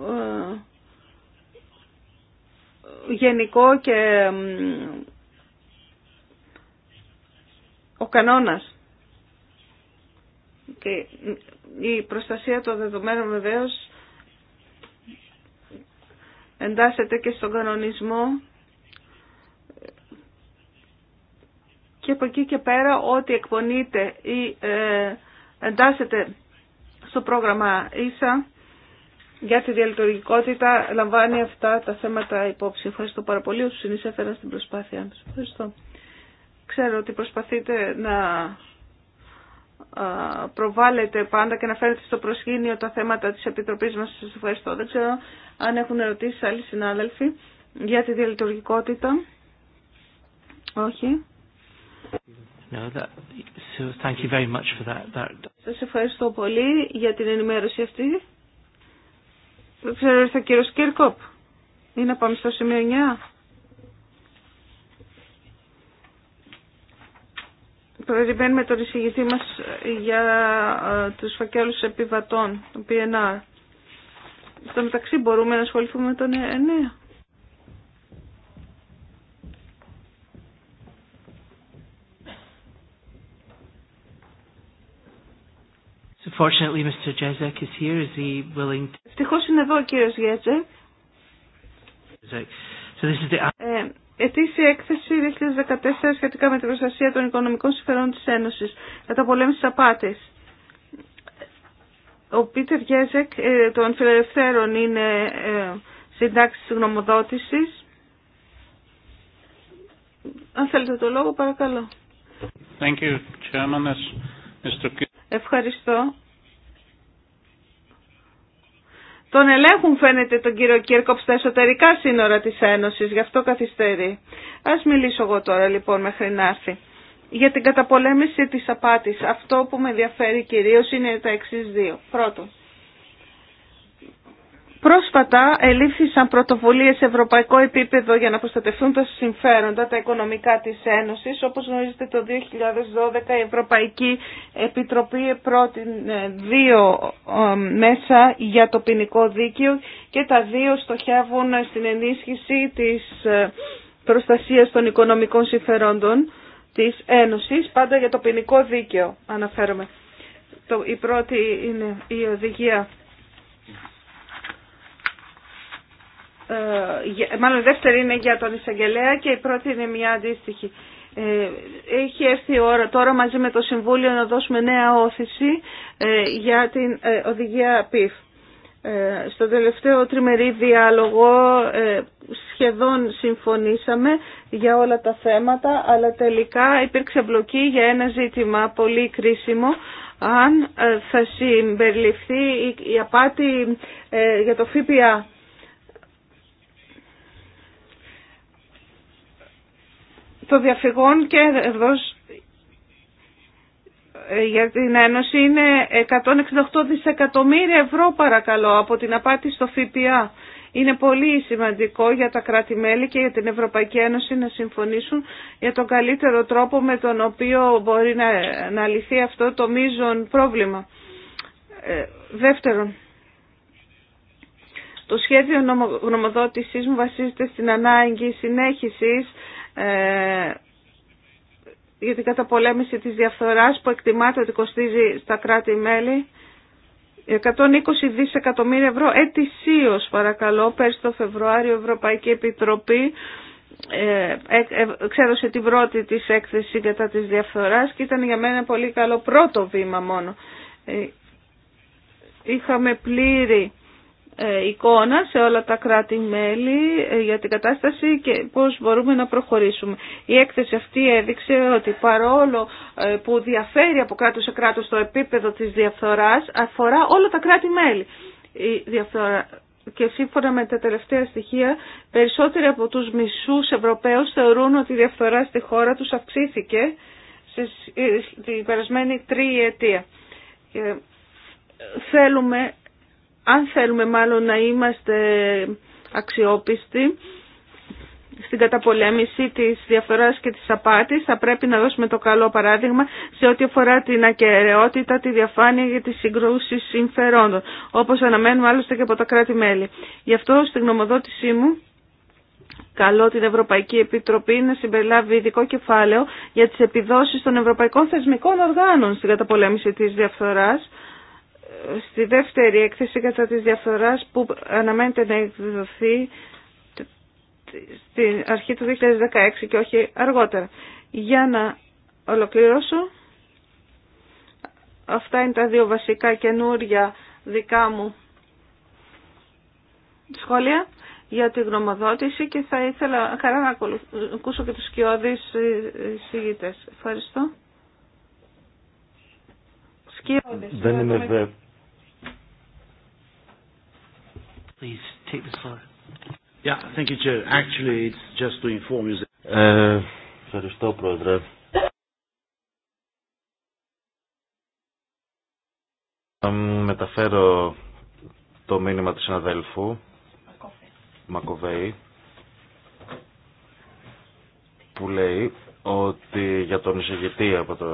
ε, γενικό και ο κανόνας. Και η προστασία των δεδομένων βεβαίως εντάσσεται και στον κανονισμό και από εκεί και πέρα ό,τι εκπονείται ή ε, εντάσσεται στο πρόγραμμα ίσα για τη διαλειτουργικότητα λαμβάνει αυτά τα θέματα υπόψη. Ευχαριστώ πάρα πολύ όσους συνεισέφεραν στην προσπάθειά μας. Ευχαριστώ. Ξέρω ότι προσπαθείτε να προβάλλετε πάντα και να φέρετε στο προσκήνιο τα θέματα της Επιτροπής μας. Σας ευχαριστώ. Δεν ξέρω αν έχουν ερωτήσει άλλοι συνάδελφοι για τη διαλειτουργικότητα. Όχι. No, that... so Σας ευχαριστώ πολύ για την ενημέρωση αυτή. Δεν ξέρω ήρθε ο κύριο Κίρκοπ. Ή να πάμε στο σημείο 9. τον εισηγητή μας για ε, τους φακέλους επιβατών, το PNR. Στο μεταξύ μπορούμε να ασχοληθούμε με τον ΕΝΕΑ. Fortunately, Ευτυχώς είναι εδώ ο κύριος Γέτζεκ. So this is the... Ε, ετήσια έκθεση 2014 σχετικά με την προστασία των οικονομικών συμφερών της Ένωσης, κατά πολέμηση της απάτης. Ο Πίτερ Γέζεκ ε, των Φιλελευθέρων είναι ε, συντάξει της γνωμοδότησης. Αν θέλετε το λόγο, παρακαλώ. Ευχαριστώ. Τον ελέγχουν φαίνεται τον κύριο Κίρκοπ στα εσωτερικά σύνορα της Ένωσης, γι' αυτό καθυστερεί. Ας μιλήσω εγώ τώρα λοιπόν μέχρι να έρθει για την καταπολέμηση της απάτης. Αυτό που με ενδιαφέρει κυρίως είναι τα εξής δύο. Πρώτον, Πρόσφατα ελήφθησαν πρωτοβουλίες σε ευρωπαϊκό επίπεδο για να προστατευτούν τα συμφέροντα, τα οικονομικά της Ένωσης. Όπως γνωρίζετε, το 2012 η Ευρωπαϊκή Επιτροπή πρότεινε δύο ε, μέσα για το ποινικό δίκαιο και τα δύο στοχεύουν στην ενίσχυση της ε, προστασίας των οικονομικών συμφερόντων της Ένωσης, πάντα για το ποινικό δίκαιο αναφέρομαι. Το, η πρώτη είναι η οδηγία, ε, μάλλον η δεύτερη είναι για τον εισαγγελέα και η πρώτη είναι μια αντίστοιχη. Ε, έχει έρθει η ώρα τώρα μαζί με το Συμβούλιο να δώσουμε νέα όθηση ε, για την ε, οδηγία ΠΙΦ. Ε, στο τελευταίο τριμερή διάλογο ε, σχεδόν συμφωνήσαμε για όλα τα θέματα, αλλά τελικά υπήρξε μπλοκή για ένα ζήτημα πολύ κρίσιμο, αν ε, θα συμπεριληφθεί η απάτη για το ΦΠΑ. Το διαφυγόν και εδώ ε, για την Ένωση είναι 168 δισεκατομμύρια ευρώ παρακαλώ από την απάτη στο ΦΠΑ. Είναι πολύ σημαντικό για τα κράτη-μέλη και για την Ευρωπαϊκή Ένωση να συμφωνήσουν για τον καλύτερο τρόπο με τον οποίο μπορεί να, λυθεί αυτό το μείζον πρόβλημα. Ε, δεύτερον, το σχέδιο γνωμοδότησής μου βασίζεται στην ανάγκη συνέχισης ε, για την καταπολέμηση της διαφθοράς που εκτιμάται ότι κοστίζει στα κράτη-μέλη 120 δισεκατομμύρια ευρώ ετησίως παρακαλώ πέρσι το Φεβρουάριο η Ευρωπαϊκή Επιτροπή ε, ε, ε την πρώτη της έκθεση κατά της διαφθοράς και ήταν για μένα πολύ καλό πρώτο βήμα μόνο. Ε, είχαμε πλήρη ε, εικόνα σε όλα τα κράτη-μέλη ε, για την κατάσταση και πώς μπορούμε να προχωρήσουμε. Η έκθεση αυτή έδειξε ότι παρόλο ε, που διαφέρει από κράτος σε κράτος το επίπεδο της διαφθοράς, αφορά όλα τα κράτη-μέλη Και σύμφωνα με τα τελευταία στοιχεία, περισσότεροι από τους μισούς Ευρωπαίους θεωρούν ότι η διαφθορά στη χώρα τους αυξήθηκε την περασμένη τρία ετία. θέλουμε αν θέλουμε μάλλον να είμαστε αξιόπιστοι στην καταπολέμηση της διαφθοράς και της απάτης, θα πρέπει να δώσουμε το καλό παράδειγμα σε ό,τι αφορά την ακαιρεότητα, τη διαφάνεια για τις συγκρούσεις συμφερόντων, όπως αναμένουμε άλλωστε και από τα κράτη-μέλη. Γι' αυτό στην γνωμοδότησή μου καλώ την Ευρωπαϊκή Επιτροπή να συμπεριλάβει ειδικό κεφάλαιο για τις επιδόσεις των ευρωπαϊκών θεσμικών οργάνων στην καταπολέμηση της διαφθοράς στη δεύτερη έκθεση κατά της διαφθοράς που αναμένεται να εκδοθεί στην αρχή του 2016 και όχι αργότερα. Για να ολοκληρώσω, αυτά είναι τα δύο βασικά καινούρια δικά μου σχόλια για τη γνωμοδότηση και θα ήθελα χαρά να ακούσω και τους σκιώδεις ε, ε, συγγητές. Ευχαριστώ. Δεν είμαι βέβαιο. Ε, ευχαριστώ, Πρόεδρε. Μεταφέρω το μήνυμα του συναδέλφου Μακοβέη που λέει ότι για τον εισηγητή από το,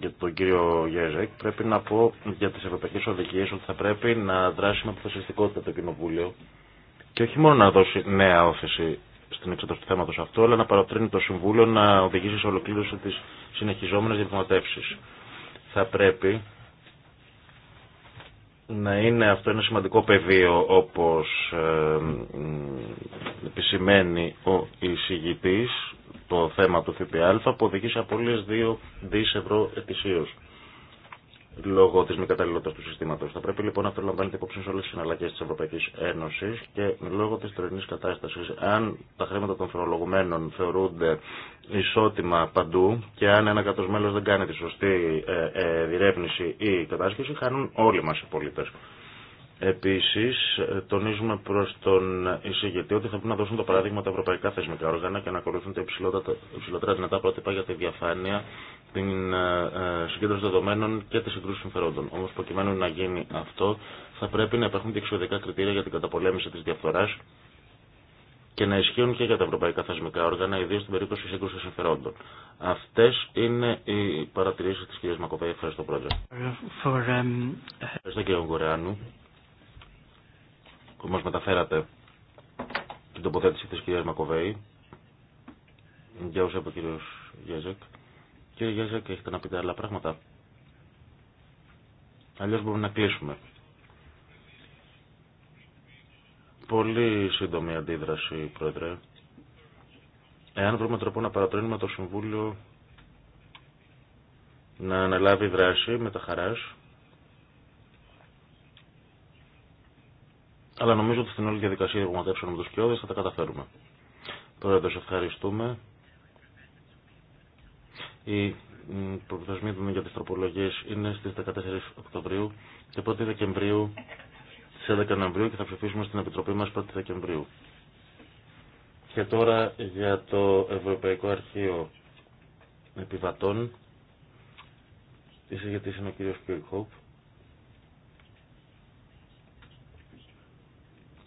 για τον κύριο Γέζεκ πρέπει να πω για τις ευρωπαϊκές οδηγίες ότι θα πρέπει να δράσει με αποφασιστικότητα το Κοινοβούλιο και όχι μόνο να δώσει νέα όφεση στην εξέταση του θέματος αυτό αλλά να παρατρύνει το Συμβούλιο να οδηγήσει σε ολοκλήρωση τις συνεχιζόμενες διαπραγματεύσεις. Θα πρέπει να είναι αυτό ένα σημαντικό πεδίο όπως ε, επισημαίνει ο εισηγητής το θέμα του ΦΠΑ που οδηγεί σε απολύες 2 δις ευρώ ετησίω λόγω τη μη καταλληλότητα του συστήματο. Θα πρέπει λοιπόν να περιλαμβάνεται υπόψη σε όλε τι συναλλαγέ τη Ευρωπαϊκή Ένωση και λόγω τη τωρινή κατάσταση, αν τα χρήματα των φορολογουμένων θεωρούνται ισότιμα παντού και αν ένα κατοσμέλο δεν κάνει τη σωστή ε, ε, διερεύνηση ή κατάσχεση, χάνουν όλοι μα οι πολίτε. Επίσης, τονίζουμε προς τον εισηγητή ότι θα πρέπει να δώσουν το παράδειγμα τα ευρωπαϊκά θεσμικά όργανα και να ακολουθούν τα υψηλότερα δυνατά πρότυπα για τη διαφάνεια, την ε, ε, συγκέντρωση δεδομένων και τις συγκρούση συμφερόντων. Όμως, προκειμένου να γίνει αυτό, θα πρέπει να υπάρχουν διεξοδικά κριτήρια για την καταπολέμηση της διαφθοράς και να ισχύουν και για τα ευρωπαϊκά θεσμικά όργανα, ιδίω στην περίπτωση σύγκρουσης συμφερόντων. Αυτέ είναι οι παρατηρήσει τη κυρία Μακοβέη. Ευχαριστώ, Πρόεδρε. Um, Ευχαριστώ, κύριε που μας μεταφέρατε την τοποθέτηση της κυρίας Μακοβέη για σας είπε ο κύριος Γέζεκ. Κύριε Γέζεκ, έχετε να πείτε άλλα πράγματα. Αλλιώς μπορούμε να κλείσουμε. Πολύ σύντομη αντίδραση, Πρόεδρε. Εάν βρούμε τρόπο να παρατρύνουμε το Συμβούλιο να αναλάβει δράση με τα χαράς, αλλά νομίζω ότι στην όλη διαδικασία που με του κοιόδε θα τα καταφέρουμε. Πρόεδρε, ευχαριστούμε. Οι προθεσμοί του για τι τροπολογίε είναι στι 14 Οκτωβρίου και 1 Δεκεμβρίου στι 11 Νοεμβρίου και θα ψηφίσουμε στην Επιτροπή μα 1 Δεκεμβρίου. Και τώρα για το Ευρωπαϊκό Αρχείο Επιβατών. Τη γιατί είναι ο κ. Κίρκοπ.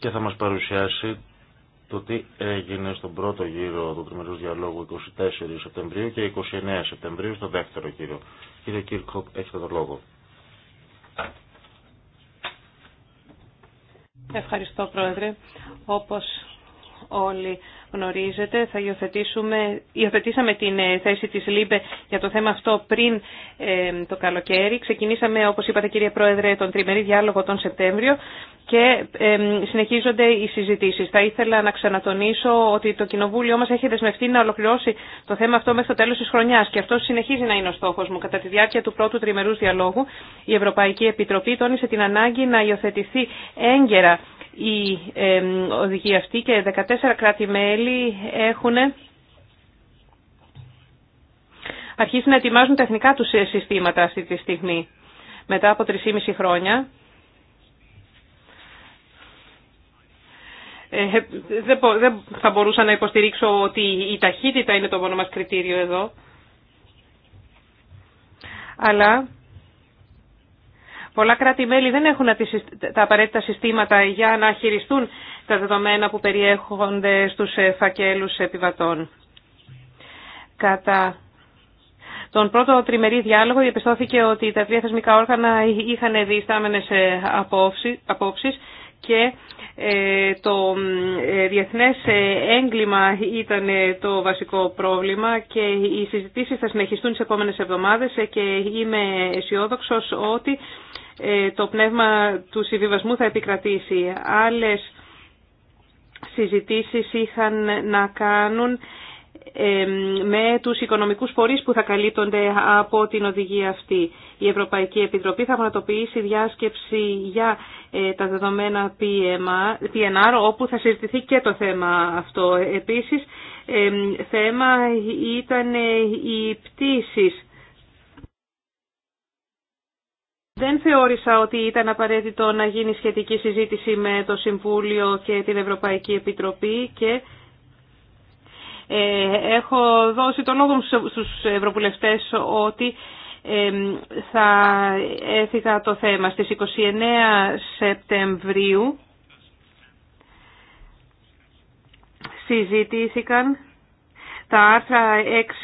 και θα μας παρουσιάσει το τι έγινε στον πρώτο γύρο του τριμερούς διαλόγου 24 Σεπτεμβρίου και 29 Σεπτεμβρίου στο δεύτερο γύρο. Κύριε Κίρκοπ, έχετε τον λόγο. Ευχαριστώ, Πρόεδρε. Όπως όλοι γνωρίζετε. Θα υιοθετήσουμε, υιοθετήσαμε την ε, θέση της ΛΥΜΠΕ για το θέμα αυτό πριν ε, το καλοκαίρι. Ξεκινήσαμε, όπως είπατε κύριε Πρόεδρε, τον τριμερή διάλογο τον Σεπτέμβριο και ε, συνεχίζονται οι συζητήσεις. Θα ήθελα να ξανατονίσω ότι το Κοινοβούλιο μας έχει δεσμευτεί να ολοκληρώσει το θέμα αυτό μέχρι το τέλος της χρονιάς και αυτό συνεχίζει να είναι ο στόχος μου. Κατά τη διάρκεια του πρώτου τριμερούς διαλόγου η Ευρωπαϊκή Επιτροπή τόνισε την ανάγκη να υιοθετηθεί έγκαιρα η οδηγία αυτή και 14 κράτη-μέλη έχουν αρχίσει να ετοιμάζουν τεχνικά εθνικά τους συστήματα αυτή τη στιγμή. Μετά από 3,5 χρόνια ε, δεν θα μπορούσα να υποστηρίξω ότι η ταχύτητα είναι το μόνο μας κριτήριο εδώ. Αλλά Πολλά κράτη-μέλη δεν έχουν τα απαραίτητα συστήματα για να χειριστούν τα δεδομένα που περιέχονται στους ε, φακέλους επιβατών. Κατά τον πρώτο τριμερή διάλογο διαπιστώθηκε ότι τα τρία θεσμικά όργανα είχαν διστάμενες ε, απόψεις και ε, το ε, διεθνές ε, έγκλημα ήταν το βασικό πρόβλημα και οι συζητήσεις θα συνεχιστούν τις επόμενες εβδομάδες και είμαι αισιόδοξο ότι το πνεύμα του συμβιβασμού θα επικρατήσει. Άλλες συζητήσεις είχαν να κάνουν με τους οικονομικούς φορείς που θα καλύπτονται από την οδηγία αυτή η Ευρωπαϊκή Επιτροπή θα πραγματοποιήσει διάσκεψη για ε, τα δεδομένα PNR, όπου θα συζητηθεί και το θέμα αυτό. Επίσης, ε, θέμα ήταν ε, οι πτήσεις. Δεν θεώρησα ότι ήταν απαραίτητο να γίνει σχετική συζήτηση με το Συμβούλιο και την Ευρωπαϊκή Επιτροπή και έχω δώσει τον λόγο στους Ευρωβουλευτές ότι θα έφυγα το θέμα. Στις 29 Σεπτεμβρίου συζητήθηκαν τα άρθρα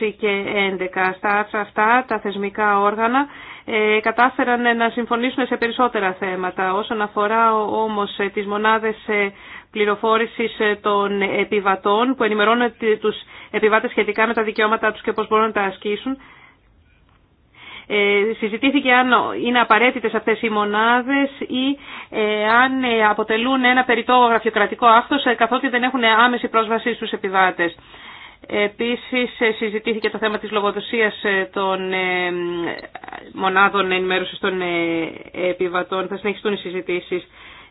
6 και 11. Στα άρθρα αυτά τα θεσμικά όργανα ε, κατάφεραν να συμφωνήσουν σε περισσότερα θέματα. Όσον αφορά όμως ε, τις μονάδες ε, πληροφόρησης των επιβατών που ενημερώνουν τους επιβάτες σχετικά με τα δικαιώματά τους και πώς μπορούν να τα ασκήσουν, ε, συζητήθηκε αν είναι απαραίτητες αυτές οι μονάδες ή ε, αν ε, αποτελούν ένα περιττό γραφειοκρατικό άκτος καθότι δεν έχουν άμεση πρόσβαση στους επιβάτες. Επίσης συζητήθηκε το θέμα της λογοδοσίας των μονάδων ενημέρωσης των επιβατών. Θα συνεχιστούν οι συζητήσεις.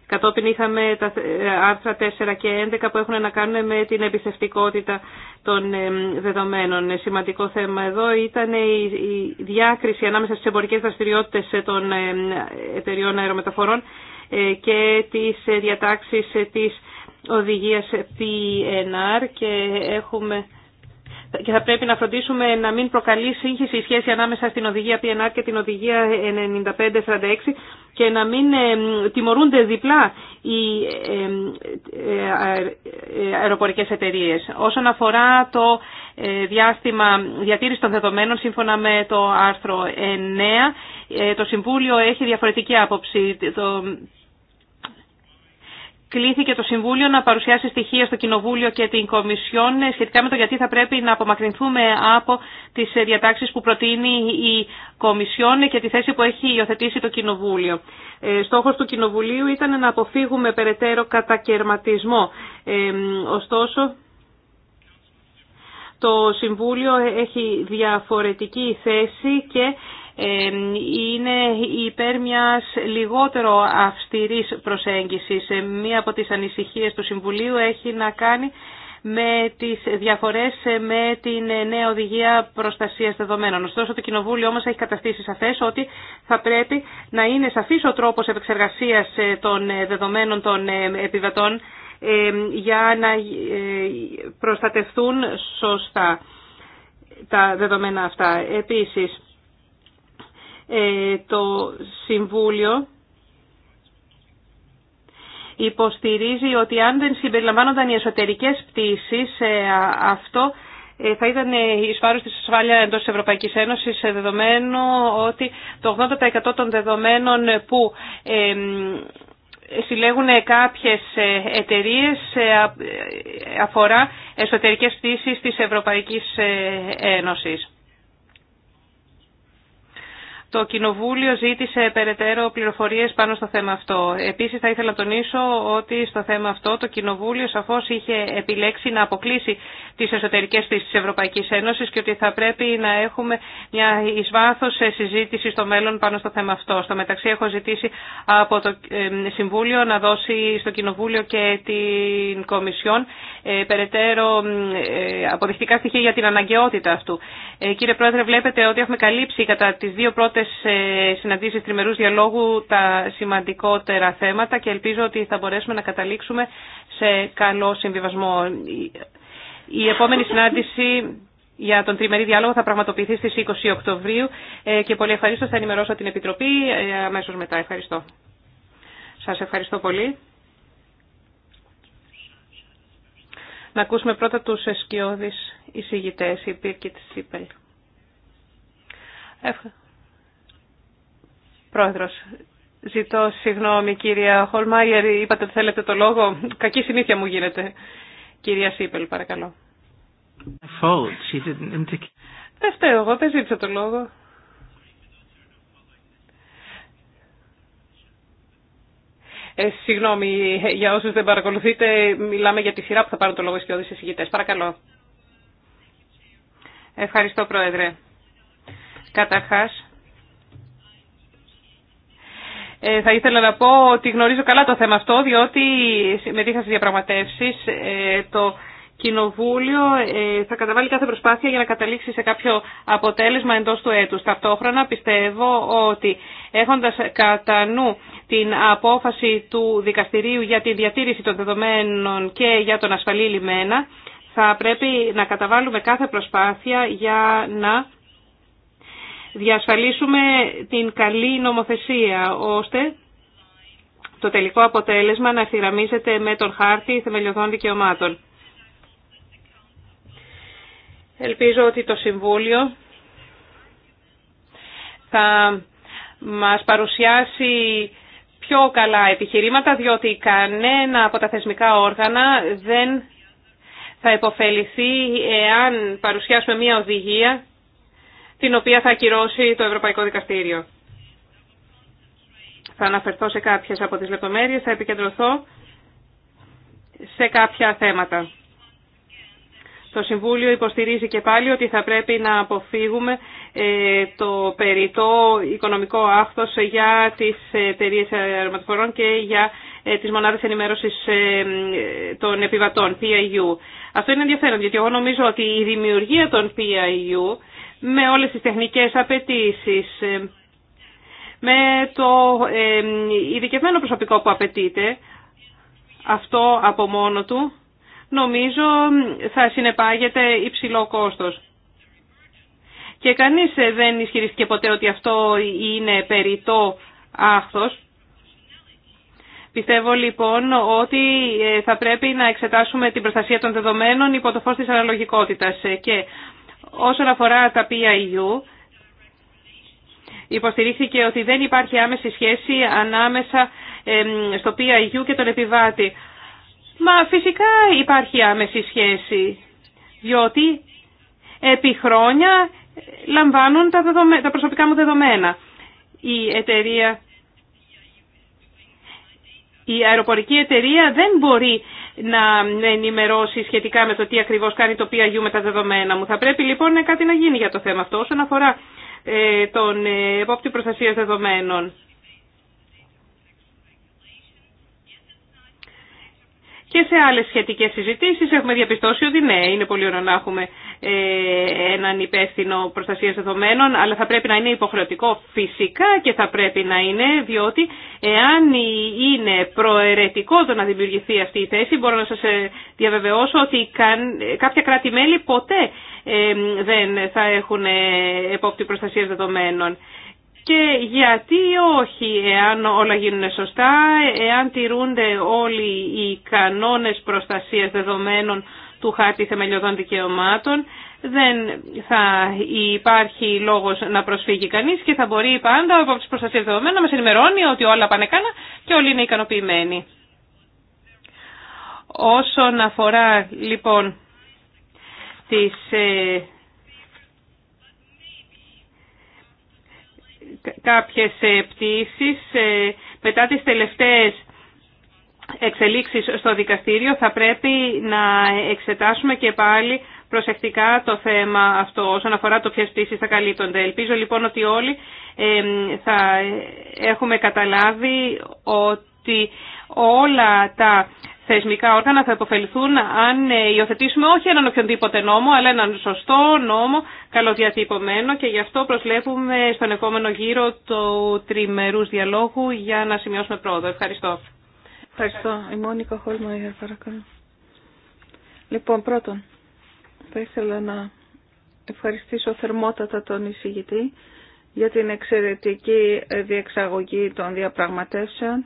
Κατόπιν είχαμε τα ε, άρθρα 4 και 11 που έχουν να κάνουν με την εμπιστευτικότητα των ε, δεδομένων. Ε, σημαντικό θέμα εδώ ήταν η διάκριση ανάμεσα στις εμπορικές δραστηριότητες των εταιριών αερομεταφορών και τις διατάξεις της οδηγίας PNR και έχουμε και θα πρέπει να φροντίσουμε να μην προκαλεί σύγχυση η σχέση ανάμεσα στην οδηγία PNR και την οδηγία 9546 και να μην ε, τιμωρούνται διπλά οι ε, ε, αεροπορικές εταιρείες. Όσον αφορά το διάστημα διατήρησης των δεδομένων, σύμφωνα με το άρθρο 9, το Συμβούλιο έχει διαφορετική άποψη. Το κλήθηκε το Συμβούλιο να παρουσιάσει στοιχεία στο Κοινοβούλιο και την Κομισιόν ε, σχετικά με το γιατί θα πρέπει να απομακρυνθούμε από τις ε, διατάξεις που προτείνει η Κομισιόν και τη θέση που έχει υιοθετήσει το Κοινοβούλιο. Ε, στόχος του Κοινοβουλίου ήταν να αποφύγουμε περαιτέρω κατακαιρματισμό. Ωστόσο, το Συμβούλιο έχει διαφορετική θέση και είναι υπέρ μιας λιγότερο αυστηρής προσέγγισης. Ε, μία από τις ανησυχίες του Συμβουλίου έχει να κάνει με τις διαφορές ε, με την ε, νέα οδηγία προστασίας δεδομένων. Ωστόσο το Κοινοβούλιο όμως έχει καταστήσει σαφές ότι θα πρέπει να είναι σαφής ο τρόπος επεξεργασίας των δεδομένων των επιβατών για να προστατευτούν σωστά τα δεδομένα αυτά. Επίσης, ε, το Συμβούλιο υποστηρίζει ότι αν δεν συμπεριλαμβάνονταν οι εσωτερικές πτήσεις, αυτό ε, θα ήταν η βάρος της ασφάλεια εντός της Ευρωπαϊκής Ένωσης, ε, δεδομένου ότι το 80% των δεδομένων που συλλέγουν κάποιες εταιρείες αφορά εσωτερικές πτήσεις της Ευρωπαϊκής Ένωσης. Το Κοινοβούλιο ζήτησε περαιτέρω πληροφορίες πάνω στο θέμα αυτό. Επίσης θα ήθελα να τονίσω ότι στο θέμα αυτό το Κοινοβούλιο σαφώς είχε επιλέξει να αποκλείσει τις εσωτερικές της Ευρωπαϊκής Ένωσης και ότι θα πρέπει να έχουμε μια εις συζήτηση στο μέλλον πάνω στο θέμα αυτό. Στο μεταξύ έχω ζητήσει από το ε, Συμβούλιο να δώσει στο Κοινοβούλιο και την Κομισιόν ε, περαιτέρω ε, αποδεικτικά στοιχεία για την αναγκαιότητα αυτού. Κύριε Πρόεδρε, βλέπετε ότι έχουμε καλύψει κατά τις δύο πρώτες σε συναντήσεις τριμερούς διαλόγου τα σημαντικότερα θέματα και ελπίζω ότι θα μπορέσουμε να καταλήξουμε σε καλό συμβιβασμό. Η επόμενη συνάντηση για τον τριμερή διάλογο θα πραγματοποιηθεί στις 20 Οκτωβρίου ε, και πολύ ευχαριστώ θα ενημερώσω την Επιτροπή ε, αμέσως μετά. Ευχαριστώ. Σας ευχαριστώ πολύ. Να ακούσουμε πρώτα τους σκιώδης εισηγητές, η Πίρκη Τσίπελ. Πρόεδρος, ζητώ συγγνώμη κυρία Χολμάιερ, είπατε ότι θέλετε το λόγο. Κακή συνήθεια μου γίνεται. Κυρία Σίπελ, παρακαλώ. Δεν φταίω εγώ, δεν ζήτησα το λόγο. Ε, συγγνώμη, για όσους δεν παρακολουθείτε, μιλάμε για τη σειρά που θα πάρουν το λόγο και όδησες ηγητές. Παρακαλώ. Ευχαριστώ, Πρόεδρε. Καταρχάς, ε, θα ήθελα να πω ότι γνωρίζω καλά το θέμα αυτό, διότι συμμετείχα στις διαπραγματεύσεις. Ε, το Κοινοβούλιο ε, θα καταβάλει κάθε προσπάθεια για να καταλήξει σε κάποιο αποτέλεσμα εντός του έτους. Ταυτόχρονα πιστεύω ότι έχοντας κατά νου την απόφαση του δικαστηρίου για τη διατήρηση των δεδομένων και για τον ασφαλή λιμένα, θα πρέπει να καταβάλουμε κάθε προσπάθεια για να διασφαλίσουμε την καλή νομοθεσία, ώστε το τελικό αποτέλεσμα να ευθυγραμμίζεται με τον χάρτη θεμελιωδών δικαιωμάτων. Ελπίζω ότι το Συμβούλιο θα μας παρουσιάσει πιο καλά επιχειρήματα, διότι κανένα από τα θεσμικά όργανα δεν θα υποφεληθεί εάν παρουσιάσουμε μια οδηγία την οποία θα ακυρώσει το Ευρωπαϊκό Δικαστήριο. Θα αναφερθώ σε κάποιες από τις λεπτομέρειες, θα επικεντρωθώ σε κάποια θέματα. Το Συμβούλιο υποστηρίζει και πάλι ότι θα πρέπει να αποφύγουμε ε, το περιττό οικονομικό άχθος για τις εταιρείε αερομεταφορών και για ε, τις μονάδες ενημέρωσης ε, των επιβατών, PIU. Αυτό είναι ενδιαφέρον, γιατί εγώ νομίζω ότι η δημιουργία των PIU με όλες τις τεχνικές απαιτήσεις, ε, με το ε, ειδικευμένο προσωπικό που απαιτείται, αυτό από μόνο του, νομίζω θα συνεπάγεται υψηλό κόστος. Και κανείς ε, δεν ισχυρίστηκε ποτέ ότι αυτό είναι περιττό άχθος. Πιστεύω λοιπόν ότι θα πρέπει να εξετάσουμε την προστασία των δεδομένων υπό το φως της αναλογικότητας και Όσον αφορά τα PIU, υποστηρίχθηκε ότι δεν υπάρχει άμεση σχέση ανάμεσα στο PIU και τον επιβάτη. Μα φυσικά υπάρχει άμεση σχέση, διότι επί χρόνια λαμβάνουν τα, προσωπικά μου δεδομένα. Η εταιρεία η αεροπορική εταιρεία δεν μπορεί να ενημερώσει σχετικά με το τι ακριβώς κάνει το PIU με τα δεδομένα μου. Θα πρέπει λοιπόν κάτι να γίνει για το θέμα αυτό όσον αφορά ε, τον ε, επόπτη προστασία δεδομένων. και σε άλλε σχετικέ συζητήσει έχουμε διαπιστώσει ότι ναι, είναι πολύ ωραίο να έχουμε ε, έναν υπεύθυνο προστασία δεδομένων, αλλά θα πρέπει να είναι υποχρεωτικό φυσικά και θα πρέπει να είναι, διότι εάν είναι προαιρετικό το να δημιουργηθεί αυτή η θέση, μπορώ να σας ε, διαβεβαιώσω ότι ε, κάποια κράτη-μέλη ποτέ δεν θα έχουν επόπτη προστασία δεδομένων και γιατί όχι, εάν όλα γίνουν σωστά, εάν τηρούνται όλοι οι κανόνες προστασίας δεδομένων του χάρτη θεμελιωδών δικαιωμάτων, δεν θα υπάρχει λόγος να προσφύγει κανείς και θα μπορεί πάντα από τις προστασίες δεδομένων να μας ενημερώνει ότι όλα πάνε κάνα και όλοι είναι ικανοποιημένοι. Όσον αφορά λοιπόν τις ε, κάποιες ε, πτήσεις ε, μετά τις τελευταίες εξελίξεις στο δικαστήριο θα πρέπει να εξετάσουμε και πάλι προσεκτικά το θέμα αυτό όσον αφορά το ποιες πτήσεις θα καλύπτονται. Ελπίζω λοιπόν ότι όλοι θα έχουμε καταλάβει ότι όλα τα θεσμικά όργανα θα υποφεληθούν αν ε, υιοθετήσουμε όχι έναν οποιονδήποτε νόμο, αλλά έναν σωστό νόμο, καλοδιατυπωμένο και γι' αυτό προσλέπουμε στον επόμενο γύρο του τριμερούς διαλόγου για να σημειώσουμε πρόοδο. Ευχαριστώ. Ευχαριστώ. Η Μόνικα Χολμαϊερ, παρακαλώ. Λοιπόν, πρώτον, θα ήθελα να ευχαριστήσω θερμότατα τον εισηγητή για την εξαιρετική διεξαγωγή των διαπραγματεύσεων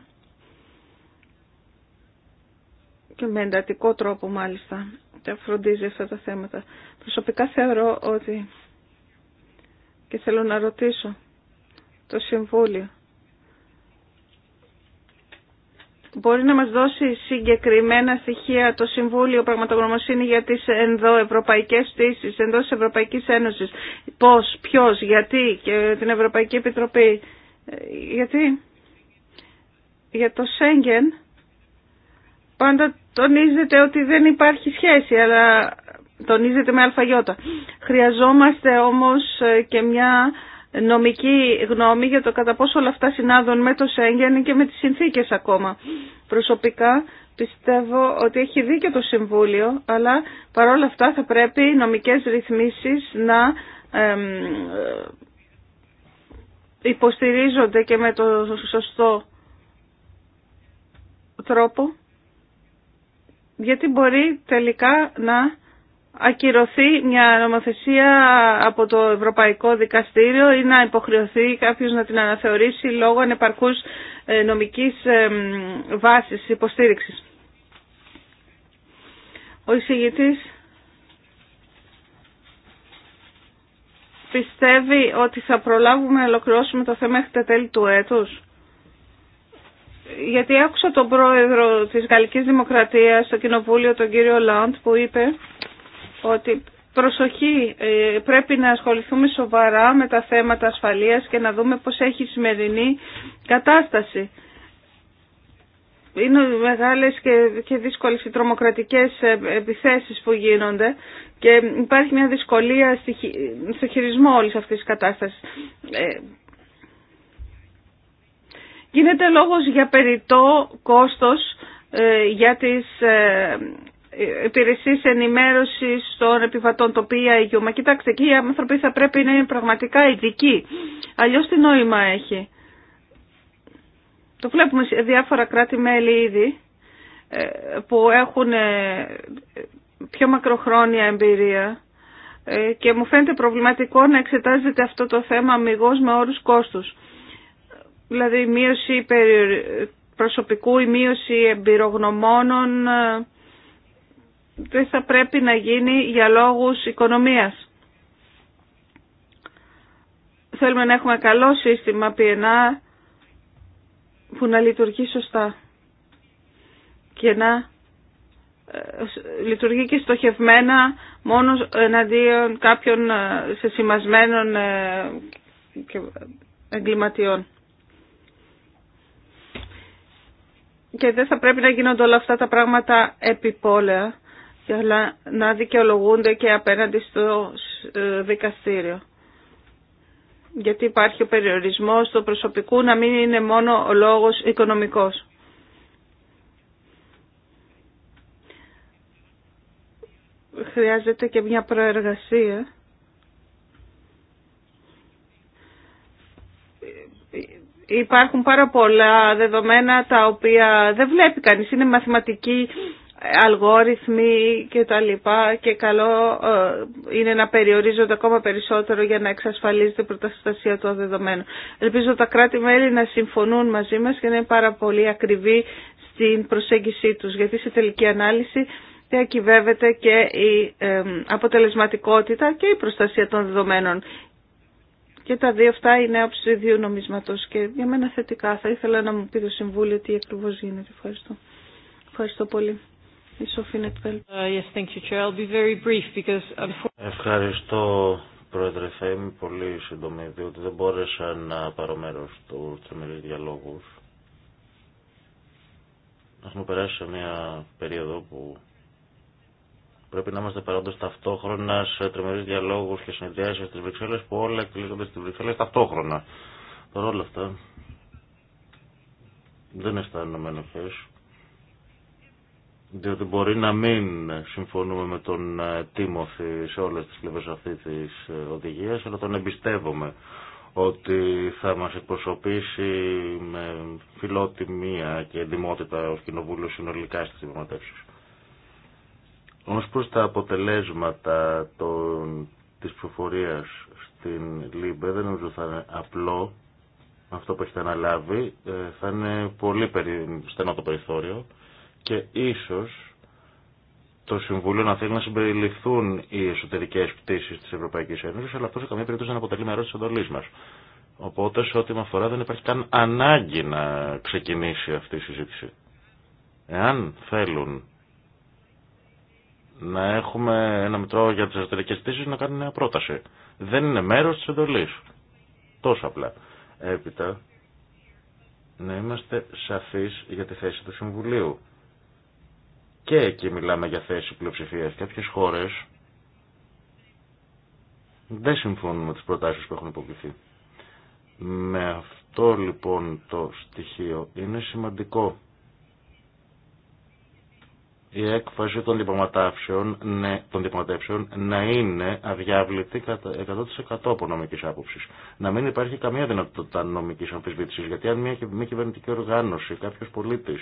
και με εντατικό τρόπο μάλιστα τα φροντίζει αυτά τα θέματα. Προσωπικά θεωρώ ότι και θέλω να ρωτήσω το Συμβούλιο Μπορεί να μας δώσει συγκεκριμένα στοιχεία το Συμβούλιο Πραγματογνωμοσύνη για τις ενδοευρωπαϊκές στήσεις, εντός της Ευρωπαϊκής Ένωσης. Πώς, ποιος, γιατί και την Ευρωπαϊκή Επιτροπή. Ε, γιατί για το Σέγγεν Πάντα τονίζεται ότι δεν υπάρχει σχέση, αλλά τονίζεται με αλφαγιώτα. Χρειαζόμαστε όμως ε, και μια νομική γνώμη για το κατά πόσο όλα αυτά συνάδουν με το Σέγγεν και με τις συνθήκες ακόμα. Προσωπικά πιστεύω ότι έχει δίκιο το Συμβούλιο, αλλά παρόλα αυτά θα πρέπει οι νομικές ρυθμίσεις να ε, υποστηρίζονται και με το σωστό τρόπο γιατί μπορεί τελικά να ακυρωθεί μια νομοθεσία από το Ευρωπαϊκό Δικαστήριο ή να υποχρεωθεί κάποιος να την αναθεωρήσει λόγω ανεπαρκούς ε, νομικής βάσης υποστήριξης. Ο εισηγητής πιστεύει ότι θα προλάβουμε να ολοκληρώσουμε το θέμα μέχρι τα τέλη του έτους γιατί άκουσα τον πρόεδρο της Γαλλικής Δημοκρατίας στο Κοινοβούλιο, τον κύριο Λαντ, που είπε ότι προσοχή, ε, πρέπει να ασχοληθούμε σοβαρά με τα θέματα ασφαλείας και να δούμε πώς έχει η σημερινή κατάσταση. Είναι μεγάλες και δύσκολες οι τρομοκρατικές ε, επιθέσεις που γίνονται και υπάρχει μια δυσκολία στο χειρισμό όλης αυτής της κατάστασης. Ε, Γίνεται λόγος για περιττό κόστος ε, για τις ε, υπηρεσίε ενημέρωση των επιβατών, το PIU. Μα κοιτάξτε, εκεί οι άνθρωποι θα πρέπει να είναι πραγματικά ειδικοί. Αλλιώ τι νόημα έχει. Το βλέπουμε σε διάφορα κράτη-μέλη ήδη ε, που έχουν πιο μακροχρόνια εμπειρία και μου φαίνεται προβληματικό να εξετάζεται αυτό το θέμα αμυγός με όρους κόστους δηλαδή η μείωση προσωπικού, η μείωση εμπειρογνωμόνων ε, δεν θα πρέπει να γίνει για λόγους οικονομίας. Θέλουμε να έχουμε καλό σύστημα πιενά που να λειτουργεί σωστά και να ε, λειτουργεί και στοχευμένα μόνο εναντίον κάποιων ε, σεσημασμένων εγκληματιών. και δεν θα πρέπει να γίνονται όλα αυτά τα πράγματα επιπόλαια αλλά να δικαιολογούνται και απέναντι στο ε, δικαστήριο. Γιατί υπάρχει ο περιορισμός του προσωπικού να μην είναι μόνο ο λόγος οικονομικός. Χρειάζεται και μια προεργασία υπάρχουν πάρα πολλά δεδομένα τα οποία δεν βλέπει κανείς. Είναι μαθηματικοί αλγόριθμοι και τα λοιπά και καλό ε, είναι να περιορίζονται ακόμα περισσότερο για να εξασφαλίζεται η προταστασία των δεδομένων. Ελπίζω τα κράτη-μέλη να συμφωνούν μαζί μας και να είναι πάρα πολύ ακριβή στην προσέγγιση τους γιατί σε τελική ανάλυση διακυβεύεται και η ε, αποτελεσματικότητα και η προστασία των δεδομένων. Και τα δύο αυτά είναι άψη του ιδίου νομίσματος και για μένα θετικά. Θα ήθελα να μου πει το Συμβούλιο τι ακριβώ γίνεται. Ευχαριστώ. Ευχαριστώ πολύ. Η Ευχαριστώ Πρόεδρε, θα είμαι πολύ σύντομη, διότι δεν μπόρεσα να πάρω μέρο στου τριμερεί διαλόγου. Έχουμε περάσει σε μια περίοδο που Πρέπει να είμαστε παρόντε ταυτόχρονα σε τρομερού διαλόγους και συνεδριάσει στι Βρυξέλλε που όλα εκκλείζονται στι Βρυξέλλε ταυτόχρονα. Παρ' όλα αυτά δεν αισθάνομαι ενοχέ. διότι μπορεί να μην συμφωνούμε με τον ε, Τίμωθη σε όλε τι πλευρέ αυτή τη ε, οδηγία, αλλά τον εμπιστεύομαι ότι θα μας εκπροσωπήσει με φιλότιμία και εντυμότητα ως Κοινοβούλιο συνολικά στις δημοκρατήσεις. Ως προς τα αποτελέσματα των, της προφορίας στην ΛΥΜΠΕ δεν νομίζω θα είναι απλό αυτό που έχετε αναλάβει. Ε, θα είναι πολύ περι, στενό το περιθώριο και ίσως το Συμβούλιο να θέλει να συμπεριληφθούν οι εσωτερικές πτήσεις της Ευρωπαϊκής Ένωσης, αλλά αυτό σε καμία περίπτωση δεν αποτελεί μέρος της εντολής μας. Οπότε σε ό,τι με αφορά δεν υπάρχει καν ανάγκη να ξεκινήσει αυτή η συζήτηση. Εάν θέλουν να έχουμε ένα μετρό για τι εσωτερικέ πτήσει να κάνει μια πρόταση. Δεν είναι μέρος τη εντολή. Τόσο απλά. Έπειτα, να είμαστε σαφείς για τη θέση του Συμβουλίου. Και εκεί μιλάμε για θέση πλειοψηφία. κάποιε χώρες δεν συμφωνούν με τις προτάσεις που έχουν υποβληθεί. Με αυτό λοιπόν το στοιχείο είναι σημαντικό η έκφαση των διπλωματεύσεων, ναι, να είναι αδιάβλητη κατά 100% από νομική άποψη. Να μην υπάρχει καμία δυνατότητα νομική αμφισβήτηση. Γιατί αν μια μη κυβερνητική οργάνωση, κάποιο πολίτη,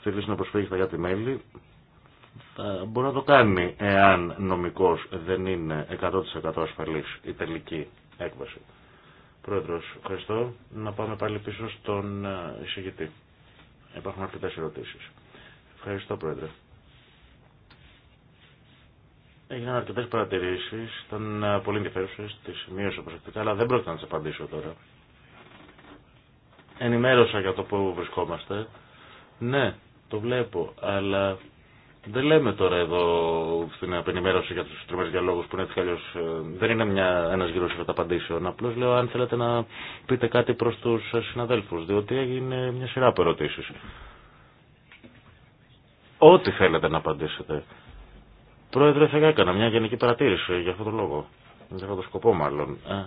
θέλει να προσφύγει στα τη μέλη, θα μπορεί να το κάνει εάν νομικό δεν είναι 100% ασφαλή η τελική έκβαση. Πρόεδρο, ευχαριστώ. Να πάμε πάλι πίσω στον ε, εισηγητή. Υπάρχουν αρκετέ ερωτήσει. Ευχαριστώ, Πρόεδρε. Έγιναν αρκετέ παρατηρήσει, ήταν ε, πολύ ενδιαφέρουσε, τι σημείωσα προσεκτικά, αλλά δεν πρόκειται να τι απαντήσω τώρα. Ενημέρωσα για το που βρισκόμαστε. Ναι, το βλέπω, αλλά δεν λέμε τώρα εδώ στην απενημέρωση για του τριμμένου διαλόγου που είναι έτσι κι ε, Δεν είναι ένα ένας γύρος απαντήσεων. Απλώ λέω αν θέλετε να πείτε κάτι προ του συναδέλφου, διότι έγινε μια σειρά από ερωτήσει. Ό,τι θέλετε να απαντήσετε. Πρόεδρε, θα έκανα μια γενική παρατήρηση για αυτόν τον λόγο. Για αυτόν τον σκοπό, μάλλον. Ε,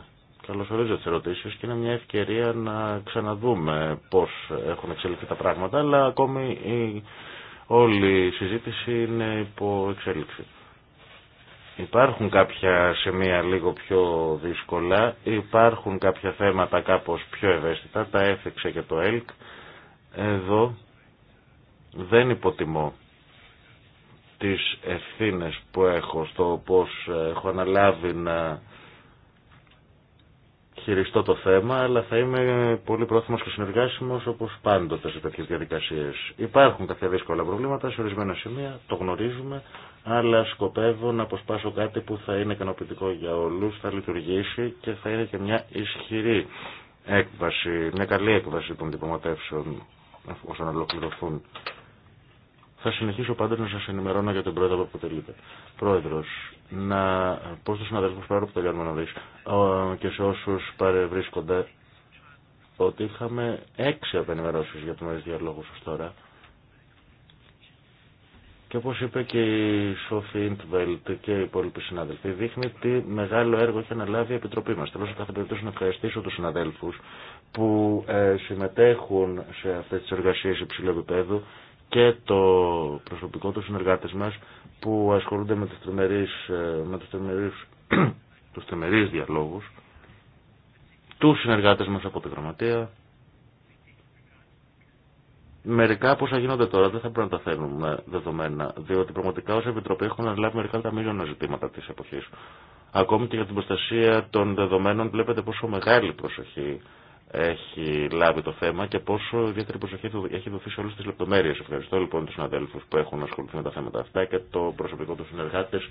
καλωσορίζω τι ερωτήσει και είναι μια ευκαιρία να ξαναδούμε πώ έχουν εξελιχθεί τα πράγματα, αλλά ακόμη η, όλη η συζήτηση είναι υπό εξέλιξη. Υπάρχουν κάποια σημεία λίγο πιο δύσκολα, υπάρχουν κάποια θέματα κάπως πιο ευαίσθητα, τα έφεξε και το ΕΛΚ. Εδώ δεν υποτιμώ τις ευθύνες που έχω στο πώς έχω αναλάβει να χειριστώ το θέμα, αλλά θα είμαι πολύ πρόθυμος και συνεργάσιμος όπως πάντοτε σε τέτοιες διαδικασίες. Υπάρχουν κάποια δύσκολα προβλήματα σε ορισμένα σημεία, το γνωρίζουμε, αλλά σκοπεύω να αποσπάσω κάτι που θα είναι ικανοποιητικό για όλους, θα λειτουργήσει και θα είναι και μια ισχυρή έκβαση, μια καλή έκβαση των διπλωματεύσεων να ολοκληρωθούν. Θα συνεχίσω πάντω να σα ενημερώνω για τον πρόεδρο που αποτελείται. Πρόεδρο, να πω στου συναδέλφου παρόλο που τελειώνουμε να δει και σε όσου παρευρίσκονται ότι είχαμε έξι απενημερώσει για τον διαλόγου σα τώρα. Και όπω είπε και η Σόφη Ιντβελτ και οι υπόλοιποι συνάδελφοι, δείχνει τι μεγάλο έργο έχει αναλάβει η Επιτροπή μα. Θέλω σε κάθε περίπτωση να ευχαριστήσω του συναδέλφου που ε, συμμετέχουν σε αυτέ τι εργασίε υψηλού επίπεδου και το προσωπικό του συνεργάτες μας που ασχολούνται με τους τριμερείς, ε, με τους συνεργάτε διαλόγους, τους συνεργάτες μας από τη γραμματεία. Μερικά από όσα γίνονται τώρα δεν θα πρέπει να τα θέλουμε δεδομένα, διότι πραγματικά ω Επιτροπή έχουμε αναλάβει μερικά τα μείζωνα ζητήματα της εποχής. Ακόμη και για την προστασία των δεδομένων βλέπετε πόσο μεγάλη προσοχή έχει λάβει το θέμα και πόσο ιδιαίτερη προσοχή έχει δοθεί σε όλε τι λεπτομέρειε. Ευχαριστώ λοιπόν του συναδέλφου που έχουν ασχοληθεί με τα θέματα αυτά και το προσωπικό του συνεργάτε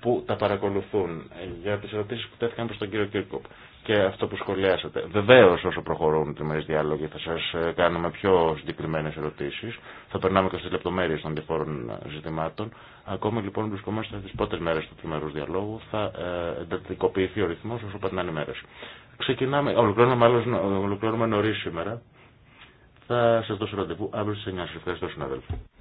που τα παρακολουθούν ε, για τι ερωτήσει που τέθηκαν προ τον κύριο Κίρκοπ και αυτό που σχολιάσατε. Βεβαίω, όσο προχωρούν οι τριμερεί διάλογοι, θα σα ε, κάνουμε πιο συγκεκριμένε ερωτήσει. Θα περνάμε και στι λεπτομέρειε των διαφόρων ε, ζητημάτων. Ακόμα λοιπόν, βρισκόμαστε στι πρώτε μέρε του τριμερού διαλόγου. Θα εντατικοποιηθεί ο ρυθμό όσο περνάνε οι μέρε. Ξεκινάμε, ολοκληρώνουμε, μάλλον, ολοκληρώνουμε νωρίς σήμερα. Θα σας δώσω ραντεβού αύριο στις 9. Σας ευχαριστώ συνάδελφοι.